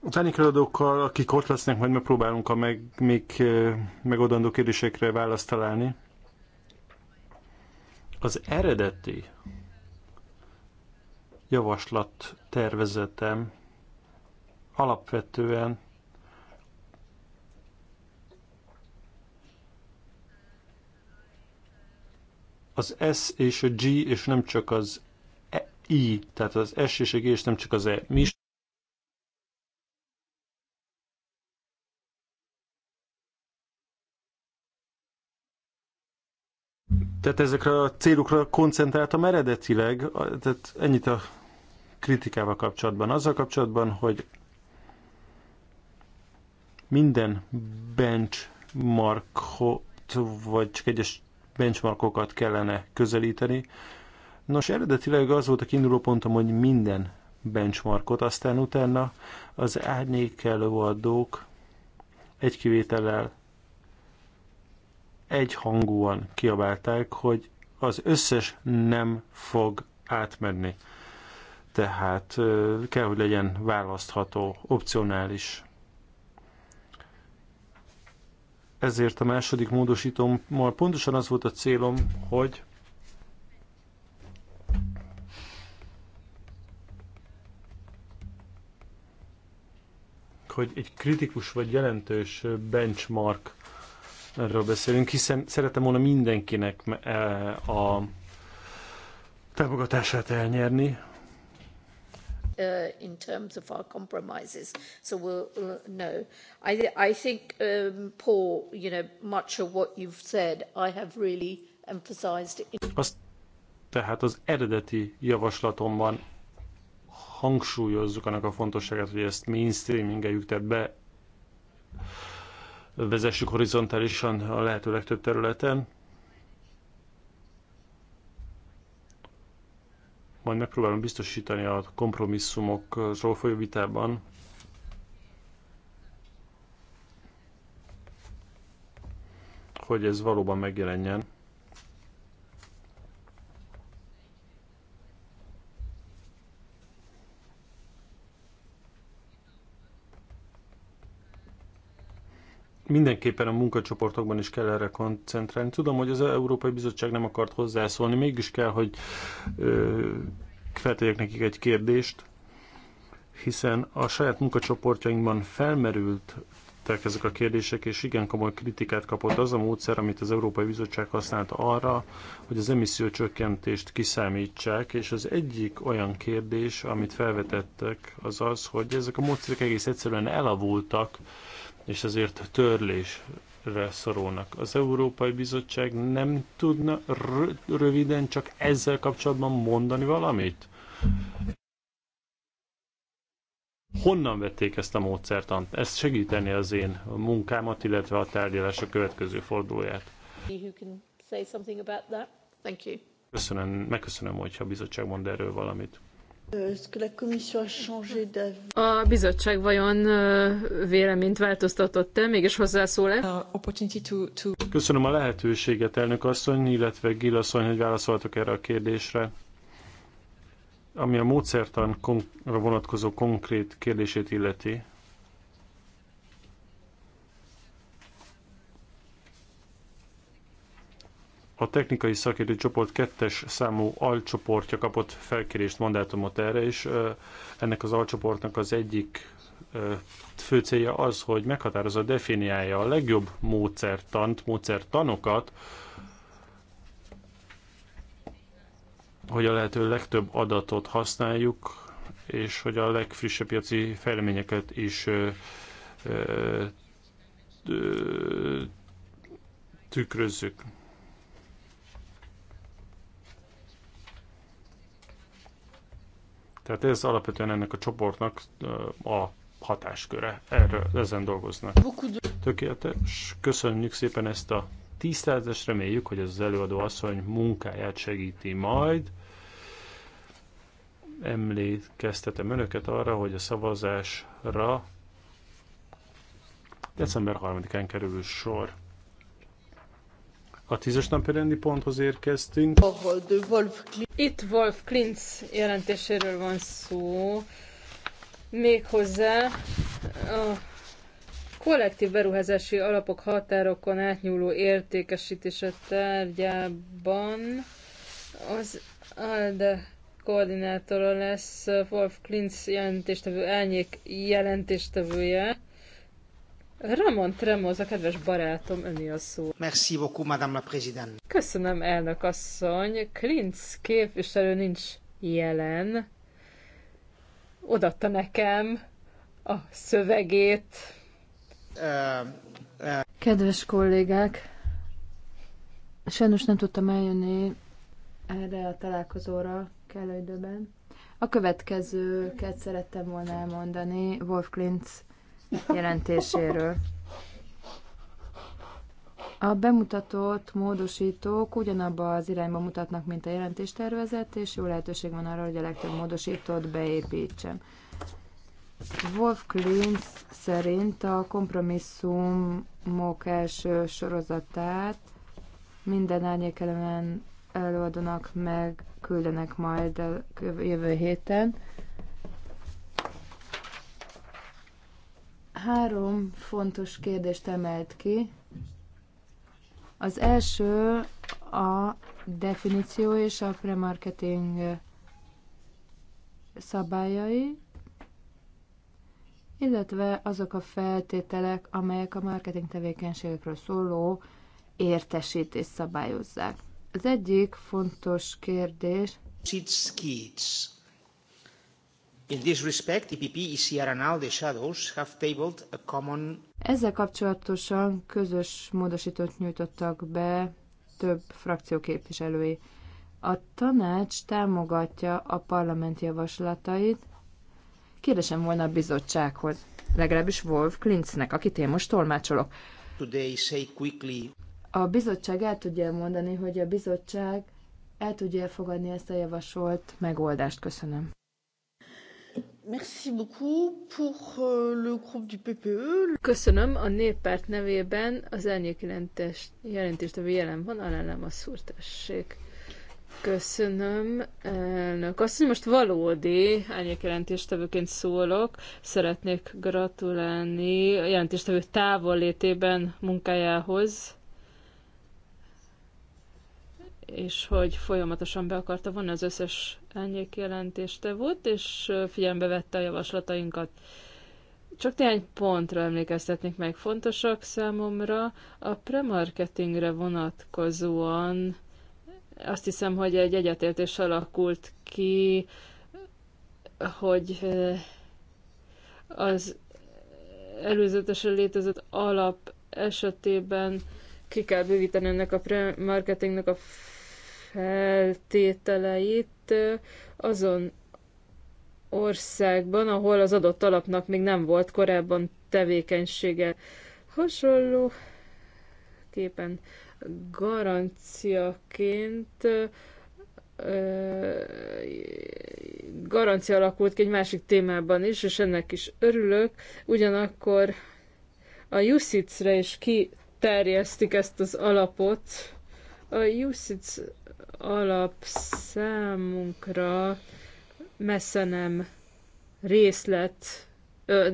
az árnyékeladókkal, akik ott lesznek, majd megpróbálunk a meg, még megoldandó kérdésekre választ találni. Az eredeti javaslat tervezetem alapvetően az S és a G, és nem csak az e, I, tehát az S és a G, és nem csak az E. Mi is Tehát ezekre a célokra koncentráltam eredetileg, tehát ennyit a kritikával kapcsolatban. Azzal kapcsolatban, hogy minden benchmarkot, vagy csak egyes benchmarkokat kellene közelíteni. Nos, eredetileg az volt a kiinduló pontom, hogy minden benchmarkot, aztán utána az árnyék adók egy kivétellel egyhangúan kiabálták, hogy az összes nem fog átmenni. Tehát kell, hogy legyen választható, opcionális. Ezért a második módosítommal pontosan az volt a célom, hogy hogy egy kritikus vagy jelentős benchmark erről beszélünk, hiszen szeretem volna mindenkinek e, a támogatását elnyerni. Uh, in terms of our compromises, so we'll we'll know. I, th I think, um, Paul, you know, much of what you've said, I have really emphasized. In... Azt tehát az eredeti javaslatomban hangsúlyozzuk annak a fontosságát, hogy ezt mainstreamingeljük, tehát be vezessük horizontálisan a lehető legtöbb területen. Majd megpróbálom biztosítani a kompromisszumokról folyó vitában, hogy ez valóban megjelenjen. mindenképpen a munkacsoportokban is kell erre koncentrálni. Tudom, hogy az Európai Bizottság nem akart hozzászólni, mégis kell, hogy feltegyek nekik egy kérdést, hiszen a saját munkacsoportjainkban felmerült ezek a kérdések, és igen komoly kritikát kapott az a módszer, amit az Európai Bizottság használt arra, hogy az emissziócsökkentést kiszámítsák, és az egyik olyan kérdés, amit felvetettek, az az, hogy ezek a módszerek egész egyszerűen elavultak, és ezért törlésre szorulnak. Az Európai Bizottság nem tudna röviden csak ezzel kapcsolatban mondani valamit? Honnan vették ezt a módszertant? Ez segíteni az én munkámat, illetve a tárgyalás a következő fordulóját. Köszönöm, megköszönöm, hogyha a bizottság mond erről valamit. A bizottság vajon véleményt változtatott-e, mégis hozzászól-e? Uh, Köszönöm a lehetőséget, elnök asszony, illetve Gil asszony, hogy válaszoltak erre a kérdésre. Ami a módszertanra vonatkozó konkrét kérdését illeti, A technikai szakértő csoport kettes számú alcsoportja kapott felkérést, mandátumot erre, és ennek az alcsoportnak az egyik fő célja az, hogy meghatározza, definiálja a legjobb módszertant, módszertanokat, hogy a lehető legtöbb adatot használjuk, és hogy a legfrissebb piaci fejleményeket is ö, ö, tükrözzük. Tehát ez alapvetően ennek a csoportnak a hatásköre. Erről ezen dolgoznak. Tökéletes. Köszönjük szépen ezt a tisztázást. Reméljük, hogy ez az előadó asszony munkáját segíti majd. Emlékeztetem önöket arra, hogy a szavazásra december 3-án kerül sor. A tízes napirendi ponthoz érkeztünk. Itt Wolf Klintz jelentéséről van szó. Méghozzá a kollektív beruházási alapok határokon átnyúló értékesítése tárgyában az ALDE koordinátora lesz Wolf Klintz jelentéstevő, elnyék jelentéstevője. Ramon Tremoz, a kedves barátom, öné a szó. Merci beaucoup, madame la présidente. Köszönöm, elnök asszony. Klinz képviselő nincs jelen. Odatta nekem a szövegét. Uh, uh. Kedves kollégák, sajnos nem tudtam eljönni erre a találkozóra kellő időben. A következőket szerettem volna elmondani Wolf Klintz jelentéséről. A bemutatott módosítók ugyanabba az irányba mutatnak, mint a jelentéstervezet, és jó lehetőség van arra, hogy a legtöbb módosítót beépítsem. Wolf Klintz szerint a kompromisszumok első sorozatát minden árnyékelemen előadónak meg küldenek majd a jövő héten. Három fontos kérdést emelt ki. Az első a definíció és a premarketing szabályai, illetve azok a feltételek, amelyek a marketing tevékenységekről szóló értesítést szabályozzák. Az egyik fontos kérdés Sitskits. In this respect, EPP, ECR and the shadows have tabled a common... Ezzel kapcsolatosan közös módosítót nyújtottak be több frakció képviselői. A tanács támogatja a parlament javaslatait. Kérdésem volna a bizottsághoz, legalábbis Wolf Klinznek, akit én most tolmácsolok. Today, say quickly. A bizottság el tudja mondani, hogy a bizottság el tudja elfogadni ezt a javasolt megoldást. Köszönöm. Merci beaucoup pour euh, le groupe du PPE. Köszönöm a néppárt nevében az elnyékilentes jelentést, ami jelen van, nem a szúrtessék. Köszönöm, elnök. Azt, mondja, most valódi jelentéstevőként szólok, szeretnék gratulálni a jelentéstevő távollétében munkájához és hogy folyamatosan be akarta vonni az összes elnyék volt, és figyelembe vette a javaslatainkat. Csak néhány pontra emlékeztetnék meg fontosak számomra. A premarketingre vonatkozóan azt hiszem, hogy egy egyetértés alakult ki, hogy az előzetesen létezett alap esetében ki kell bővíteni ennek a marketingnek a feltételeit azon országban, ahol az adott alapnak még nem volt korábban tevékenysége. Hasonló képen garanciaként garancia alakult ki egy másik témában is, és ennek is örülök. Ugyanakkor a Jusicre is kiterjesztik ezt az alapot. A Jusic alap számunkra messze nem részlet,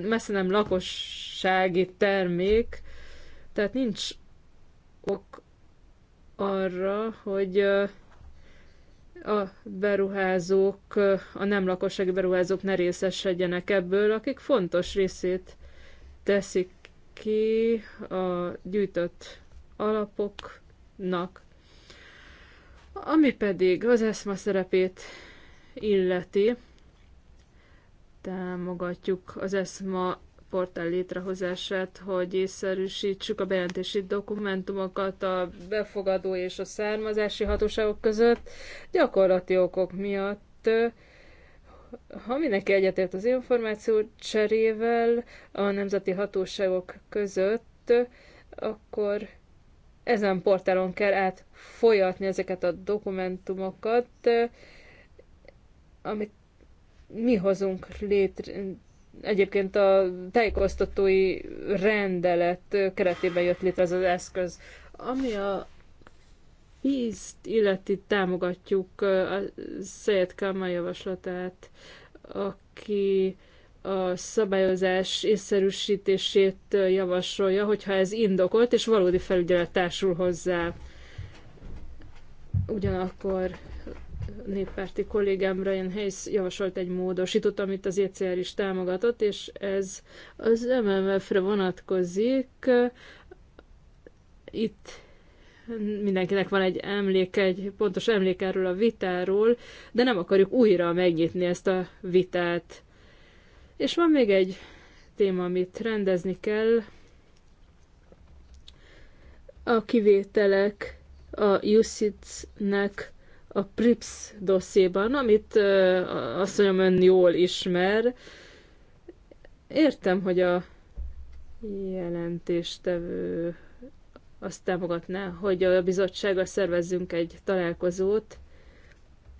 messze nem lakossági termék, tehát nincs ok arra, hogy a beruházók, a nem lakossági beruházók ne részesedjenek ebből, akik fontos részét teszik ki a gyűjtött alapoknak. Ami pedig az eszma szerepét illeti, támogatjuk az ESMA portál létrehozását, hogy észszerűsítsük a bejelentési dokumentumokat a befogadó és a származási hatóságok között gyakorlati okok miatt. Ha mindenki egyetért az információ cserével a nemzeti hatóságok között, akkor ezen portálon kell át folyatni ezeket a dokumentumokat, amit mi hozunk létre. Egyébként a tájékoztatói rendelet keretében jött létre ez az eszköz. Ami a vízt illeti támogatjuk a Szejet Kálmán javaslatát, aki a szabályozás észszerűsítését javasolja, hogyha ez indokolt, és valódi felügyelet társul hozzá. Ugyanakkor néppárti kollégám Ryan Hayes javasolt egy módosítót, amit az ECR is támogatott, és ez az MMF-re vonatkozik. Itt mindenkinek van egy emléke, egy pontos emléke erről a vitáról, de nem akarjuk újra megnyitni ezt a vitát. És van még egy téma, amit rendezni kell. A kivételek a usits nek a PRIPS dosszéban, amit azt mondjam, ön jól ismer. Értem, hogy a jelentéstevő azt támogatná, hogy a bizottsággal szervezzünk egy találkozót,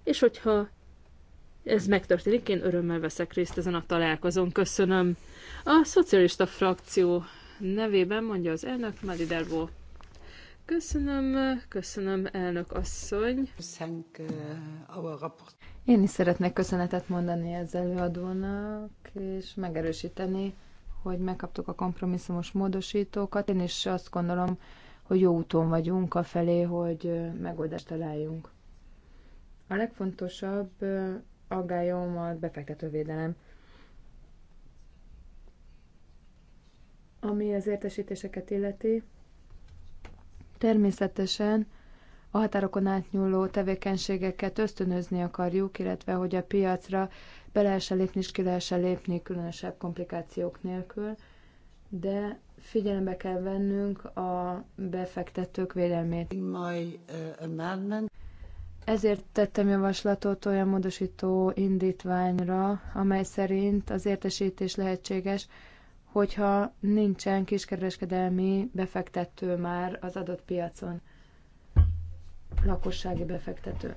és hogyha ez megtörténik, én örömmel veszek részt ezen a találkozón. Köszönöm. A szocialista frakció nevében mondja az elnök Madi Malidelbo. Köszönöm, köszönöm, elnök asszony. Uh, én is szeretnék köszönetet mondani az előadónak, és megerősíteni, hogy megkaptuk a kompromisszumos módosítókat. Én is azt gondolom, hogy jó úton vagyunk a felé, hogy megoldást találjunk. A legfontosabb aggályom a befektetővédelem. Ami az értesítéseket illeti, természetesen a határokon átnyúló tevékenységeket ösztönözni akarjuk, illetve hogy a piacra be lehessen lépni és ki lehessen lépni különösebb komplikációk nélkül, de figyelembe kell vennünk a befektetők védelmét. My, uh, ezért tettem javaslatot olyan módosító indítványra, amely szerint az értesítés lehetséges, hogyha nincsen kiskereskedelmi befektető már az adott piacon, lakossági befektető.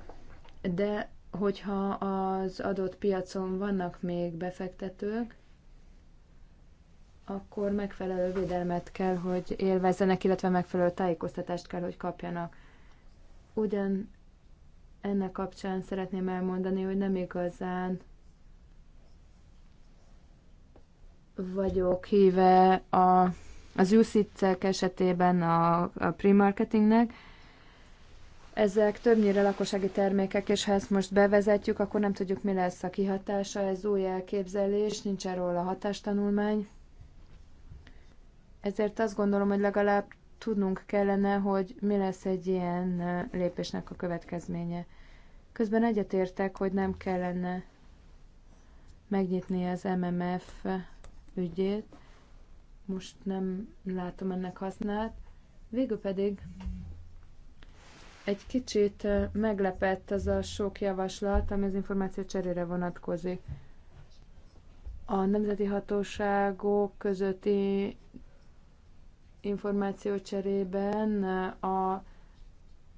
De hogyha az adott piacon vannak még befektetők, akkor megfelelő védelmet kell, hogy élvezzenek, illetve megfelelő tájékoztatást kell, hogy kapjanak. Ugyan ennek kapcsán szeretném elmondani, hogy nem igazán vagyok híve a, az UCIC-ek esetében a, a pre-marketingnek. Ezek többnyire lakossági termékek, és ha ezt most bevezetjük, akkor nem tudjuk, mi lesz a kihatása. Ez új elképzelés, nincs erről a hatástanulmány. Ezért azt gondolom, hogy legalább tudnunk kellene, hogy mi lesz egy ilyen lépésnek a következménye. Közben egyetértek, hogy nem kellene megnyitni az MMF ügyét. Most nem látom ennek hasznát. Végül pedig egy kicsit meglepett az a sok javaslat, ami az információ cserére vonatkozik. A nemzeti hatóságok közötti információ cserében a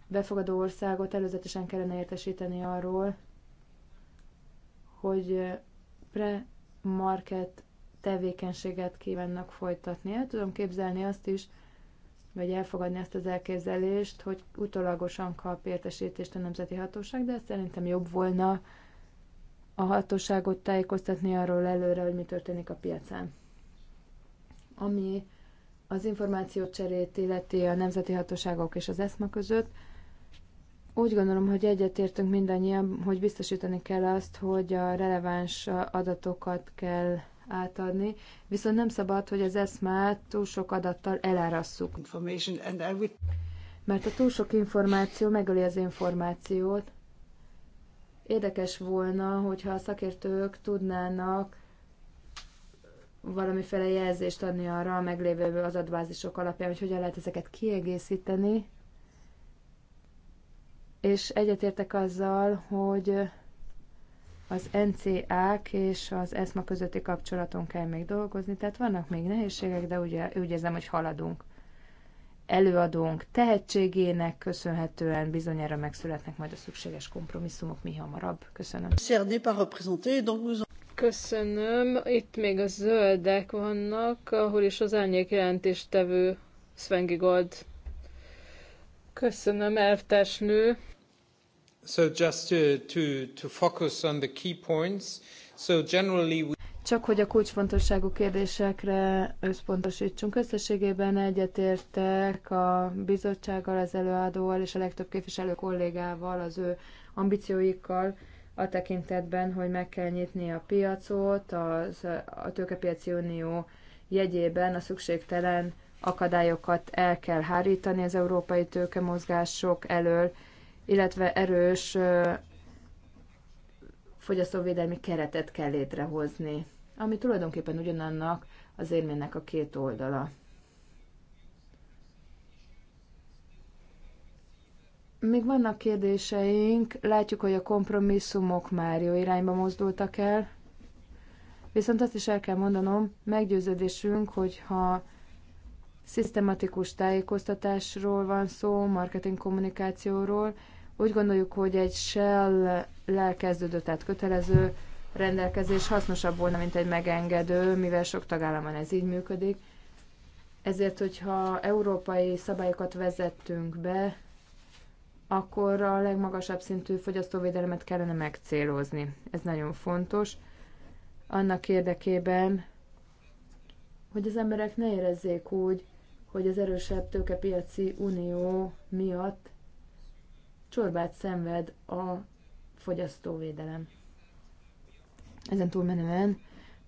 befogadó országot előzetesen kellene értesíteni arról, hogy pre-market tevékenységet kívánnak folytatni. El tudom képzelni azt is, vagy elfogadni ezt az elképzelést, hogy utolagosan kap értesítést a nemzeti hatóság, de szerintem jobb volna a hatóságot tájékoztatni arról előre, hogy mi történik a piacán. Ami az információcserét illeti a nemzeti hatóságok és az eszma között, úgy gondolom, hogy egyetértünk mindannyian, hogy biztosítani kell azt, hogy a releváns adatokat kell átadni, viszont nem szabad, hogy az eszmát túl sok adattal elárasszuk. Mert a túl sok információ megöli az információt. Érdekes volna, hogyha a szakértők tudnának valamiféle jelzést adni arra a meglévő adatbázisok alapján, hogy hogyan lehet ezeket kiegészíteni. És egyetértek azzal, hogy az NCA-k és az ESMA közötti kapcsolaton kell még dolgozni, tehát vannak még nehézségek, de ugye, úgy érzem, hogy haladunk. Előadónk tehetségének köszönhetően bizonyára megszületnek majd a szükséges kompromisszumok mi hamarabb. Köszönöm. Köszönöm. Itt még a zöldek vannak, ahol is az árnyék tevő Svengi Gold. Köszönöm, elvtársnő. So just to, to, to focus on the key points. So generally we... Csak hogy a kulcsfontosságú kérdésekre összpontosítsunk. Összességében egyetértek a bizottsággal, az előadóval és a legtöbb képviselő kollégával, az ő ambícióikkal a tekintetben, hogy meg kell nyitni a piacot, az, a tőkepiaci unió jegyében a szükségtelen akadályokat el kell hárítani az európai tőkemozgások elől, illetve erős fogyasztóvédelmi keretet kell létrehozni, ami tulajdonképpen ugyanannak az érmének a két oldala. Még vannak kérdéseink, látjuk, hogy a kompromisszumok már jó irányba mozdultak el, viszont azt is el kell mondanom, meggyőződésünk, hogy ha szisztematikus tájékoztatásról van szó, marketing kommunikációról, úgy gondoljuk, hogy egy shell lelkezdődő, tehát kötelező rendelkezés hasznosabb volna, mint egy megengedő, mivel sok tagállamban ez így működik. Ezért, hogyha európai szabályokat vezettünk be, akkor a legmagasabb szintű fogyasztóvédelemet kellene megcélozni. Ez nagyon fontos. Annak érdekében, hogy az emberek ne érezzék úgy, hogy az erősebb tőkepiaci unió miatt csorbát szenved a fogyasztóvédelem. Ezen túlmenően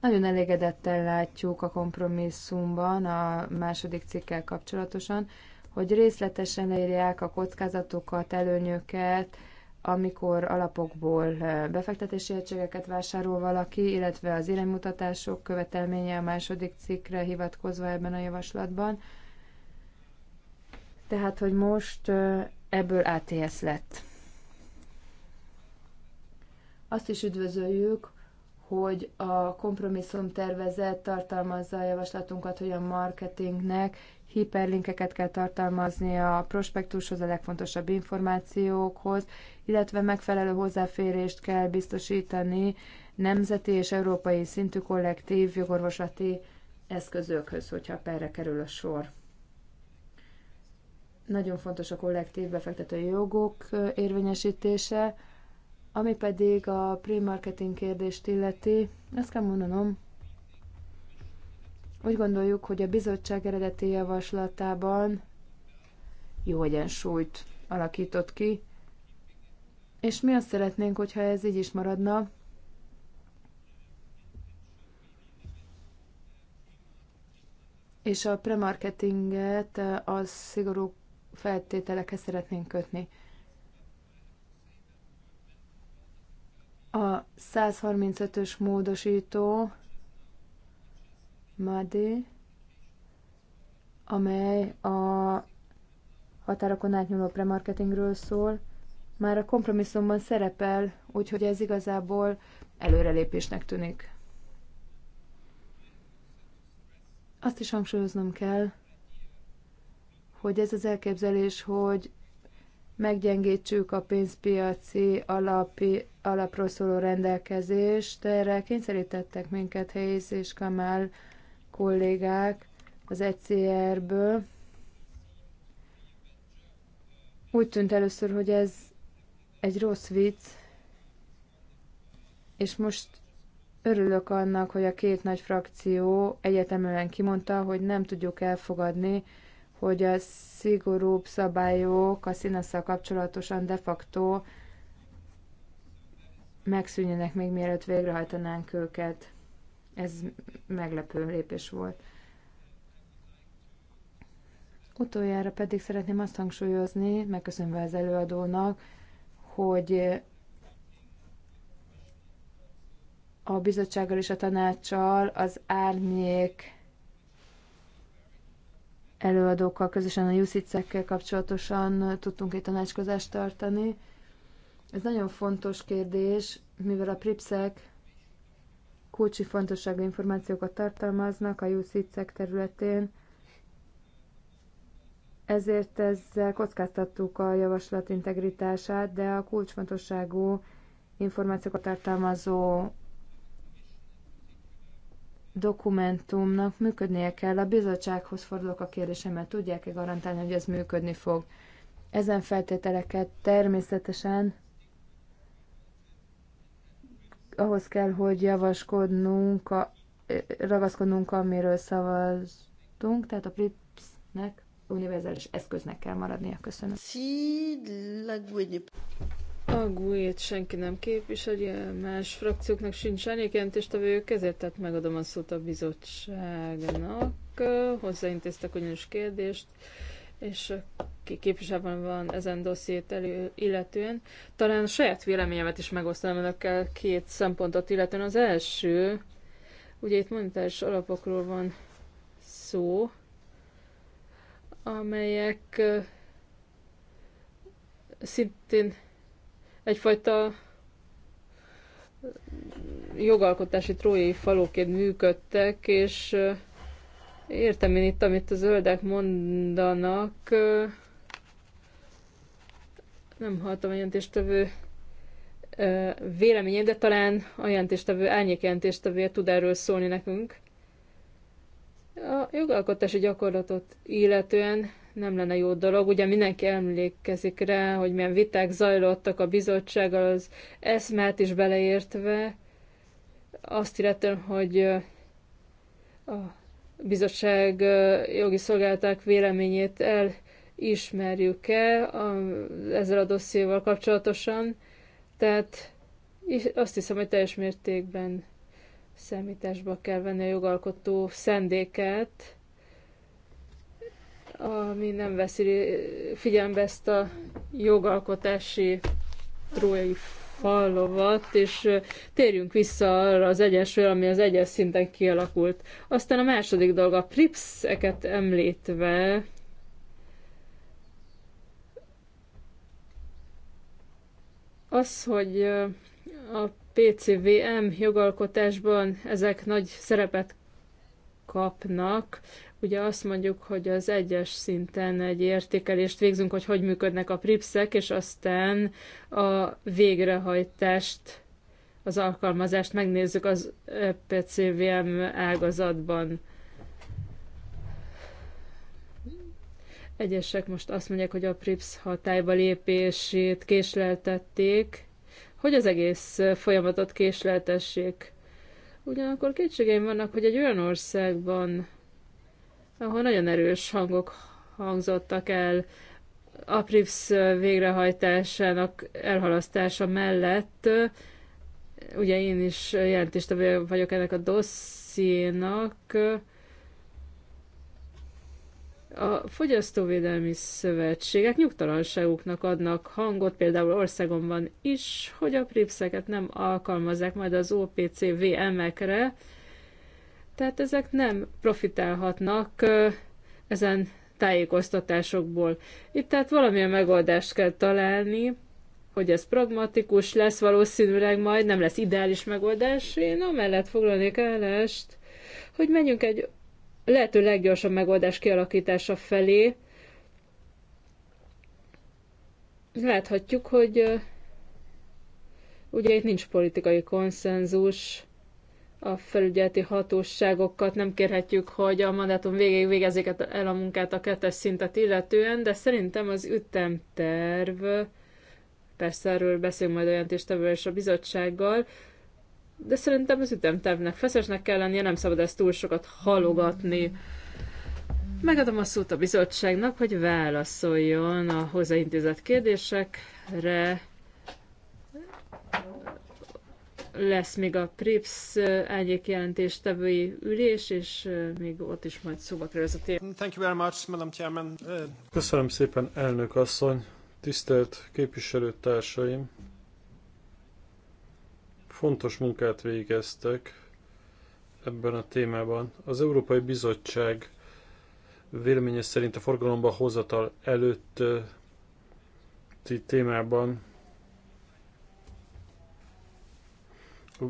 nagyon elégedetten látjuk a kompromisszumban a második cikkel kapcsolatosan, hogy részletesen leírják a kockázatokat, előnyöket, amikor alapokból eh, befektetési egységeket vásárol valaki, illetve az iránymutatások követelménye a második cikkre hivatkozva ebben a javaslatban. Tehát, hogy most eh, ebből ATS lett. Azt is üdvözöljük, hogy a kompromisszum tervezet tartalmazza a javaslatunkat, hogy a marketingnek hiperlinkeket kell tartalmazni a prospektushoz, a legfontosabb információkhoz, illetve megfelelő hozzáférést kell biztosítani nemzeti és európai szintű kollektív jogorvoslati eszközökhöz, hogyha perre kerül a sor. Nagyon fontos a kollektív befektetői jogok érvényesítése, ami pedig a pre-marketing kérdést illeti, ezt kell mondanom, úgy gondoljuk, hogy a bizottság eredeti javaslatában jó egyensúlyt alakított ki, és mi azt szeretnénk, hogyha ez így is maradna, és a premarketinget a szigorú feltételekhez szeretnénk kötni. A 135-ös módosító Mádé, amely a határokon átnyúló premarketingről szól, már a kompromisszumban szerepel, úgyhogy ez igazából előrelépésnek tűnik. Azt is hangsúlyoznom kell, hogy ez az elképzelés, hogy meggyengítsük a pénzpiaci alapi, alapról szóló rendelkezést, erre kényszerítettek minket Hayes és Kamal kollégák az ECR-ből. Úgy tűnt először, hogy ez egy rossz vicc, és most örülök annak, hogy a két nagy frakció egyetemben kimondta, hogy nem tudjuk elfogadni, hogy a szigorúbb szabályok a színasszal kapcsolatosan de facto megszűnjenek még mielőtt végrehajtanánk őket. Ez meglepő lépés volt. Utoljára pedig szeretném azt hangsúlyozni, megköszönve az előadónak, hogy a bizottsággal és a tanácssal az árnyék előadókkal közösen a Jusicekkel kapcsolatosan tudtunk egy tanácskozást tartani. Ez nagyon fontos kérdés, mivel a Pripszek kulcsi fontosságú információkat tartalmaznak a UCITSEC területén, ezért ezzel kockáztattuk a javaslat integritását, de a kulcsfontosságú információkat tartalmazó dokumentumnak működnie kell. A bizottsághoz fordulok a kérdésemmel, tudják-e garantálni, hogy ez működni fog? Ezen feltételeket természetesen ahhoz kell, hogy javaskodnunk, a, ragaszkodnunk, amiről szavaztunk, tehát a PRIPS-nek univerzális eszköznek kell maradnia. Köszönöm. A GUI-t senki nem képviseli, más frakcióknak sincs elnékjelentéstevőjük, ezért tehát megadom a szót a bizottságnak. Hozzáintéztek ugyanis kérdést és ki képviselben van ezen dossziét elő, illetően. Talán saját véleményemet is megosztanám önökkel két szempontot illetően. Az első, ugye itt monetáris alapokról van szó, amelyek szintén egyfajta jogalkotási trójai falóként működtek, és Értem én itt, amit a zöldek mondanak. Nem hallottam a jelentéstevő véleményét, de talán a jelentéstevő, elnyék jelentéstevője tud erről szólni nekünk. A jogalkotási gyakorlatot illetően nem lenne jó dolog. Ugye mindenki emlékezik rá, hogy milyen viták zajlottak a bizottsággal, az eszmát is beleértve. Azt illetően, hogy a bizottság jogi szolgálták véleményét elismerjük-e ezzel a dossziéval kapcsolatosan. Tehát azt hiszem, hogy teljes mértékben számításba kell venni a jogalkotó szendéket, ami nem veszi figyelembe ezt a jogalkotási trójai falovat, és térjünk vissza arra az egyensúlyra, ami az egyes szinten kialakult. Aztán a második dolog, a pripszeket említve, az, hogy a PCVM jogalkotásban ezek nagy szerepet kapnak, Ugye azt mondjuk, hogy az egyes szinten egy értékelést végzünk, hogy hogy működnek a pripszek, és aztán a végrehajtást, az alkalmazást megnézzük az e PCVM ágazatban. Egyesek most azt mondják, hogy a PRIPS hatályba lépését késleltették, hogy az egész folyamatot késleltessék. Ugyanakkor kétségeim vannak, hogy egy olyan országban, ahol nagyon erős hangok hangzottak el APRIPS végrehajtásának elhalasztása mellett. Ugye én is jelentést vagyok ennek a dossziénak. A fogyasztóvédelmi szövetségek nyugtalanságuknak adnak hangot, például országomban is, hogy a pripszeket nem alkalmazzák majd az OPC VM-ekre, tehát ezek nem profitálhatnak ezen tájékoztatásokból. Itt tehát valamilyen megoldást kell találni, hogy ez pragmatikus lesz, valószínűleg majd nem lesz ideális megoldás. Én amellett foglalnék állást, hogy menjünk egy lehető leggyorsabb megoldás kialakítása felé. Láthatjuk, hogy ugye itt nincs politikai konszenzus, a felügyeleti hatóságokat nem kérhetjük, hogy a mandátum végéig végezzék el a munkát a kettes szintet illetően, de szerintem az ütemterv, persze erről beszélünk majd a jelentéstevővel és a bizottsággal, de szerintem az ütemtervnek feszesnek kell lennie, nem szabad ezt túl sokat halogatni. Megadom a szót a bizottságnak, hogy válaszoljon a hozzáintézett kérdésekre lesz még a PRIPS árnyék jelentéstevői ülés, és még ott is majd szóba kerül ez a tér. Thank you very much, Madam Chairman. Köszönöm szépen, elnök asszony, tisztelt képviselőtársaim. Fontos munkát végeztek ebben a témában. Az Európai Bizottság véleménye szerint a forgalomba hozatal előtt témában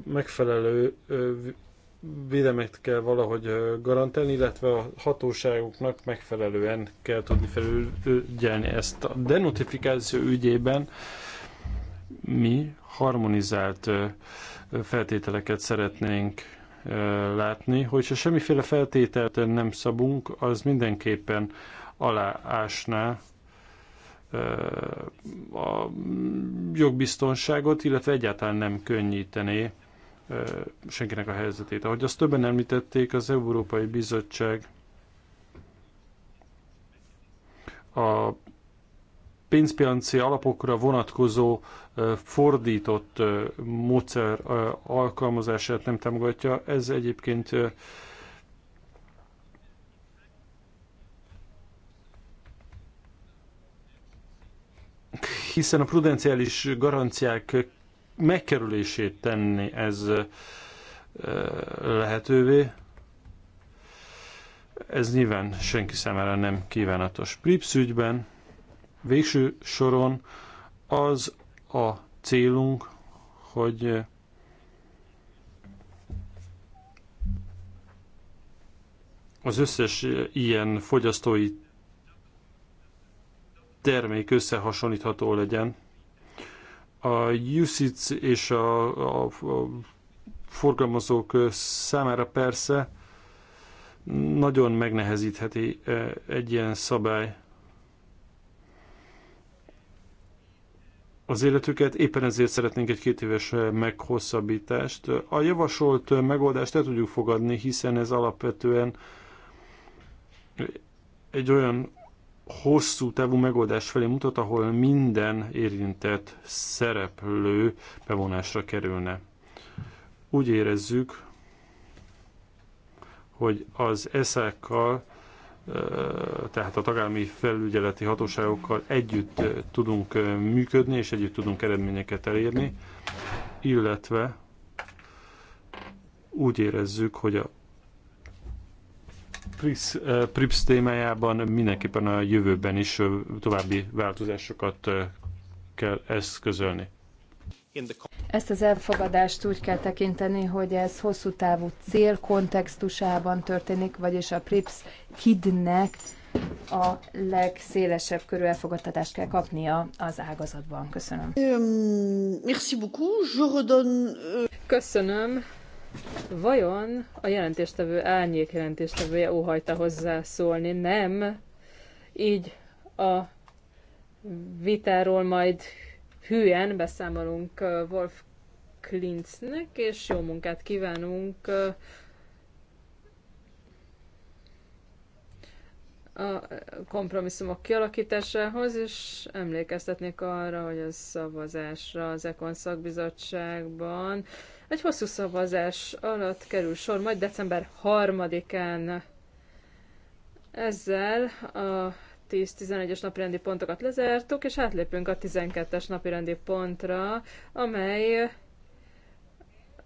megfelelő védelmet kell valahogy garantálni, illetve a hatóságoknak megfelelően kell tudni felügyelni ezt. A denotifikáció ügyében mi harmonizált feltételeket szeretnénk látni, hogyha semmiféle feltételt nem szabunk, az mindenképpen aláásná a jogbiztonságot, illetve egyáltalán nem könnyítené senkinek a helyzetét. Ahogy azt többen említették, az Európai Bizottság a pénzpiaci alapokra vonatkozó fordított módszer alkalmazását nem támogatja. Ez egyébként hiszen a prudenciális garanciák megkerülését tenni ez lehetővé. Ez nyilván senki számára nem kívánatos. Prips ügyben végső soron az a célunk, hogy az összes ilyen fogyasztói termék összehasonlítható legyen. A UCITS és a, a, a forgalmazók számára persze nagyon megnehezítheti e, egy ilyen szabály az életüket, éppen ezért szeretnénk egy két éves meghosszabbítást. A javasolt megoldást el tudjuk fogadni, hiszen ez alapvetően egy olyan hosszú távú megoldás felé mutat, ahol minden érintett szereplő bevonásra kerülne. Úgy érezzük, hogy az eszákkal, tehát a tagállami felügyeleti hatóságokkal együtt tudunk működni, és együtt tudunk eredményeket elérni, illetve úgy érezzük, hogy a Prips, Prips témájában mindenképpen a jövőben is további változásokat kell eszközölni. Ezt az elfogadást úgy kell tekinteni, hogy ez hosszú távú cél kontextusában történik, vagyis a PRIPS kidnek a legszélesebb körű elfogadtatást kell kapnia az ágazatban. Köszönöm. Euh, Köszönöm. Vajon a jelentéstevő árnyék jelentéstevője óhajta hozzászólni? Nem. Így a vitáról majd hűen beszámolunk uh, Wolf Klinznek, és jó munkát kívánunk uh, a kompromisszumok kialakításához, és emlékeztetnék arra, hogy a szavazásra az Ekon szakbizottságban egy hosszú szavazás alatt kerül sor majd december 3-án. Ezzel a 10-11-es napirendi pontokat lezártuk, és átlépünk a 12-es napirendi pontra, amely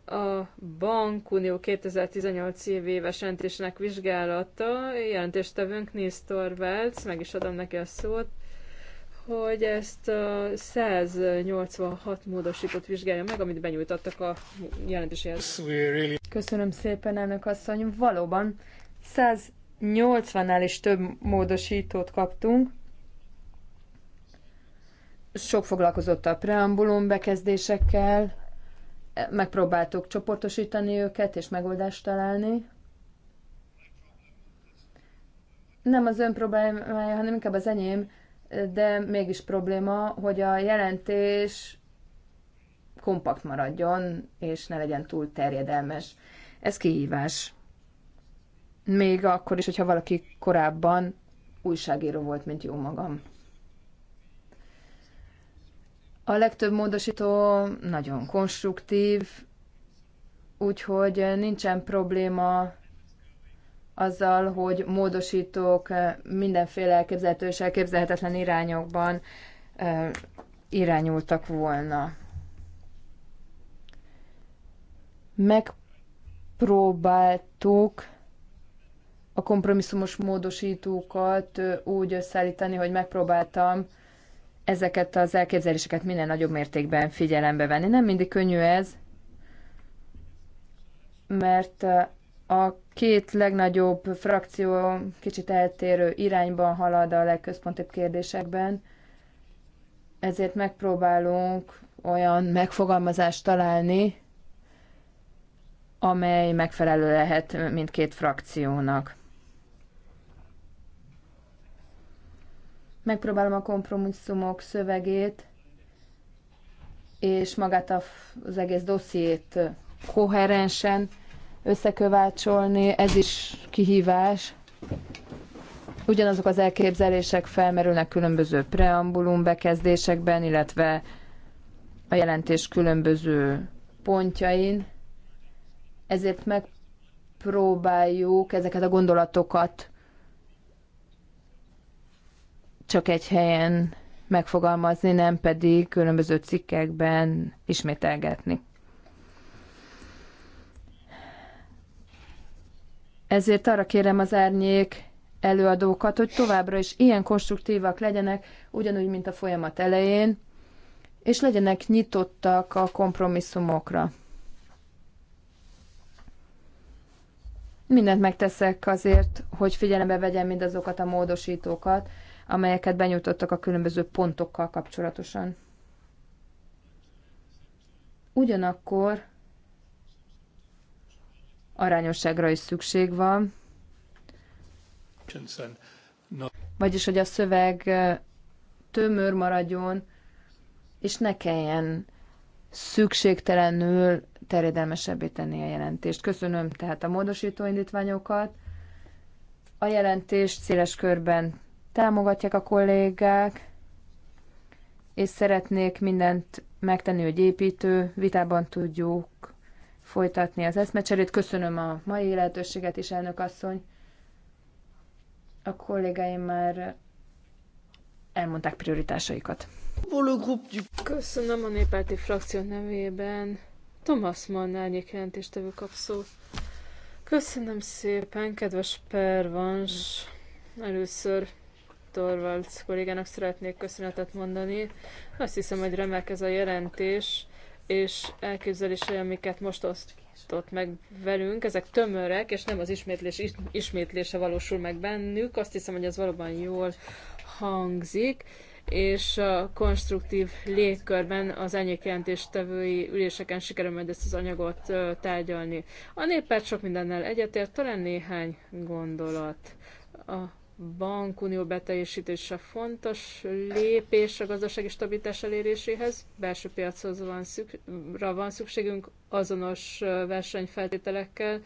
a Bankunió 2018 éves jelentésnek vizsgálata. Jelentéstevőnk Nils Torvalds, meg is adom neki a szót hogy ezt a 186 módosított vizsgálja meg, amit benyújtottak a jelentéséhez. Köszönöm szépen, elnök asszony. Valóban 180-nál is több módosítót kaptunk. Sok foglalkozott a preambulum bekezdésekkel, megpróbáltuk csoportosítani őket és megoldást találni. Nem az ön problémája, hanem inkább az enyém, de mégis probléma, hogy a jelentés kompakt maradjon, és ne legyen túl terjedelmes. Ez kihívás. Még akkor is, hogyha valaki korábban újságíró volt, mint jó magam. A legtöbb módosító nagyon konstruktív, úgyhogy nincsen probléma azzal, hogy módosítók eh, mindenféle elképzelhető és elképzelhetetlen irányokban eh, irányultak volna. Megpróbáltuk a kompromisszumos módosítókat eh, úgy összeállítani, hogy megpróbáltam ezeket az elképzeléseket minden nagyobb mértékben figyelembe venni. Nem mindig könnyű ez, mert a két legnagyobb frakció kicsit eltérő irányban halad a legközpontibb kérdésekben, ezért megpróbálunk olyan megfogalmazást találni, amely megfelelő lehet mindkét frakciónak. Megpróbálom a kompromisszumok szövegét és magát az egész dossziét koherensen összekövácsolni, ez is kihívás. Ugyanazok az elképzelések felmerülnek különböző preambulum bekezdésekben, illetve a jelentés különböző pontjain. Ezért megpróbáljuk ezeket a gondolatokat csak egy helyen megfogalmazni, nem pedig különböző cikkekben ismételgetni. Ezért arra kérem az árnyék előadókat, hogy továbbra is ilyen konstruktívak legyenek, ugyanúgy, mint a folyamat elején, és legyenek nyitottak a kompromisszumokra. Mindent megteszek azért, hogy figyelembe vegyem mindazokat a módosítókat, amelyeket benyújtottak a különböző pontokkal kapcsolatosan. Ugyanakkor arányosságra is szükség van. Vagyis, hogy a szöveg tömör maradjon, és ne kelljen szükségtelenül terjedelmesebbé tenni a jelentést. Köszönöm tehát a módosító indítványokat. A jelentést széles körben támogatják a kollégák, és szeretnék mindent megtenni, hogy építő vitában tudjuk folytatni az eszmecserét. Köszönöm a mai lehetőséget is, elnök asszony. A kollégáim már elmondták prioritásaikat. Köszönöm a néppárti frakció nevében. Thomas Mann árnyék jelentéstevő kap szót. Köszönöm szépen, kedves Pervans. Először Torvalds kollégának szeretnék köszönetet mondani. Azt hiszem, hogy remek ez a jelentés és elképzelései, amiket most osztott meg velünk, ezek tömörek, és nem az ismétlés ismétlése valósul meg bennük. Azt hiszem, hogy ez valóban jól hangzik és a konstruktív légkörben az tevői üléseken sikerül majd ezt az anyagot tárgyalni. A néppárt sok mindennel egyetért, talán néhány gondolat. A bankunió beteljesítése fontos lépés a gazdasági stabilitás eléréséhez. Belső piachoz van szük, van szükségünk azonos versenyfeltételekkel,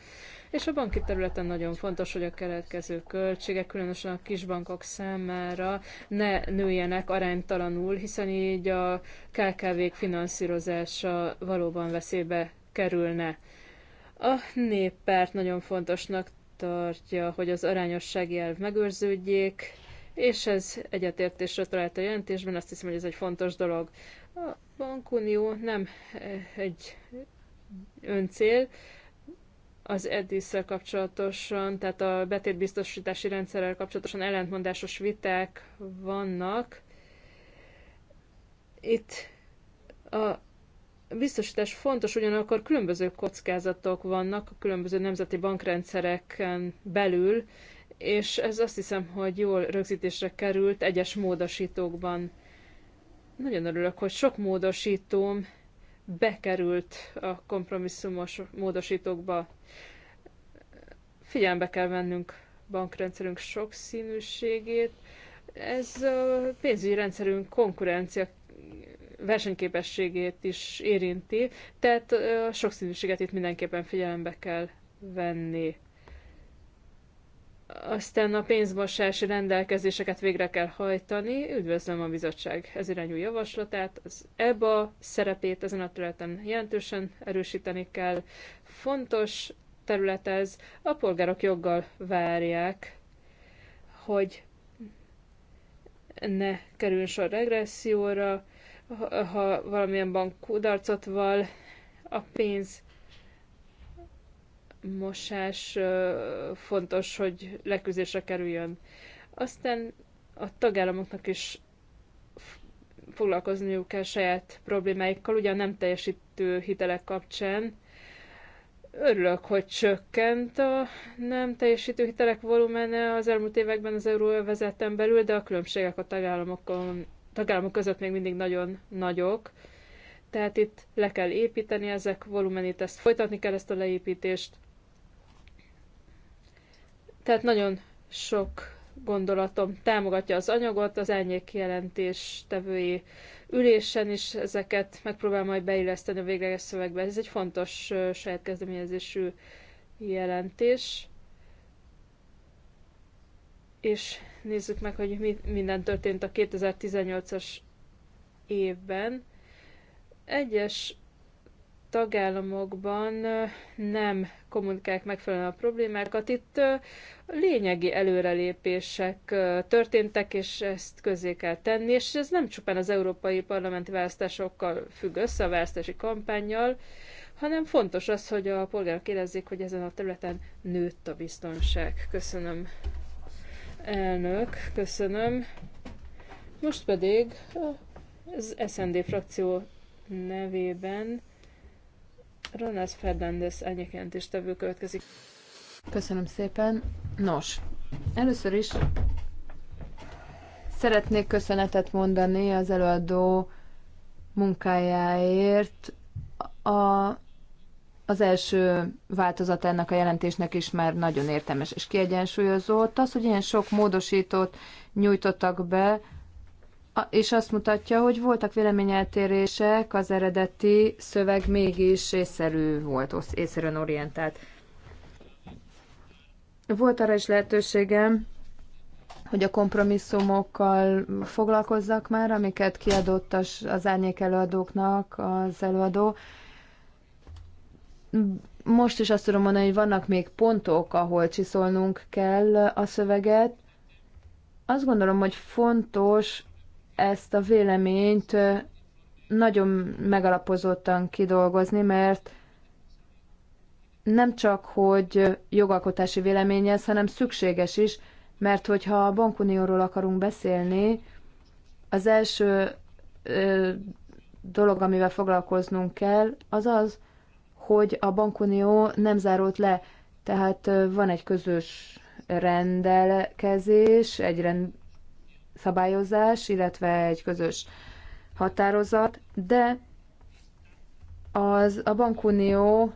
és a banki területen nagyon fontos, hogy a keletkező költségek, különösen a kisbankok számára ne nőjenek aránytalanul, hiszen így a KKV-k finanszírozása valóban veszélybe kerülne. A néppárt nagyon fontosnak tartja, hogy az arányossági elv megőrződjék, és ez egyetértésre talált a jelentésben, azt hiszem, hogy ez egy fontos dolog. A bankunió nem egy öncél, az edis kapcsolatosan, tehát a betétbiztosítási rendszerrel kapcsolatosan ellentmondásos viták vannak. Itt a biztosítás fontos, ugyanakkor különböző kockázatok vannak a különböző nemzeti bankrendszereken belül, és ez azt hiszem, hogy jól rögzítésre került egyes módosítókban. Nagyon örülök, hogy sok módosítóm bekerült a kompromisszumos módosítókba. Figyelembe kell vennünk bankrendszerünk sokszínűségét. Ez a pénzügyi rendszerünk konkurencia versenyképességét is érinti, tehát a sokszínűséget itt mindenképpen figyelembe kell venni. Aztán a pénzmosási rendelkezéseket végre kell hajtani. Üdvözlöm a bizottság ez irányú javaslatát. Az EBA szerepét ezen a területen jelentősen erősíteni kell. Fontos terület ez. A polgárok joggal várják, hogy ne kerüljön sor regresszióra, ha, valamilyen bank kudarcot val, a pénz mosás fontos, hogy leküzdésre kerüljön. Aztán a tagállamoknak is foglalkozniuk kell saját problémáikkal, ugyan nem teljesítő hitelek kapcsán. Örülök, hogy csökkent a nem teljesítő hitelek volumene az elmúlt években az euróvezeten belül, de a különbségek a tagállamokon tagállamok között még mindig nagyon nagyok. Tehát itt le kell építeni ezek volumenit, ezt folytatni kell ezt a leépítést. Tehát nagyon sok gondolatom támogatja az anyagot, az elnyék jelentés tevői ülésen is ezeket megpróbál majd beilleszteni a végleges szövegbe. Ez egy fontos saját kezdeményezésű jelentés. És nézzük meg, hogy mi minden történt a 2018-as évben. Egyes tagállamokban nem kommunikálják megfelelően a problémákat. Itt lényegi előrelépések történtek, és ezt közé kell tenni, és ez nem csupán az európai parlamenti választásokkal függ össze, a választási kampányjal, hanem fontos az, hogy a polgárok érezzék, hogy ezen a területen nőtt a biztonság. Köszönöm. Elnök, köszönöm. Most pedig az SND frakció nevében Ronald Fernández tevő következik. Köszönöm szépen. Nos, először is szeretnék köszönetet mondani az előadó munkájáért. A az első változat ennek a jelentésnek is már nagyon értelmes és kiegyensúlyozott. Az, hogy ilyen sok módosítót nyújtottak be, és azt mutatja, hogy voltak véleményeltérések, az eredeti szöveg mégis észszerű volt, észszerűen orientált. Volt arra is lehetőségem, hogy a kompromisszumokkal foglalkozzak már, amiket kiadott az árnyék előadóknak az előadó most is azt tudom mondani, hogy vannak még pontok, ahol csiszolnunk kell a szöveget. Azt gondolom, hogy fontos ezt a véleményt nagyon megalapozottan kidolgozni, mert nem csak, hogy jogalkotási vélemény hanem szükséges is, mert hogyha a bankunióról akarunk beszélni, az első ö, dolog, amivel foglalkoznunk kell, az az, hogy a bankunió nem zárult le. Tehát van egy közös rendelkezés, egy rend szabályozás, illetve egy közös határozat, de az a bankunió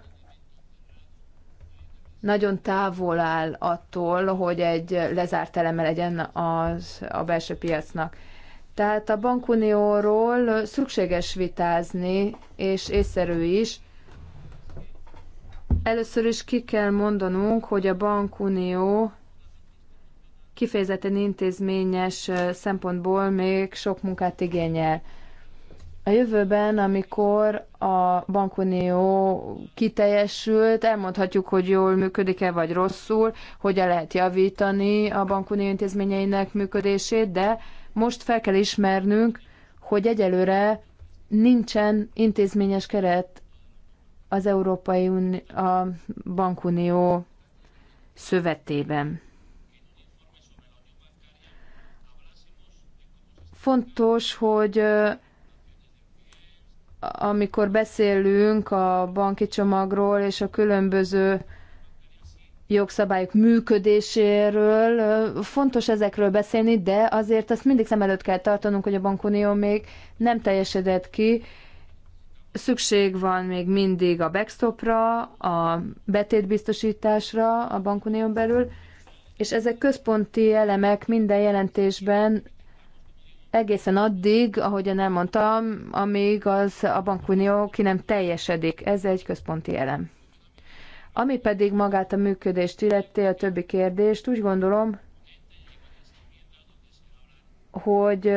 nagyon távol áll attól, hogy egy lezárt eleme legyen az, a belső piacnak. Tehát a bankunióról szükséges vitázni, és észszerű is, Először is ki kell mondanunk, hogy a bankunió kifejezetten intézményes szempontból még sok munkát igényel. A jövőben, amikor a bankunió kiteljesült, elmondhatjuk, hogy jól működik-e vagy rosszul, hogyan lehet javítani a bankunió intézményeinek működését, de most fel kell ismernünk, hogy egyelőre nincsen intézményes keret az Európai Uni- a Bankunió szövetében. Fontos, hogy amikor beszélünk a banki csomagról és a különböző jogszabályok működéséről. Fontos ezekről beszélni, de azért azt mindig szem előtt kell tartanunk, hogy a bankunió még nem teljesedett ki, Szükség van még mindig a backstopra, a betétbiztosításra a bankunión belül, és ezek központi elemek minden jelentésben egészen addig, ahogyan elmondtam, amíg az a bankunió ki nem teljesedik. Ez egy központi elem. Ami pedig magát a működést illeti, a többi kérdést, úgy gondolom, hogy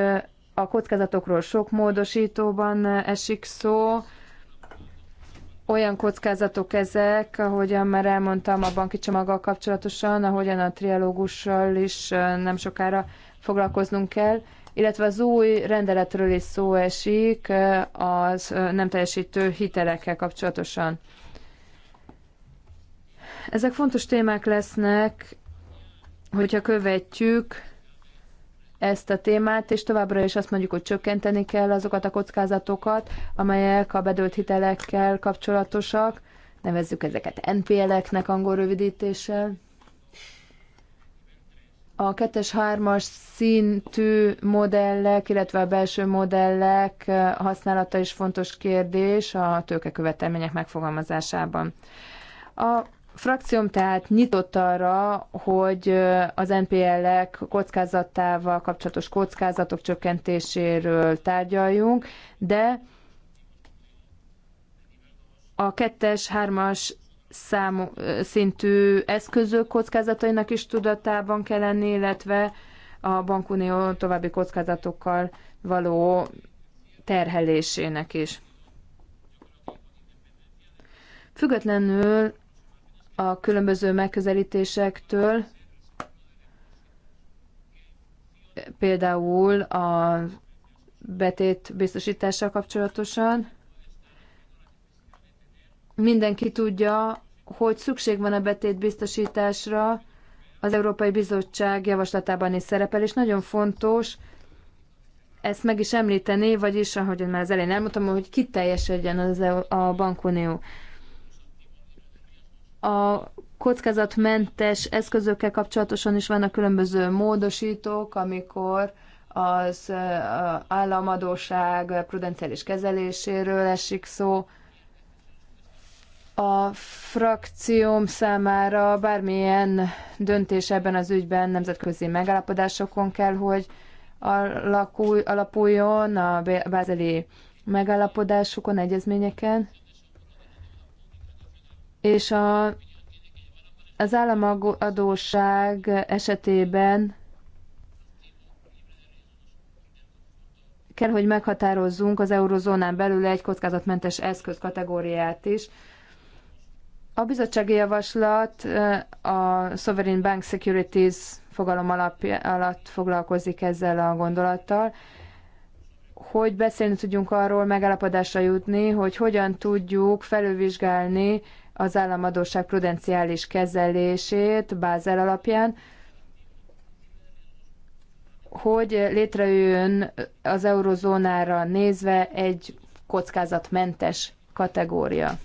a kockázatokról sok módosítóban esik szó. Olyan kockázatok ezek, ahogyan már elmondtam a banki csomaggal kapcsolatosan, ahogyan a trialógussal is nem sokára foglalkoznunk kell, illetve az új rendeletről is szó esik az nem teljesítő hitelekkel kapcsolatosan. Ezek fontos témák lesznek, hogyha követjük ezt a témát, és továbbra is azt mondjuk, hogy csökkenteni kell azokat a kockázatokat, amelyek a bedölt hitelekkel kapcsolatosak, nevezzük ezeket NPL-eknek angol rövidítéssel. A 2 3-as szintű modellek, illetve a belső modellek használata is fontos kérdés a tőkekövetelmények megfogalmazásában. A frakcióm tehát nyitott arra, hogy az NPL-ek kockázatával kapcsolatos kockázatok csökkentéséről tárgyaljunk, de a kettes, hármas számú, szintű eszközök kockázatainak is tudatában kell lenni, illetve a bankunió további kockázatokkal való terhelésének is. Függetlenül a különböző megközelítésektől, például a betét biztosítással kapcsolatosan. Mindenki tudja, hogy szükség van a betét biztosításra, az Európai Bizottság javaslatában is szerepel, és nagyon fontos ezt meg is említeni, vagyis, ahogy már az elején elmondtam, hogy kiteljesedjen az e a bankunió. A kockázatmentes eszközökkel kapcsolatosan is vannak különböző módosítók, amikor az államadóság prudenciális kezeléséről esik szó. A frakcióm számára bármilyen döntés ebben az ügyben nemzetközi megállapodásokon kell, hogy alakul, alapuljon a bázeli megállapodásokon, egyezményeken és a, az államadóság esetében kell, hogy meghatározzunk az eurozónán belül egy kockázatmentes eszköz kategóriát is. A bizottsági javaslat eh, a Sovereign Bank Securities fogalom alapja, alatt foglalkozik ezzel a gondolattal, hogy beszélni tudjunk arról, megállapodásra jutni, hogy hogyan tudjuk felülvizsgálni az államadóság prudenciális kezelését Bázel alapján, hogy létrejön az eurozónára nézve egy kockázatmentes kategória.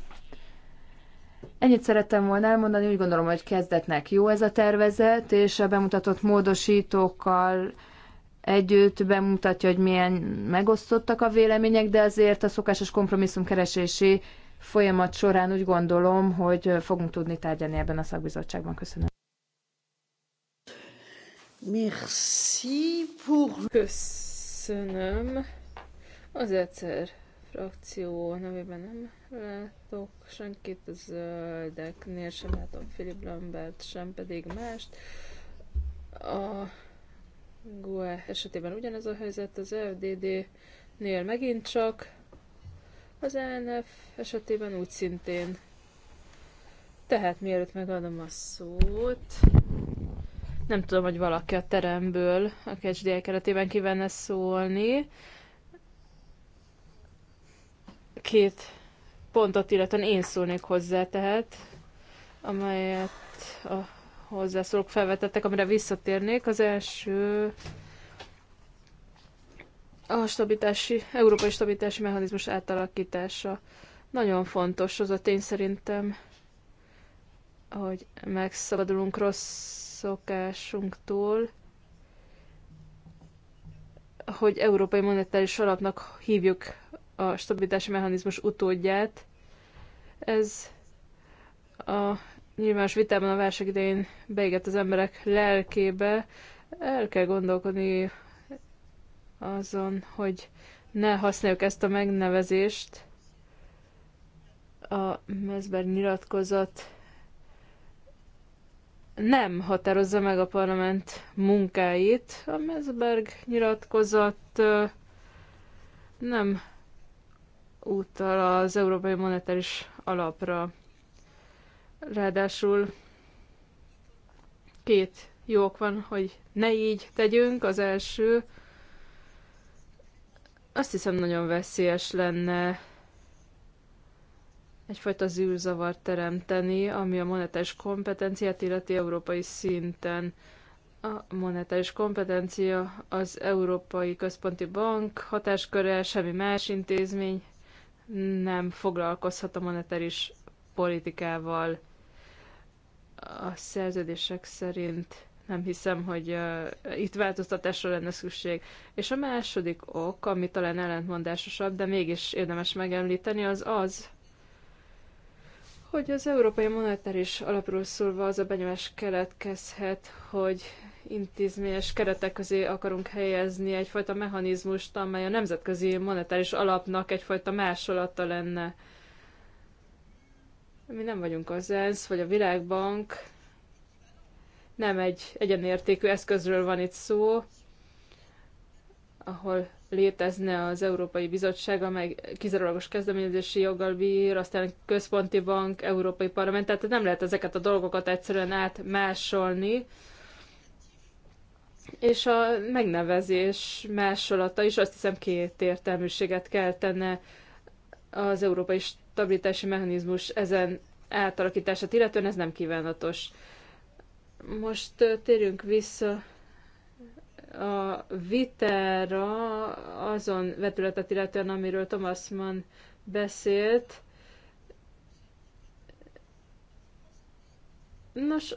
Ennyit szerettem volna elmondani, úgy gondolom, hogy kezdetnek jó ez a tervezet, és a bemutatott módosítókkal együtt bemutatja, hogy milyen megosztottak a vélemények, de azért a szokásos kompromisszum keresési folyamat során úgy gondolom, hogy fogunk tudni tárgyalni ebben a szakbizottságban. Köszönöm. Merci pour... Köszönöm. Az egyszer frakció nevében nem látok senkit, a zöldeknél sem látom Philip Lambert, sem pedig mást. A GUE esetében ugyanez a helyzet, az FDD-nél megint csak az ENF esetében úgy szintén. Tehát mielőtt megadom a szót, nem tudom, hogy valaki a teremből a kecsdél keretében kívánna szólni. Két pontot, illetve én szólnék hozzá, tehát, amelyet a hozzászólók felvetettek, amire visszatérnék. Az első a stabilitási, európai stabilitási mechanizmus átalakítása. Nagyon fontos az a tény szerintem, hogy megszabadulunk rossz szokásunktól, hogy Európai Monetáris Alapnak hívjuk a stabilitási mechanizmus utódját. Ez a nyilvános vitában a válság idején beégett az emberek lelkébe. El kell gondolkodni azon, hogy ne használjuk ezt a megnevezést. A Mezber nyilatkozat nem határozza meg a parlament munkáit. A Mezberg nyilatkozat nem utal az Európai Monetáris Alapra. Ráadásul két jók van, hogy ne így tegyünk. Az első, azt hiszem nagyon veszélyes lenne egyfajta zűrzavart teremteni, ami a monetáris kompetenciát illeti európai szinten. A monetáris kompetencia az Európai Központi Bank hatásköre, semmi más intézmény nem foglalkozhat a monetáris politikával. A szerződések szerint nem hiszem, hogy uh, itt változtatásra lenne szükség. És a második ok, ami talán ellentmondásosabb, de mégis érdemes megemlíteni, az az, hogy az Európai Monetáris Alapról szólva az a benyomás keletkezhet, hogy intézményes keretek közé akarunk helyezni egyfajta mechanizmust, amely a nemzetközi monetáris alapnak egyfajta másolata lenne. Mi nem vagyunk az ENSZ vagy a Világbank, nem egy egyenértékű eszközről van itt szó, ahol létezne az Európai Bizottság, amely kizárólagos kezdeményezési joggal bír, aztán központi bank, Európai Parlament, tehát nem lehet ezeket a dolgokat egyszerűen átmásolni, és a megnevezés másolata is azt hiszem két értelműséget keltene az Európai Stabilitási Mechanizmus ezen átalakítását illetően, ez nem kívánatos. Most térjünk vissza a vitára azon vetületet illetően, amiről Thomas Mann beszélt. Nos,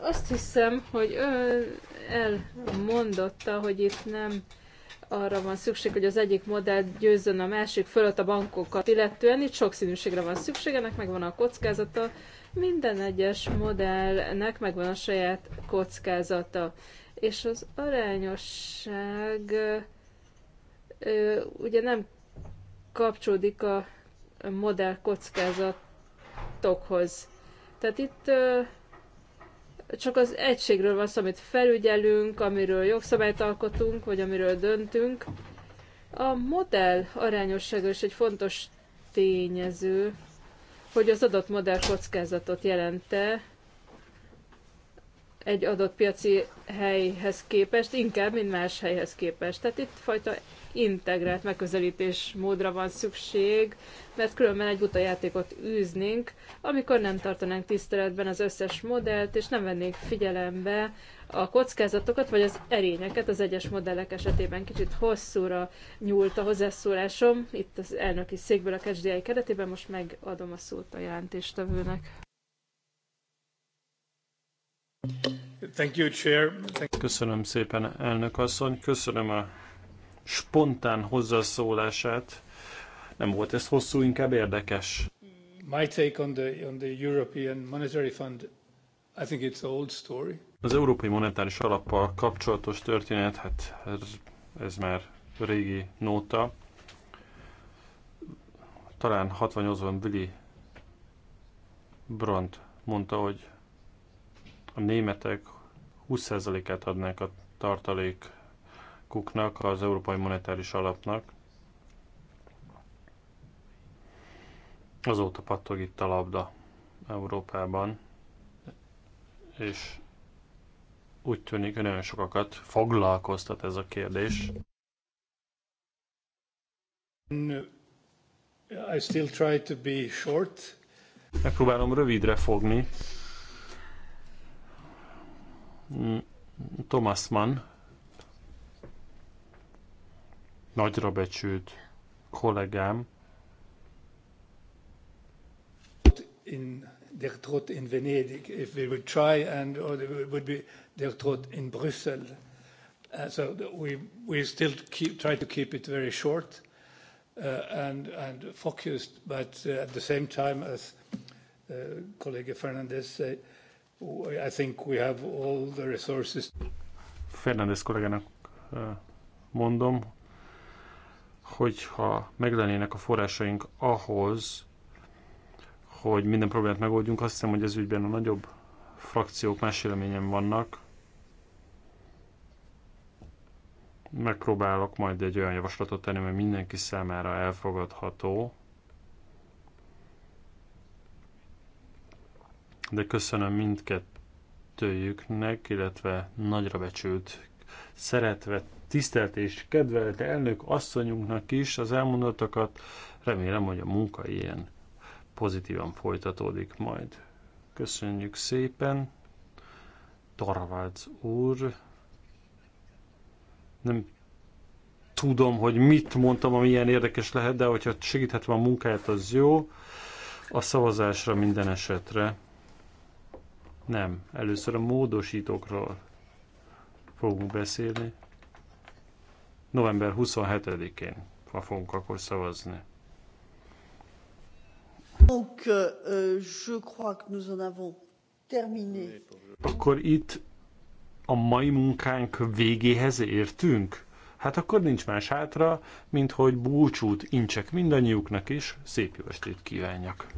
azt hiszem, hogy ön elmondotta, hogy itt nem arra van szükség, hogy az egyik modell győzzön a másik fölött a bankokat, illetően itt sokszínűségre van szükség, ennek megvan a kockázata, minden egyes modellnek megvan a saját kockázata, és az arányosság ugye nem kapcsolódik a modell kockázatokhoz. Tehát itt csak az egységről van szó, amit felügyelünk, amiről jogszabályt alkotunk, vagy amiről döntünk. A modell arányossága is egy fontos tényező, hogy az adott modell kockázatot jelente, egy adott piaci helyhez képest, inkább, mint más helyhez képest. Tehát itt fajta integrált megközelítés módra van szükség, mert különben egy buta játékot űznénk, amikor nem tartanánk tiszteletben az összes modellt, és nem vennénk figyelembe a kockázatokat, vagy az erényeket az egyes modellek esetében. Kicsit hosszúra nyúlt a hozzászólásom, itt az elnöki székből a KSDI keretében, most megadom a szót a jelentéstevőnek köszönöm szépen, elnök asszony. Köszönöm a spontán hozzászólását. Nem volt ez hosszú, inkább érdekes. My take on the, on the European Monetary Fund, I think it's old story. Az Európai Monetáris Alappal kapcsolatos történet, hát ez már régi nóta. Talán 68-ban Willy Brandt mondta, hogy a németek 20%-át adnák a tartalékuknak az Európai Monetáris Alapnak. Azóta pattog itt a labda Európában, és úgy tűnik, hogy nagyon sokakat foglalkoztat ez a kérdés. I still try to be short. Megpróbálom rövidre fogni. Thomas Mann nagyra becsült kollégám in der Trott in Venedig, if we would try and or it would be der Trott in Brüssel. Uh, so we we still keep try to keep it very short uh, and and focused, but uh, at the same time as uh, colleague Fernandez said, uh, I Fernández kollégának mondom, hogyha meglennének a forrásaink ahhoz, hogy minden problémát megoldjunk, azt hiszem, hogy ez ügyben a nagyobb frakciók más véleményen vannak. Megpróbálok majd egy olyan javaslatot tenni, mert mindenki számára elfogadható, de köszönöm mindkettőjüknek, illetve nagyra becsült, szeretve, tisztelt és kedvelt elnök asszonyunknak is az elmondottakat. Remélem, hogy a munka ilyen pozitívan folytatódik majd. Köszönjük szépen. Tarvác úr, nem tudom, hogy mit mondtam, ami ilyen érdekes lehet, de hogyha segíthetem a munkáját, az jó. A szavazásra minden esetre nem, először a módosítókról fogunk beszélni. November 27-én ma fogunk akkor szavazni. Donc, euh, euh, je crois que nous en avons terminé. Akkor itt a mai munkánk végéhez értünk? Hát akkor nincs más hátra, mint hogy búcsút incsek mindannyiuknak, és szép jó estét kívánjak!